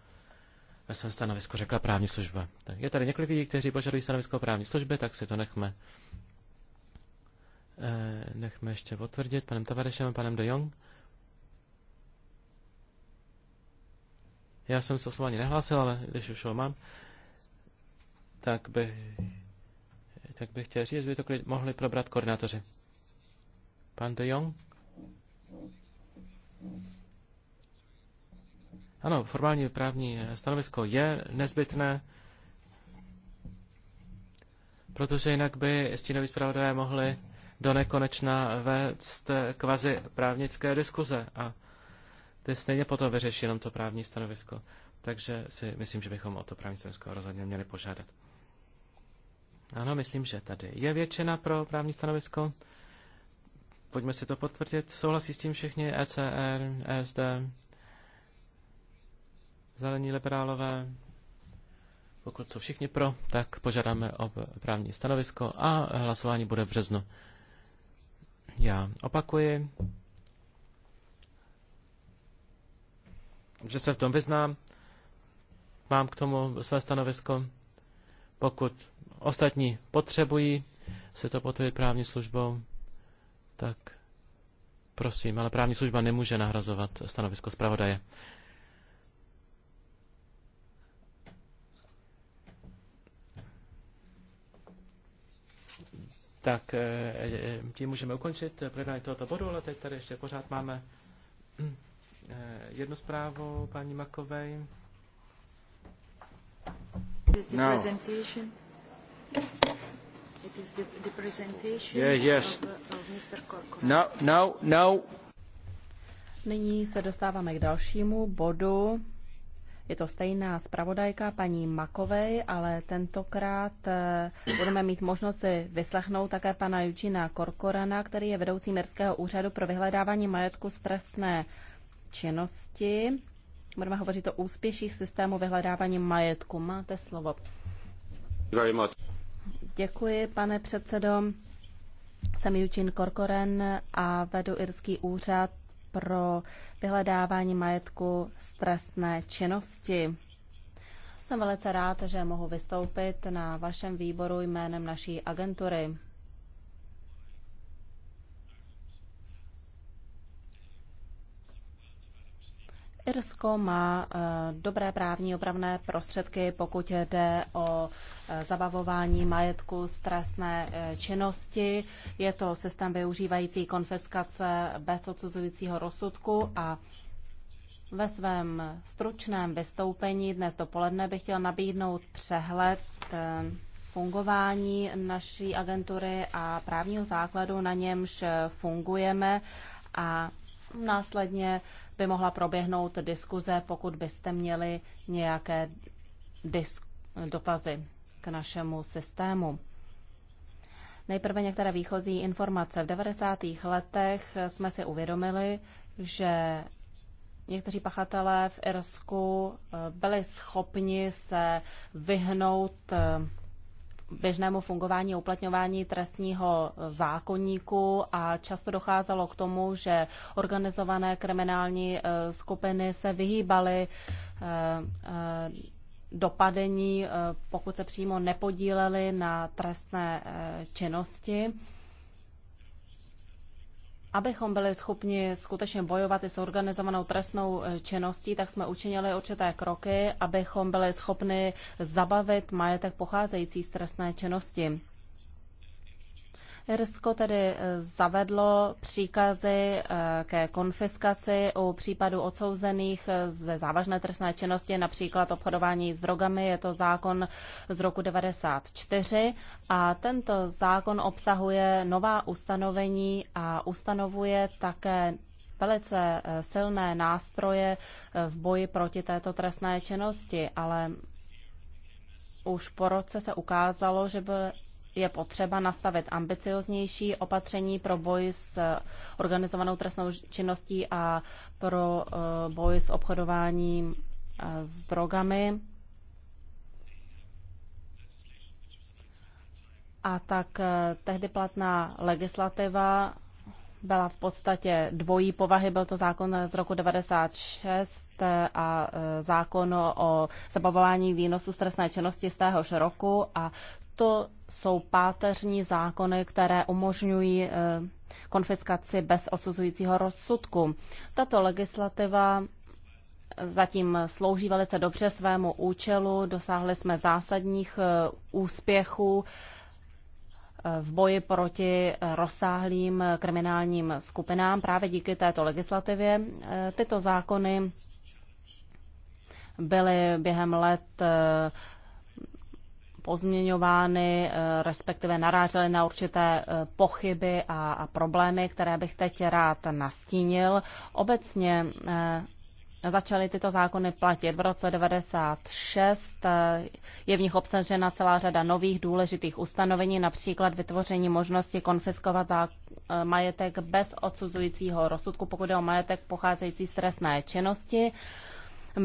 ve svém stanovisku řekla právní služba. Tak je tady několik lidí, kteří požadují stanovisko právní služby, tak si to nechme. Nechme ještě potvrdit panem Tavarešem a panem De Jong. Já jsem se slování nehlásil, ale když už ho mám, tak, by, tak bych chtěl říct, že by to klid, mohli probrat koordinátoři. Pan de Jong? Ano, formální právní stanovisko je nezbytné, protože jinak by stínoví zpravodajé mohli do nekonečna vést kvazi právnické diskuze a je stejně potom vyřeší jenom to právní stanovisko. Takže si myslím, že bychom o to právní stanovisko rozhodně měli požádat. Ano, myslím, že tady je většina pro právní stanovisko. Pojďme si to potvrdit. Souhlasí s tím všichni ECR, ESD, zelení liberálové. Pokud jsou všichni pro, tak požádáme o právní stanovisko a hlasování bude v březnu. Já opakuji. že se v tom vyznám, mám k tomu své stanovisko. Pokud ostatní potřebují se to potvrdit právní službou, tak prosím, ale právní služba nemůže nahrazovat stanovisko zpravodaje. Tak eh, eh, tím můžeme ukončit projednání tohoto bodu, ale teď tady ještě pořád máme hm, Eh, jednu zprávu paní Makovej.
No.
yeah,
yes. No, no, no.
Nyní se dostáváme k dalšímu bodu. Je to stejná zpravodajka paní Makovej, ale tentokrát eh, budeme mít možnost si vyslechnout také pana Jučina Korkorana, který je vedoucí Merského úřadu pro vyhledávání majetku z trestné činnosti. Budeme hovořit o úspěších systému vyhledávání majetku. Máte slovo. Very much. Děkuji, pane předsedo. Jsem Jučin Korkoren a vedu Irský úřad pro vyhledávání majetku z trestné činnosti. Jsem velice rád, že mohu vystoupit na vašem výboru jménem naší agentury. Irsko má eh, dobré právní opravné prostředky, pokud jde o eh, zabavování majetku z trestné eh, činnosti. Je to systém využívající konfiskace bez odsuzujícího rozsudku a ve svém stručném vystoupení dnes dopoledne bych chtěl nabídnout přehled fungování naší agentury a právního základu, na němž fungujeme a následně by mohla proběhnout diskuze, pokud byste měli nějaké dotazy k našemu systému. Nejprve některé výchozí informace. V 90. letech jsme si uvědomili, že někteří pachatelé v Irsku eh, byli schopni se vyhnout eh, běžnému fungování a uplatňování trestního zákonníku a často docházelo k tomu, že organizované kriminální eh, skupiny se vyhýbaly eh, eh, dopadení, pokud se přímo nepodíleli na trestné činnosti. Abychom byli schopni skutečně bojovat i s organizovanou trestnou e, činností, tak jsme učinili určité kroky, abychom byli schopni zabavit majetek pocházející z trestné činnosti. Irsko tedy eh, zavedlo příkazy eh, ke konfiskaci u případů odsouzených eh, ze závažné trestné činnosti, například obchodování s drogami. Je to zákon z roku 1994 a tento zákon obsahuje nová ustanovení a ustanovuje také velice silné nástroje v boji proti této trestné činnosti, ale už po roce se ukázalo, že by je potřeba nastavit ambicioznější opatření pro boj s eh, organizovanou trestnou činností a pro eh, boj s obchodováním eh, s drogami. A tak tehdy platná legislativa byla v podstatě dvojí povahy. Byl to zákon z roku 96 a zákon o zabavování výnosu z trestné činnosti z téhož roku a to jsou páteřní zákony, které umožňují eh, konfiskaci bez odsuzujícího rozsudku. Tato legislativa zatím slouží velice dobře svému účelu. Dosáhli jsme zásadních eh, úspěchů eh, v boji proti rozsáhlým kriminálním skupinám právě díky této legislativě. Tyto zákony byly během let pozměňovány, eh, respektive narážely na určité eh, pochyby a, problémy, které bych teď rád nastínil. Obecně eh, začaly tyto zákony platit v roce 96. Je v nich obsažena celá řada nových důležitých ustanovení, například vytvoření možnosti konfiskovat majetek bez odsuzujícího rozsudku, pokud je o majetek pocházející z trestné činnosti.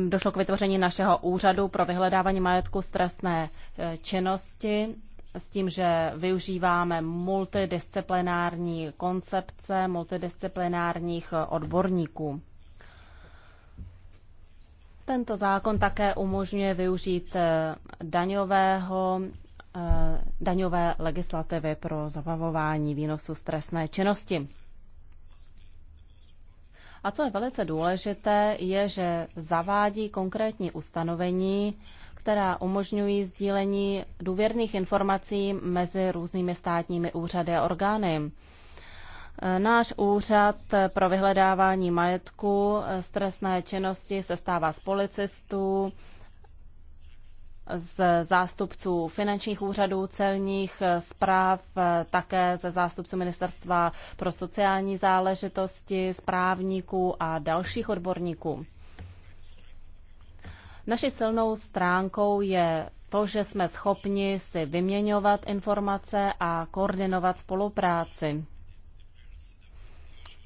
Došlo k vytvoření našeho úřadu pro vyhledávání majetku z trestné e, činnosti s tím, že využíváme multidisciplinární koncepce, multidisciplinárních e, odborníků. Tento zákon také umožňuje využít e, daňového, daňové legislativy pro zabavování výnosu stresné činnosti. A co je velice důležité, je, že zavádí konkrétní ustanovení, která umožňují sdílení důvěrných informací mezi různými státními úřady a orgány. Náš úřad pro vyhledávání majetku z trestné činnosti se stává z policistů, z zástupců finančních úřadů, celních eh, zpráv, eh, také ze zástupců Ministerstva pro sociální záležitosti, správníků a dalších odborníků. Naší silnou stránkou je to, že jsme schopni si vyměňovat informace a koordinovat spolupráci.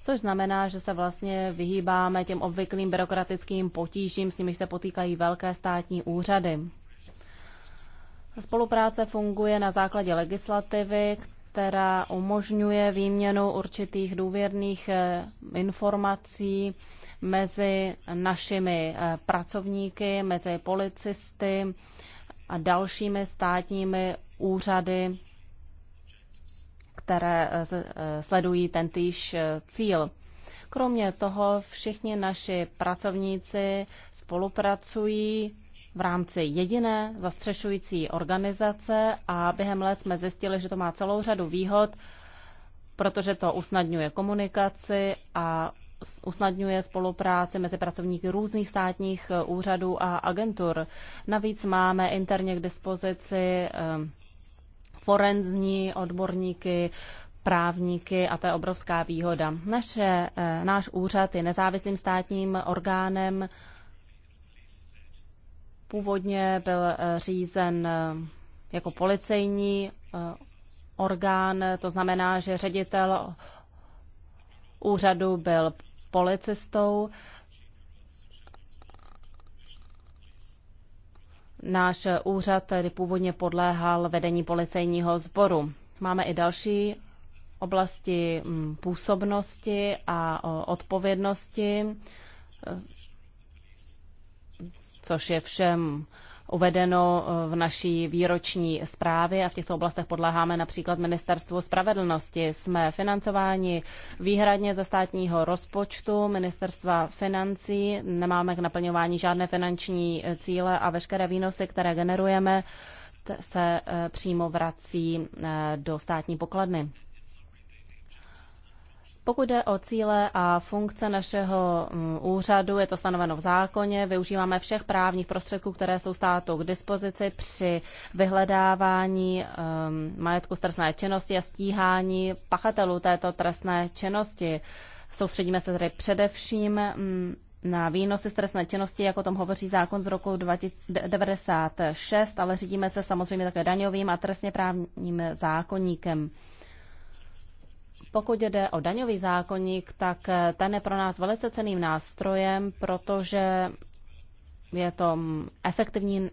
Což znamená, že se vlastně vyhýbáme těm obvyklým byrokratickým potížím, s nimiž se potýkají velké státní úřady. Spolupráce funguje na základě legislativy, která umožňuje výměnu určitých důvěrných eh, informací mezi našimi eh, pracovníky, mezi policisty a dalšími státními úřady, které eh, sledují tentýž cíl. Kromě toho všichni naši pracovníci spolupracují v rámci jediné zastřešující organizace a během let jsme zjistili, že to má celou řadu výhod, protože to usnadňuje komunikaci a usnadňuje spolupráci mezi pracovníky různých státních eh, úřadů a agentur. Navíc máme interně k dispozici eh, forenzní odborníky, právníky a to je obrovská výhoda. Naše, eh, náš úřad je nezávislým státním orgánem, Původně byl eh, řízen eh, jako policejní eh, orgán, to znamená, že ředitel úřadu byl policistou. Náš úřad tedy původně podléhal vedení policejního sboru. Máme i další oblasti mm, působnosti a odpovědnosti což je všem uvedeno eh, v naší výroční zprávě a v těchto oblastech podléháme například Ministerstvu spravedlnosti. Jsme financováni výhradně ze státního rozpočtu Ministerstva financí, nemáme k naplňování žádné finanční eh, cíle a veškeré výnosy, které generujeme, se eh, přímo vrací do státní pokladny. Pokud jde o cíle a funkce našeho mm, úřadu, je to stanoveno v zákoně, využíváme všech právních prostředků, které jsou státu k dispozici při vyhledávání um, majetku z trestné činnosti a stíhání pachatelů této trestné činnosti. Soustředíme se tedy především um, na výnosy z trestné činnosti, jako tom hovoří zákon z roku 1996, ale řídíme se samozřejmě také daňovým a trestně právním zákonníkem. Pokud jde o daňový zákonník, tak ten je pro nás velice ceným nástrojem, protože je to efektivní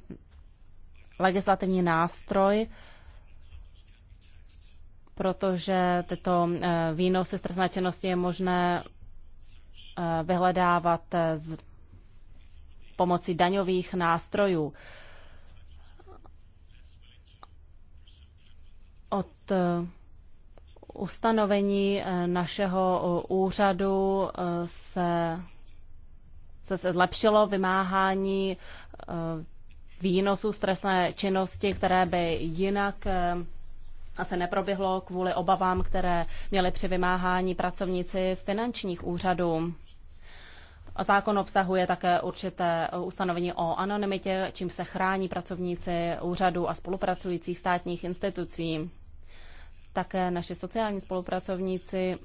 legislativní nástroj, protože tyto eh, výnosy z trestné činnosti je možné eh, vyhledávat eh, z pomocí daňových nástrojů. Od ustanovení eh, našeho eh, úřadu eh, se, se zlepšilo vymáhání výnosů z trestné činnosti, které by jinak se neproběhlo kvůli obavám, které měly při vymáhání pracovníci finančních úřadů. Zákon obsahuje také určité ustanovení o anonymitě, čím se chrání pracovníci úřadu a spolupracujících státních institucí. Také naši sociální spolupracovníci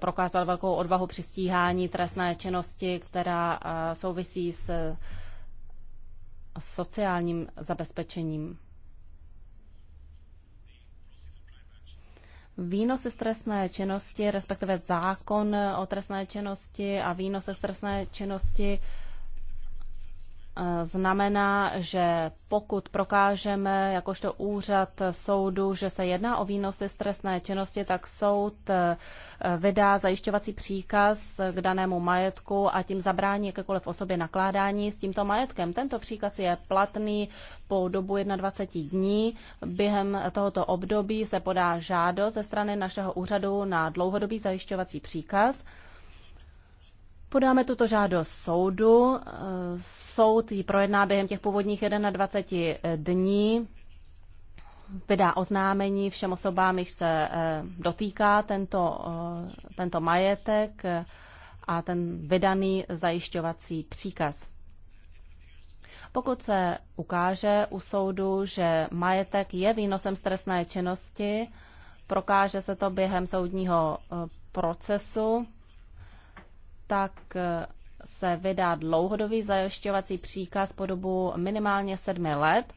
prokázal velkou odvahu při stíhání trestné činnosti, která souvisí s sociálním zabezpečením. Výnosy z trestné činnosti, respektive zákon o trestné činnosti a výnosy z trestné činnosti znamená, že pokud prokážeme jakožto úřad soudu, že se jedná o výnosy z trestné činnosti, tak soud eh, vydá zajišťovací příkaz k danému majetku a tím zabrání jakékoliv osobě nakládání s tímto majetkem. Tento příkaz je platný po dobu 21 dní. Během tohoto období se podá žádost ze strany našeho úřadu na dlouhodobý zajišťovací příkaz. Podáme tuto žádost soudu. Soud ji projedná během těch původních 21 dní. Vydá oznámení všem osobám, jich se eh, dotýká tento, eh, tento majetek eh, a ten vydaný zajišťovací příkaz. Pokud se ukáže u soudu, že majetek je výnosem z trestné činnosti, prokáže se to během soudního procesu, tak eh, se vydá dlouhodobý zajišťovací příkaz po dobu minimálně sedmi let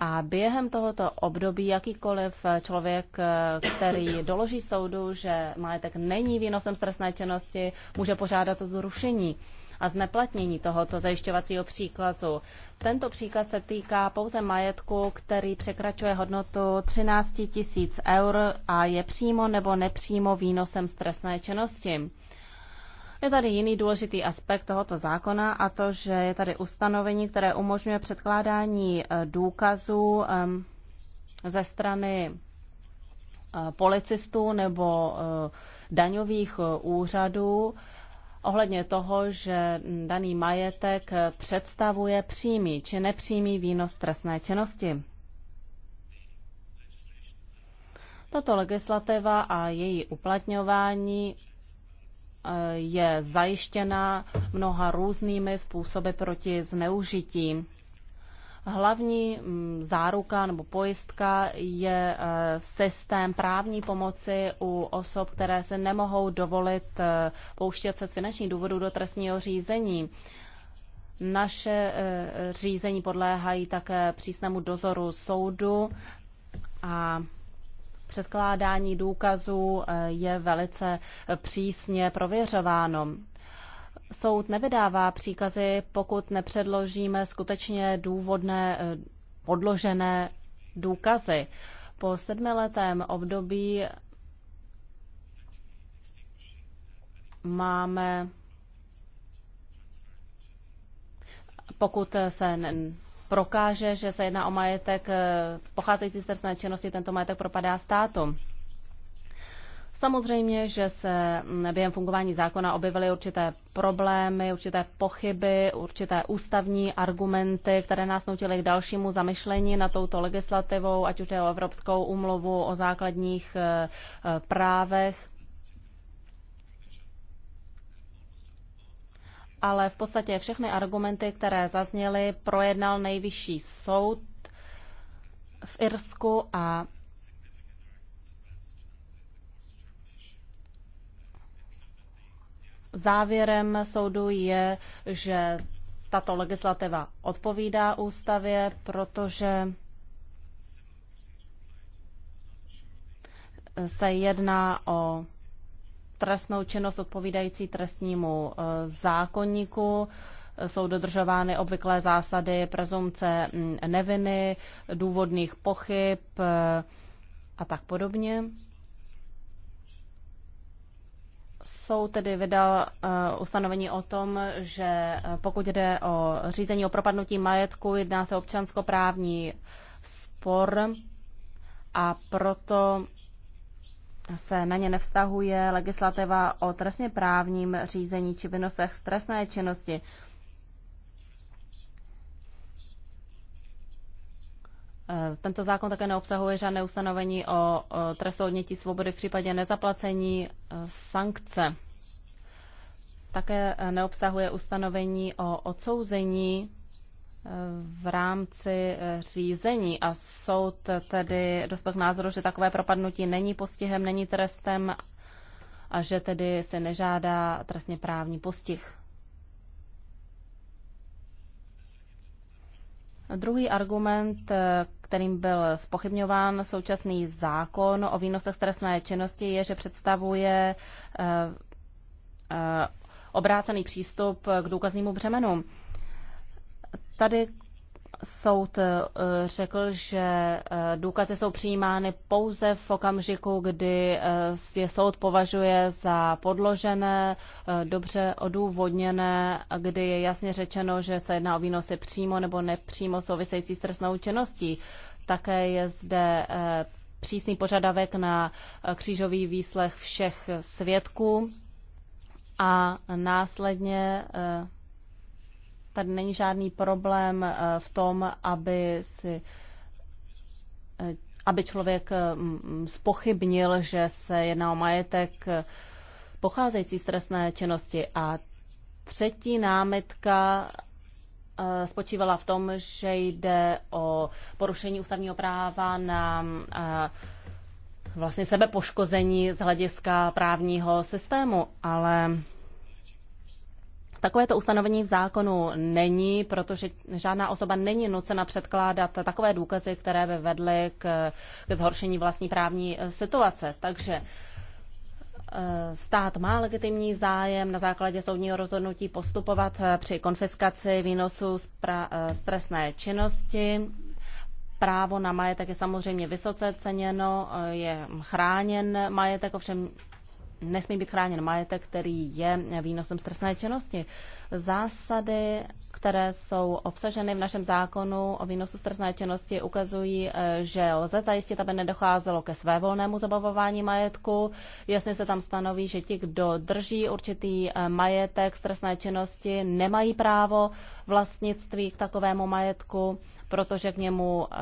a během tohoto období jakýkoliv člověk, eh, který doloží soudu, že majetek není výnosem stresné činnosti, může požádat o zrušení a zneplatnění tohoto zajišťovacího příkazu. Tento příkaz se týká pouze majetku, který překračuje hodnotu 13 tisíc eur a je přímo nebo nepřímo výnosem stresné činnosti. Je tady jiný důležitý aspekt tohoto zákona a to, že je tady ustanovení, které umožňuje předkládání eh, důkazů ze strany eh, policistů nebo eh, daňových úřadů ohledně toho, že daný majetek představuje přímý či nepřímý výnos trestné činnosti. Tato legislativa a její uplatňování je zajištěna mnoha různými způsoby proti zneužití. Hlavní mm, záruka nebo pojistka je eh, systém právní pomoci u osob, které se nemohou dovolit eh, pouštět se z finančních důvodů do trestního řízení. Naše eh, řízení podléhají také přísnému dozoru soudu a předkládání důkazů eh, je velice eh, přísně prověřováno. Soud nevydává příkazy, pokud nepředložíme skutečně důvodné eh, podložené důkazy. Po sedmiletém období máme, pokud se prokáže, že se jedná o majetek eh, pocházející z trestné činnosti, tento majetek propadá státu. Samozřejmě, že se mm, během fungování zákona objevily určité problémy, určité pochyby, určité ústavní argumenty, které nás nutily k dalšímu zamyšlení na touto legislativou, ať už je o Evropskou úmluvu o základních eh, eh, právech ale v podstatě všechny argumenty, které zazněly, projednal nejvyšší soud v Irsku a závěrem soudu je, že tato legislativa odpovídá ústavě, protože se jedná o trestnou činnost odpovídající trestnímu eh, zákonníku. Jsou dodržovány obvyklé zásady prezumce mm, neviny, důvodných pochyb eh, a tak podobně. Soud tedy vydal uh, ustanovení o tom, že pokud jde o řízení o propadnutí majetku, jedná se občanskoprávní spor a proto se na ně nevztahuje legislativa o trestně právním řízení či vynosech z trestné činnosti. E, tento zákon také neobsahuje žádné ustanovení o trestu odnětí svobody v případě nezaplacení e, sankce. Také neobsahuje ustanovení o odsouzení v rámci eh, řízení a soud tedy dospěl k názoru, že takové propadnutí není postihem, není trestem a že tedy se nežádá trestně právní postih. Druhý argument, eh, kterým byl spochybňován současný zákon o výnosech trestné činnosti, je, že představuje eh, obrácený přístup k důkaznímu břemenu. Tady soud eh, řekl, že eh, důkazy jsou přijímány pouze v okamžiku, kdy eh, je soud považuje za podložené, dobře odůvodněné, kdy je jasně řečeno, že se jedná o výnosy přímo nebo nepřímo související s trestnou činností. Také je zde přísný požadavek na křížový výslech všech svědků a následně tady není žádný problém eh, v tom, aby si eh, aby člověk mm, mm, spochybnil, že se jedná o majetek eh, pocházející z trestné činnosti. A třetí námitka spočívala v tom, že jde o porušení ústavního práva na vlastně sebepoškození z hlediska právního systému, ale Takovéto ustanovení v zákonu není, protože žádná osoba není nucena předkládat takové důkazy, které by vedly k, k zhoršení vlastní právní eh, situace. Takže eh, stát má legitimní zájem na základě soudního rozhodnutí postupovat eh, při konfiskaci výnosu z, z trestné činnosti. Právo na majetek je samozřejmě vysoce ceněno, je chráněn majetek, ovšem nesmí být chráněn majetek, který je výnosem z trestné činnosti. Zásady, které jsou obsaženy v našem zákonu o výnosu z trestné činnosti, ukazují, eh, že lze zajistit, aby nedocházelo ke svévolnému zabavování majetku. Jasně se tam stanoví, že ti, kdo drží určitý eh, majetek z trestné činnosti, nemají právo vlastnictví k takovému majetku, protože k němu eh,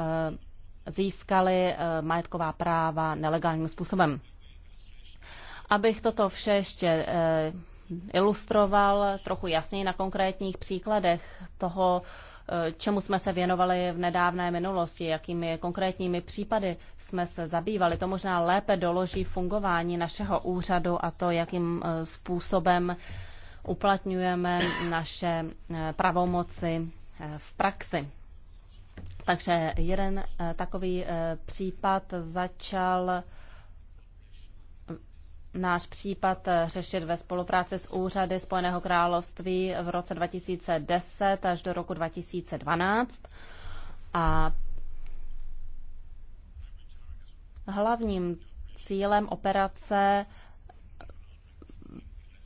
získali majetková práva nelegálním způsobem. Abych toto vše ještě eh, ilustroval trochu jasněji na konkrétních příkladech toho, eh, čemu jsme se věnovali v nedávné minulosti, jakými konkrétními případy jsme se zabývali. To možná lépe doloží fungování našeho úřadu a to, jakým eh, způsobem uplatňujeme naše pravomoci v praxi. Takže jeden takový případ začal náš případ eh, řešit ve spolupráci s úřady Spojeného království v roce 2010 až do roku 2012. A hlavním cílem operace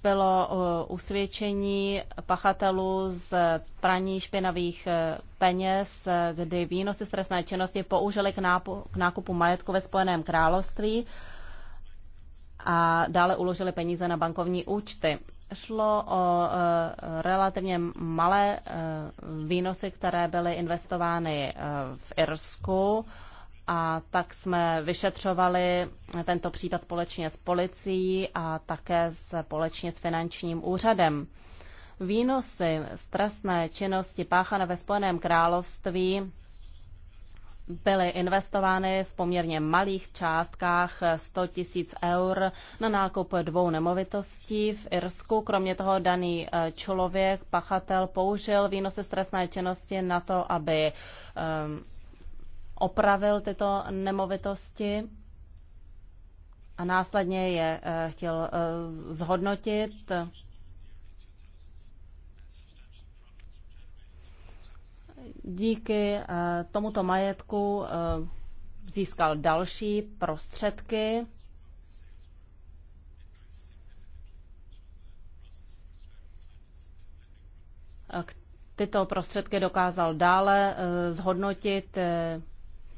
bylo eh, usvědčení pachatelů z praní špinavých eh, peněz, kdy výnosy z trestné činnosti použili k, nákupu majetku ve Spojeném království a dále uložili peníze na bankovní účty. Šlo o e, relativně malé e, výnosy, které byly investovány e, v Irsku a tak jsme vyšetřovali tento případ společně s policií a také společně s finančním úřadem. Výnosy z trestné činnosti páchané ve Spojeném království byly investovány v poměrně malých částkách 100 tisíc eur na nákup dvou nemovitostí v Irsku. Kromě toho daný eh, člověk, pachatel, použil výnosy stresné činnosti na to, aby um, opravil tyto nemovitosti a následně je eh, chtěl eh, zhodnotit díky eh, tomuto majetku eh, získal další prostředky. Tyto prostředky dokázal dále eh, zhodnotit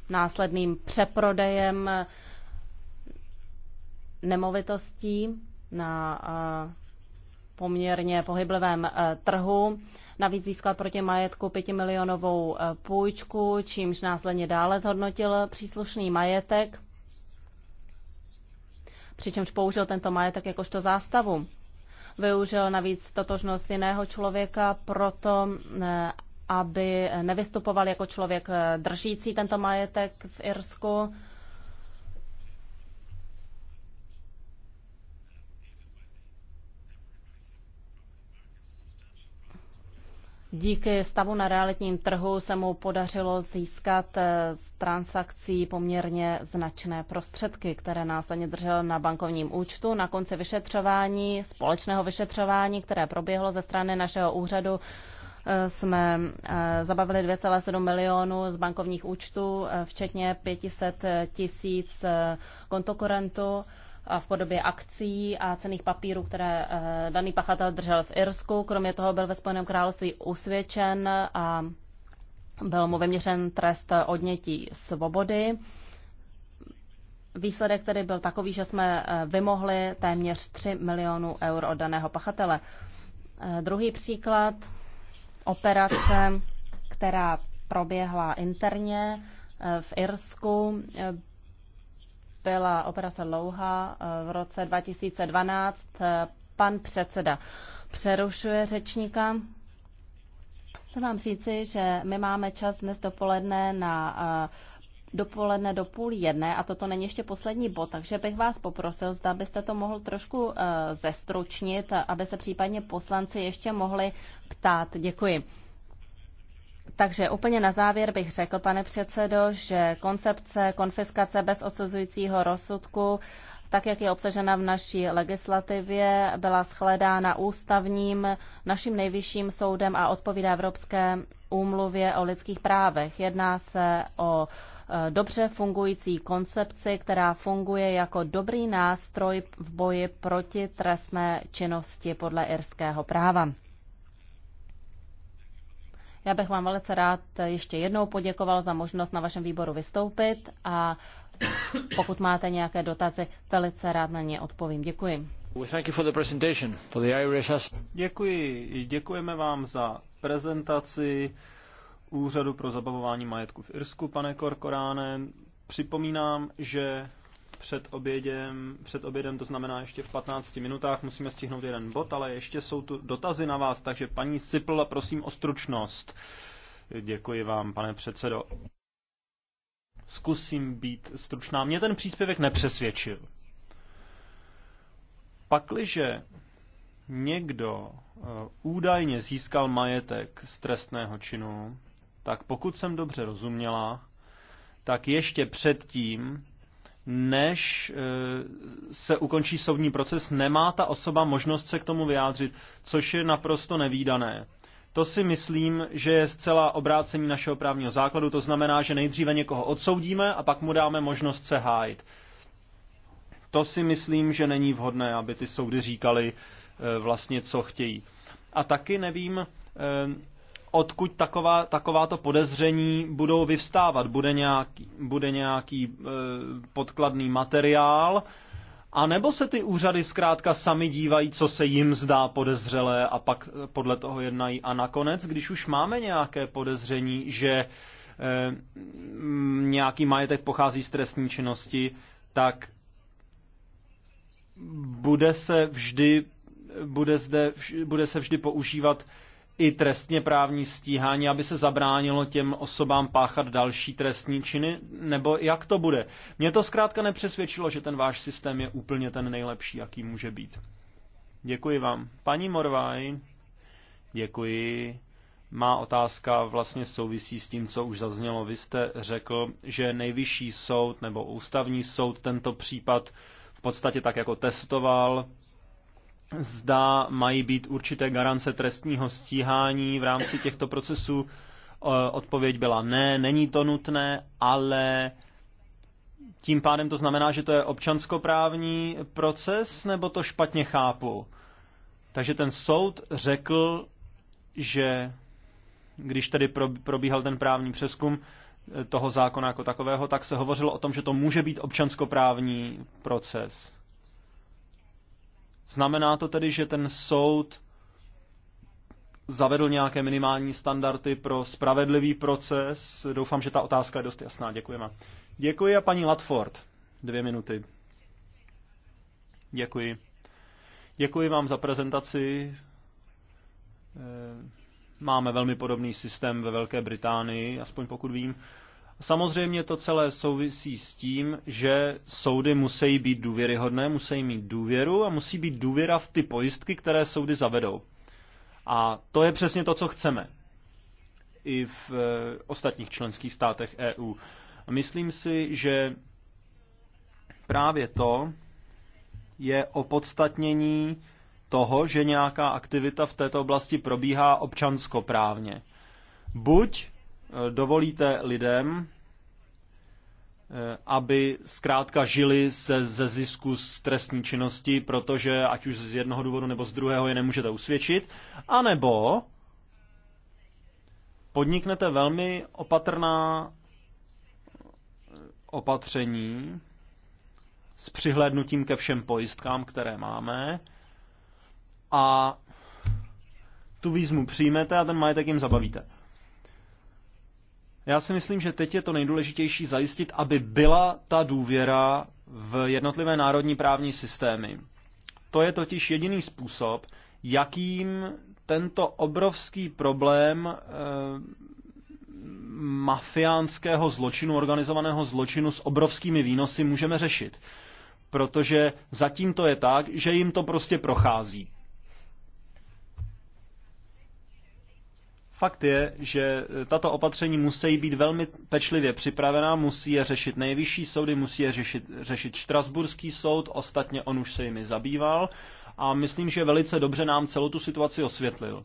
následným přeprodejem nemovitostí na poměrně pohyblivém trhu. Navíc získal proti majetku 5 milionovou eh, půjčku, čímž následně dále zhodnotil příslušný majetek, přičemž použil tento majetek jakožto zástavu. Využil navíc totožnost jiného člověka proto, eh, aby nevystupoval jako člověk eh, držící tento majetek v Irsku Díky stavu na realitním trhu se mu podařilo získat eh, z transakcí poměrně značné prostředky, které následně držel na bankovním účtu. Na konci vyšetřování, společného vyšetřování, které proběhlo ze strany našeho úřadu, eh, jsme eh, zabavili 2,7 milionů z bankovních účtů, včetně 500 tisíc kontokorentů v podobě akcí a cených papírů, které eh, daný pachatel držel v Irsku. Kromě toho byl ve Spojeném království usvědčen a byl mu vyměřen trest odnětí svobody. Výsledek tedy byl takový, že jsme eh, vymohli téměř 3 milionů eur od daného pachatele. Eh, druhý příklad, operace, která proběhla interně v Irsku, byla operace Louha eh, v roce 2012. Eh, pan předseda přerušuje řečníka. Chci vám říci, že my máme čas dnes dopoledne na eh, dopoledne do půl jedné a toto není ještě poslední bod, takže bych vás poprosil, zda byste to mohl trošku zestručnit, aby se případně poslanci ještě mohli ptát. Děkuji. Takže úplně na závěr bych řekl, pane předsedo, že koncepce konfiskace bez odsuzujícího rozsudku, tak jak je obsažena v naší legislativě, byla shledána ústavním, naším nejvyšším soudem a odpovídá Evropské úmluvě o lidských právech. Jedná se o e, dobře fungující koncepci, která funguje jako dobrý nástroj v boji proti trestné činnosti podle irského práva. Já bych vám velice rád ještě jednou poděkoval za možnost na vašem výboru vystoupit a pokud máte nějaké dotazy, velice rád na ně odpovím. Děkuji.
Děkuji. Děkujeme vám za prezentaci Úřadu pro zabavování majetku v Irsku, pane Korkoráne. Připomínám, že před, obědem, před obědem, to znamená ještě v 15 minutách, musíme stihnout jeden bod, ale ještě jsou tu dotazy na vás, takže paní Sipl, prosím o stručnost. Děkuji vám, pane předsedo. Zkusím být stručná. Mě ten příspěvek nepřesvědčil. Pakliže někdo eh, údajně získal majetek z trestného činu, tak pokud jsem dobře rozuměla, tak ještě předtím než eh, se ukončí soudní proces, nemá ta osoba možnost se k tomu vyjádřit, což je naprosto nevýdané. To si myslím, že je zcela obrácení našeho právního základu, to znamená, že nejdříve někoho odsoudíme a pak mu dáme možnost se hájit. To si myslím, že není vhodné, aby ty soudy říkali eh, vlastně, co chtějí. A taky nevím, eh, odkud taková, takováto podezření budou vyvstávat. Bude nějaký, bude nějaký e, podkladný materiál, a nebo se ty úřady zkrátka sami dívají, co se jim zdá podezřelé a pak e, podle toho jednají. A nakonec, když už máme nějaké podezření, že e, nějaký majetek pochází z trestní činnosti, tak bude se vždy bude, zde, bude se vždy používat i trestně právní stíhání, aby se zabránilo těm osobám páchat další trestní činy, nebo jak to bude? Mě to zkrátka nepřesvědčilo, že ten váš systém je úplně ten nejlepší, jaký může být. Děkuji vám. Paní Morvaj, děkuji. Má otázka vlastně souvisí s tím, co už zaznělo. Vy jste řekl, že nejvyšší soud nebo ústavní soud tento případ v podstatě tak jako testoval, zda mají být určité garance trestního stíhání v rámci těchto procesů. Odpověď byla ne, není to nutné, ale tím pádem to znamená, že to je občanskoprávní proces, nebo to špatně chápu. Takže ten soud řekl, že když tedy probíhal ten právní přeskum eh, toho zákona jako takového, tak se hovořilo o tom, že to může být občanskoprávní proces. Znamená to tedy, že ten soud zavedl nějaké minimální standardy pro spravedlivý proces? Doufám, že ta otázka je dost jasná. Děkujeme. Děkuji a paní Latford. Dvě minuty. Děkuji. Děkuji vám za prezentaci. Eh, máme velmi podobný systém ve Velké Británii, aspoň pokud vím. Samozřejmě to celé souvisí s tím, že soudy musí být důvěryhodné, musí mít důvěru a musí být důvěra v ty pojistky, které soudy zavedou. A to je přesně to, co chceme i v eh, ostatních členských státech EU. Myslím si, že právě to je opodstatnění toho, že nějaká aktivita v této oblasti probíhá občanskoprávně. Buď Eh, dovolíte lidem, eh, aby zkrátka žili se, ze zisku z trestní činnosti, protože ať už z jednoho důvodu nebo z druhého je nemůžete usvědčit, anebo podniknete velmi opatrná eh, opatření s přihlédnutím ke všem pojistkám, které máme a tu výzmu přijmete a ten majetek jim zabavíte. Já si myslím, že teď je to nejdůležitější zajistit, aby byla ta důvěra v jednotlivé národní právní systémy. To je totiž jediný způsob, jakým tento obrovský problém e, mafiánského zločinu, organizovaného zločinu s obrovskými výnosy můžeme řešit. Protože zatím to je tak, že jim to prostě prochází. Fakt je, že e, tato opatření musí být velmi pečlivě připravená, musí je řešit nejvyšší soudy, musí je řešit, řešit Štrasburský soud, ostatně on už se jimi zabýval a myslím, že velice dobře nám celou tu situaci osvětlil.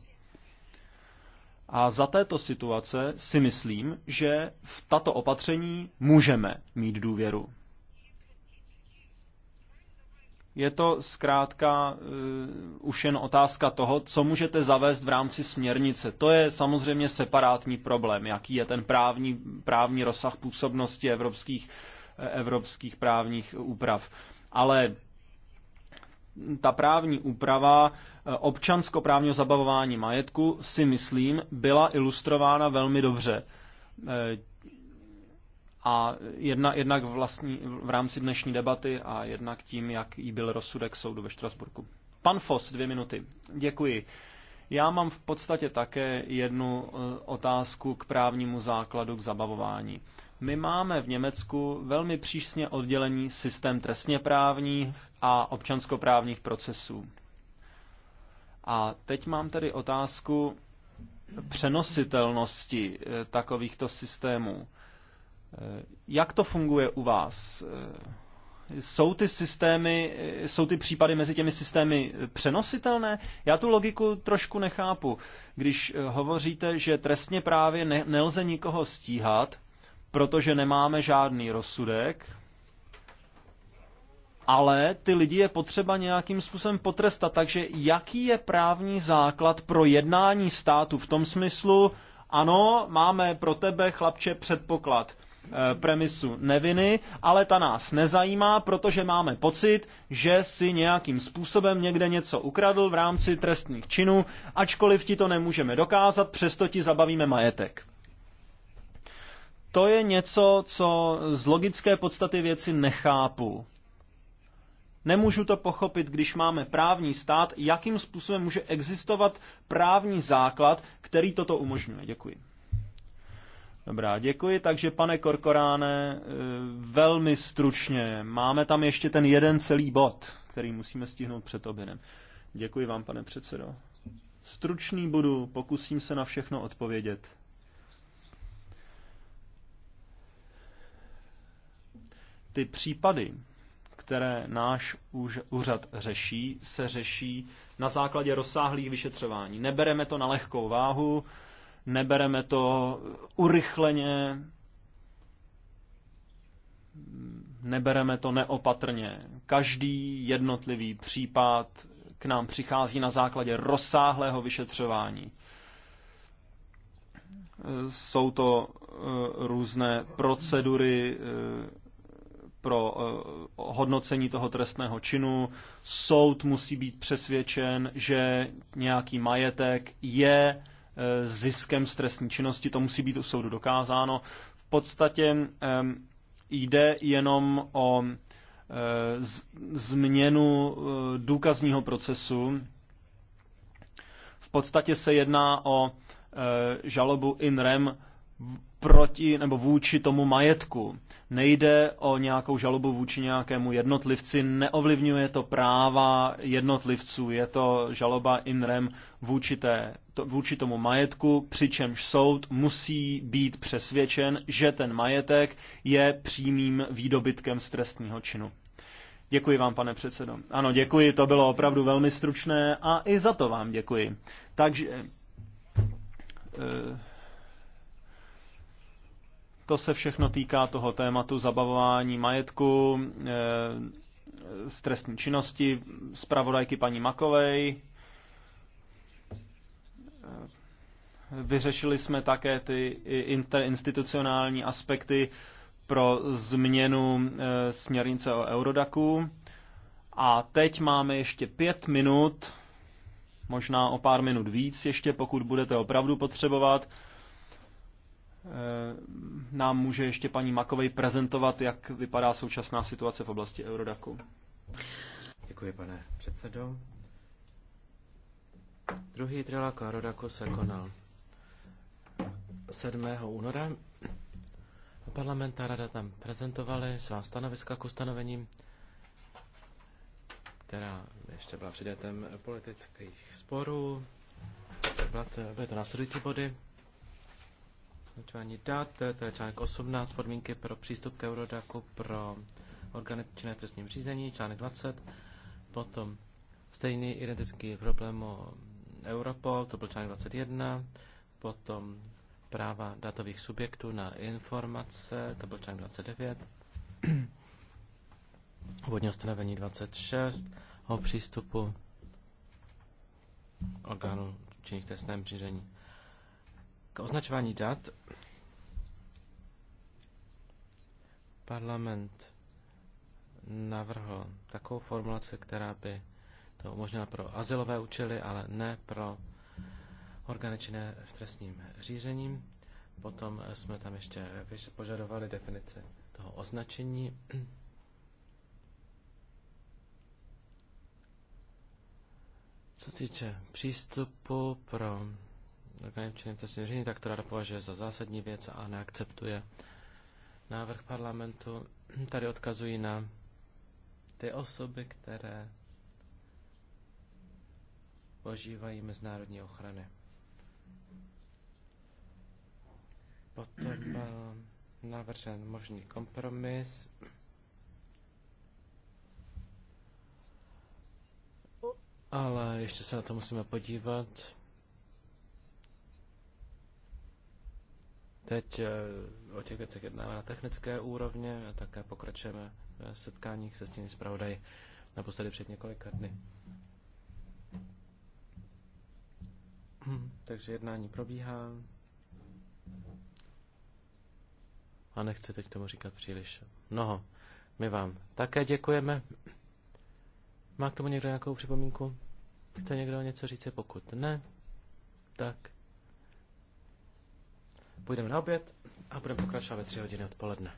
A za této situace si myslím, že v tato opatření můžeme mít důvěru. Je to zkrátka uh, už jen otázka toho, co můžete zavést v rámci směrnice. To je samozřejmě separátní problém, jaký je ten právní, právní rozsah působnosti evropských, eh, evropských právních úprav. Ale ta právní úprava eh, občanskoprávního zabavování majetku, si myslím, byla ilustrována velmi dobře a jedna, jednak vlastní, v rámci dnešní debaty a jednak tím, jak jí byl rozsudek soudu ve Štrasburku. Pan Fos, dvě minuty. Děkuji. Já mám v podstatě také jednu eh, otázku k právnímu základu k zabavování. My máme v Německu velmi přísně oddělený systém trestně právních a občanskoprávních procesů. A teď mám tedy otázku přenositelnosti eh, takovýchto systémů. Eh, jak to funguje u vás? Eh, jsou ty systémy, eh, jsou ty případy mezi těmi systémy přenositelné? Já tu logiku trošku nechápu. Když hovoříte, že trestně právě ne, nelze nikoho stíhat, protože nemáme žádný rozsudek, ale ty lidi je potřeba nějakým způsobem potrestat. Takže jaký je právní základ pro jednání státu v tom smyslu, ano, máme pro tebe, chlapče, předpoklad. Eh, premisu neviny, ale ta nás nezajímá, protože máme pocit, že si nějakým způsobem někde něco ukradl v rámci trestných činů, ačkoliv ti to nemůžeme dokázat, přesto ti zabavíme majetek. To je něco, co z logické podstaty věci nechápu. Nemůžu to pochopit, když máme právní stát, jakým způsobem může existovat právní základ, který toto umožňuje. Děkuji. Dobrá, děkuji. Takže, pane Korkoráne, eh, velmi stručně, máme tam ještě ten jeden celý bod, který musíme stihnout před obědem. Děkuji vám, pane předsedo. Stručný budu, pokusím se na všechno odpovědět. Ty případy, které náš úřad řeší, se řeší na základě rozsáhlých vyšetřování. Nebereme to na lehkou váhu, nebereme to urychleně, nebereme to neopatrně. Každý jednotlivý případ k nám přichází na základě rozsáhlého vyšetřování. Jsou to eh, různé procedury eh, pro eh, hodnocení toho trestného činu. Soud musí být přesvědčen, že nějaký majetek je Eh, ziskem z trestní činnosti, to musí být u soudu dokázáno. V podstatě jde jenom o eh, změnu eh, důkazního procesu. V podstatě se jedná o žalobu in rem proti nebo vůči tomu majetku. Nejde o nějakou žalobu vůči nějakému jednotlivci, neovlivňuje to práva jednotlivců, je to žaloba in rem vůči té to, vůči tomu majetku, přičemž soud musí být přesvědčen, že ten majetek je přímým výdobytkem z trestního činu. Děkuji vám, pane předsedo. Ano, děkuji, to bylo opravdu velmi stručné a i za to vám děkuji. Takže. Eh, to se všechno týká toho tématu zabavování majetku eh, z trestní činnosti, zpravodajky paní Makovej. Vyřešili jsme také ty interinstitucionální aspekty pro změnu eh, směrnice o Eurodaku. A teď máme ještě pět minut, možná o pár minut víc ještě, pokud budete opravdu potřebovat. Eh, nám může ještě paní Makovej prezentovat, jak vypadá současná situace v oblasti
Eurodaku. Děkuji, pane předsedo. Druhý trilog Rodaku se konal 7. února. Parlament a rada tam prezentovali svá stanoviska k ustanovením, která ještě byla předmětem politických sporů. Byly to následující body. Označování dat, to je článek 18, podmínky pro přístup k Eurodaku pro orgány činné trestním řízení, článek 20, potom stejný identický problém o Europol, to byl článek 21, potom práva datových subjektů na informace, to byl článek 29, vodní ustanovení 26 o přístupu orgánů činných trestném řízení. K označování dat parlament navrhl takovou formulaci, která by to možná pro azylové účely, ale ne pro organičné v trestním řízení. Potom jsme tam ještě požadovali definici toho označení. Co se týče přístupu pro organičné v trestním řízení, tak to rada považuje za zásadní věc a neakceptuje návrh parlamentu. Tady odkazují na ty osoby, které požívají mezinárodní ochrany. Potom byl navržen možný kompromis. Ale ještě se na to musíme podívat. Teď eh, o těch věcech jednáme na technické úrovně a také pokračujeme v setkáních se s tím zpravodaji naposledy před několika dny. Takže jednání probíhá. A nechci teď tomu říkat příliš mnoho. My vám také děkujeme. Má k tomu někdo nějakou připomínku? Chce někdo něco říct? Pokud ne, tak půjdeme na oběd a budeme pokračovat ve tři hodiny odpoledne.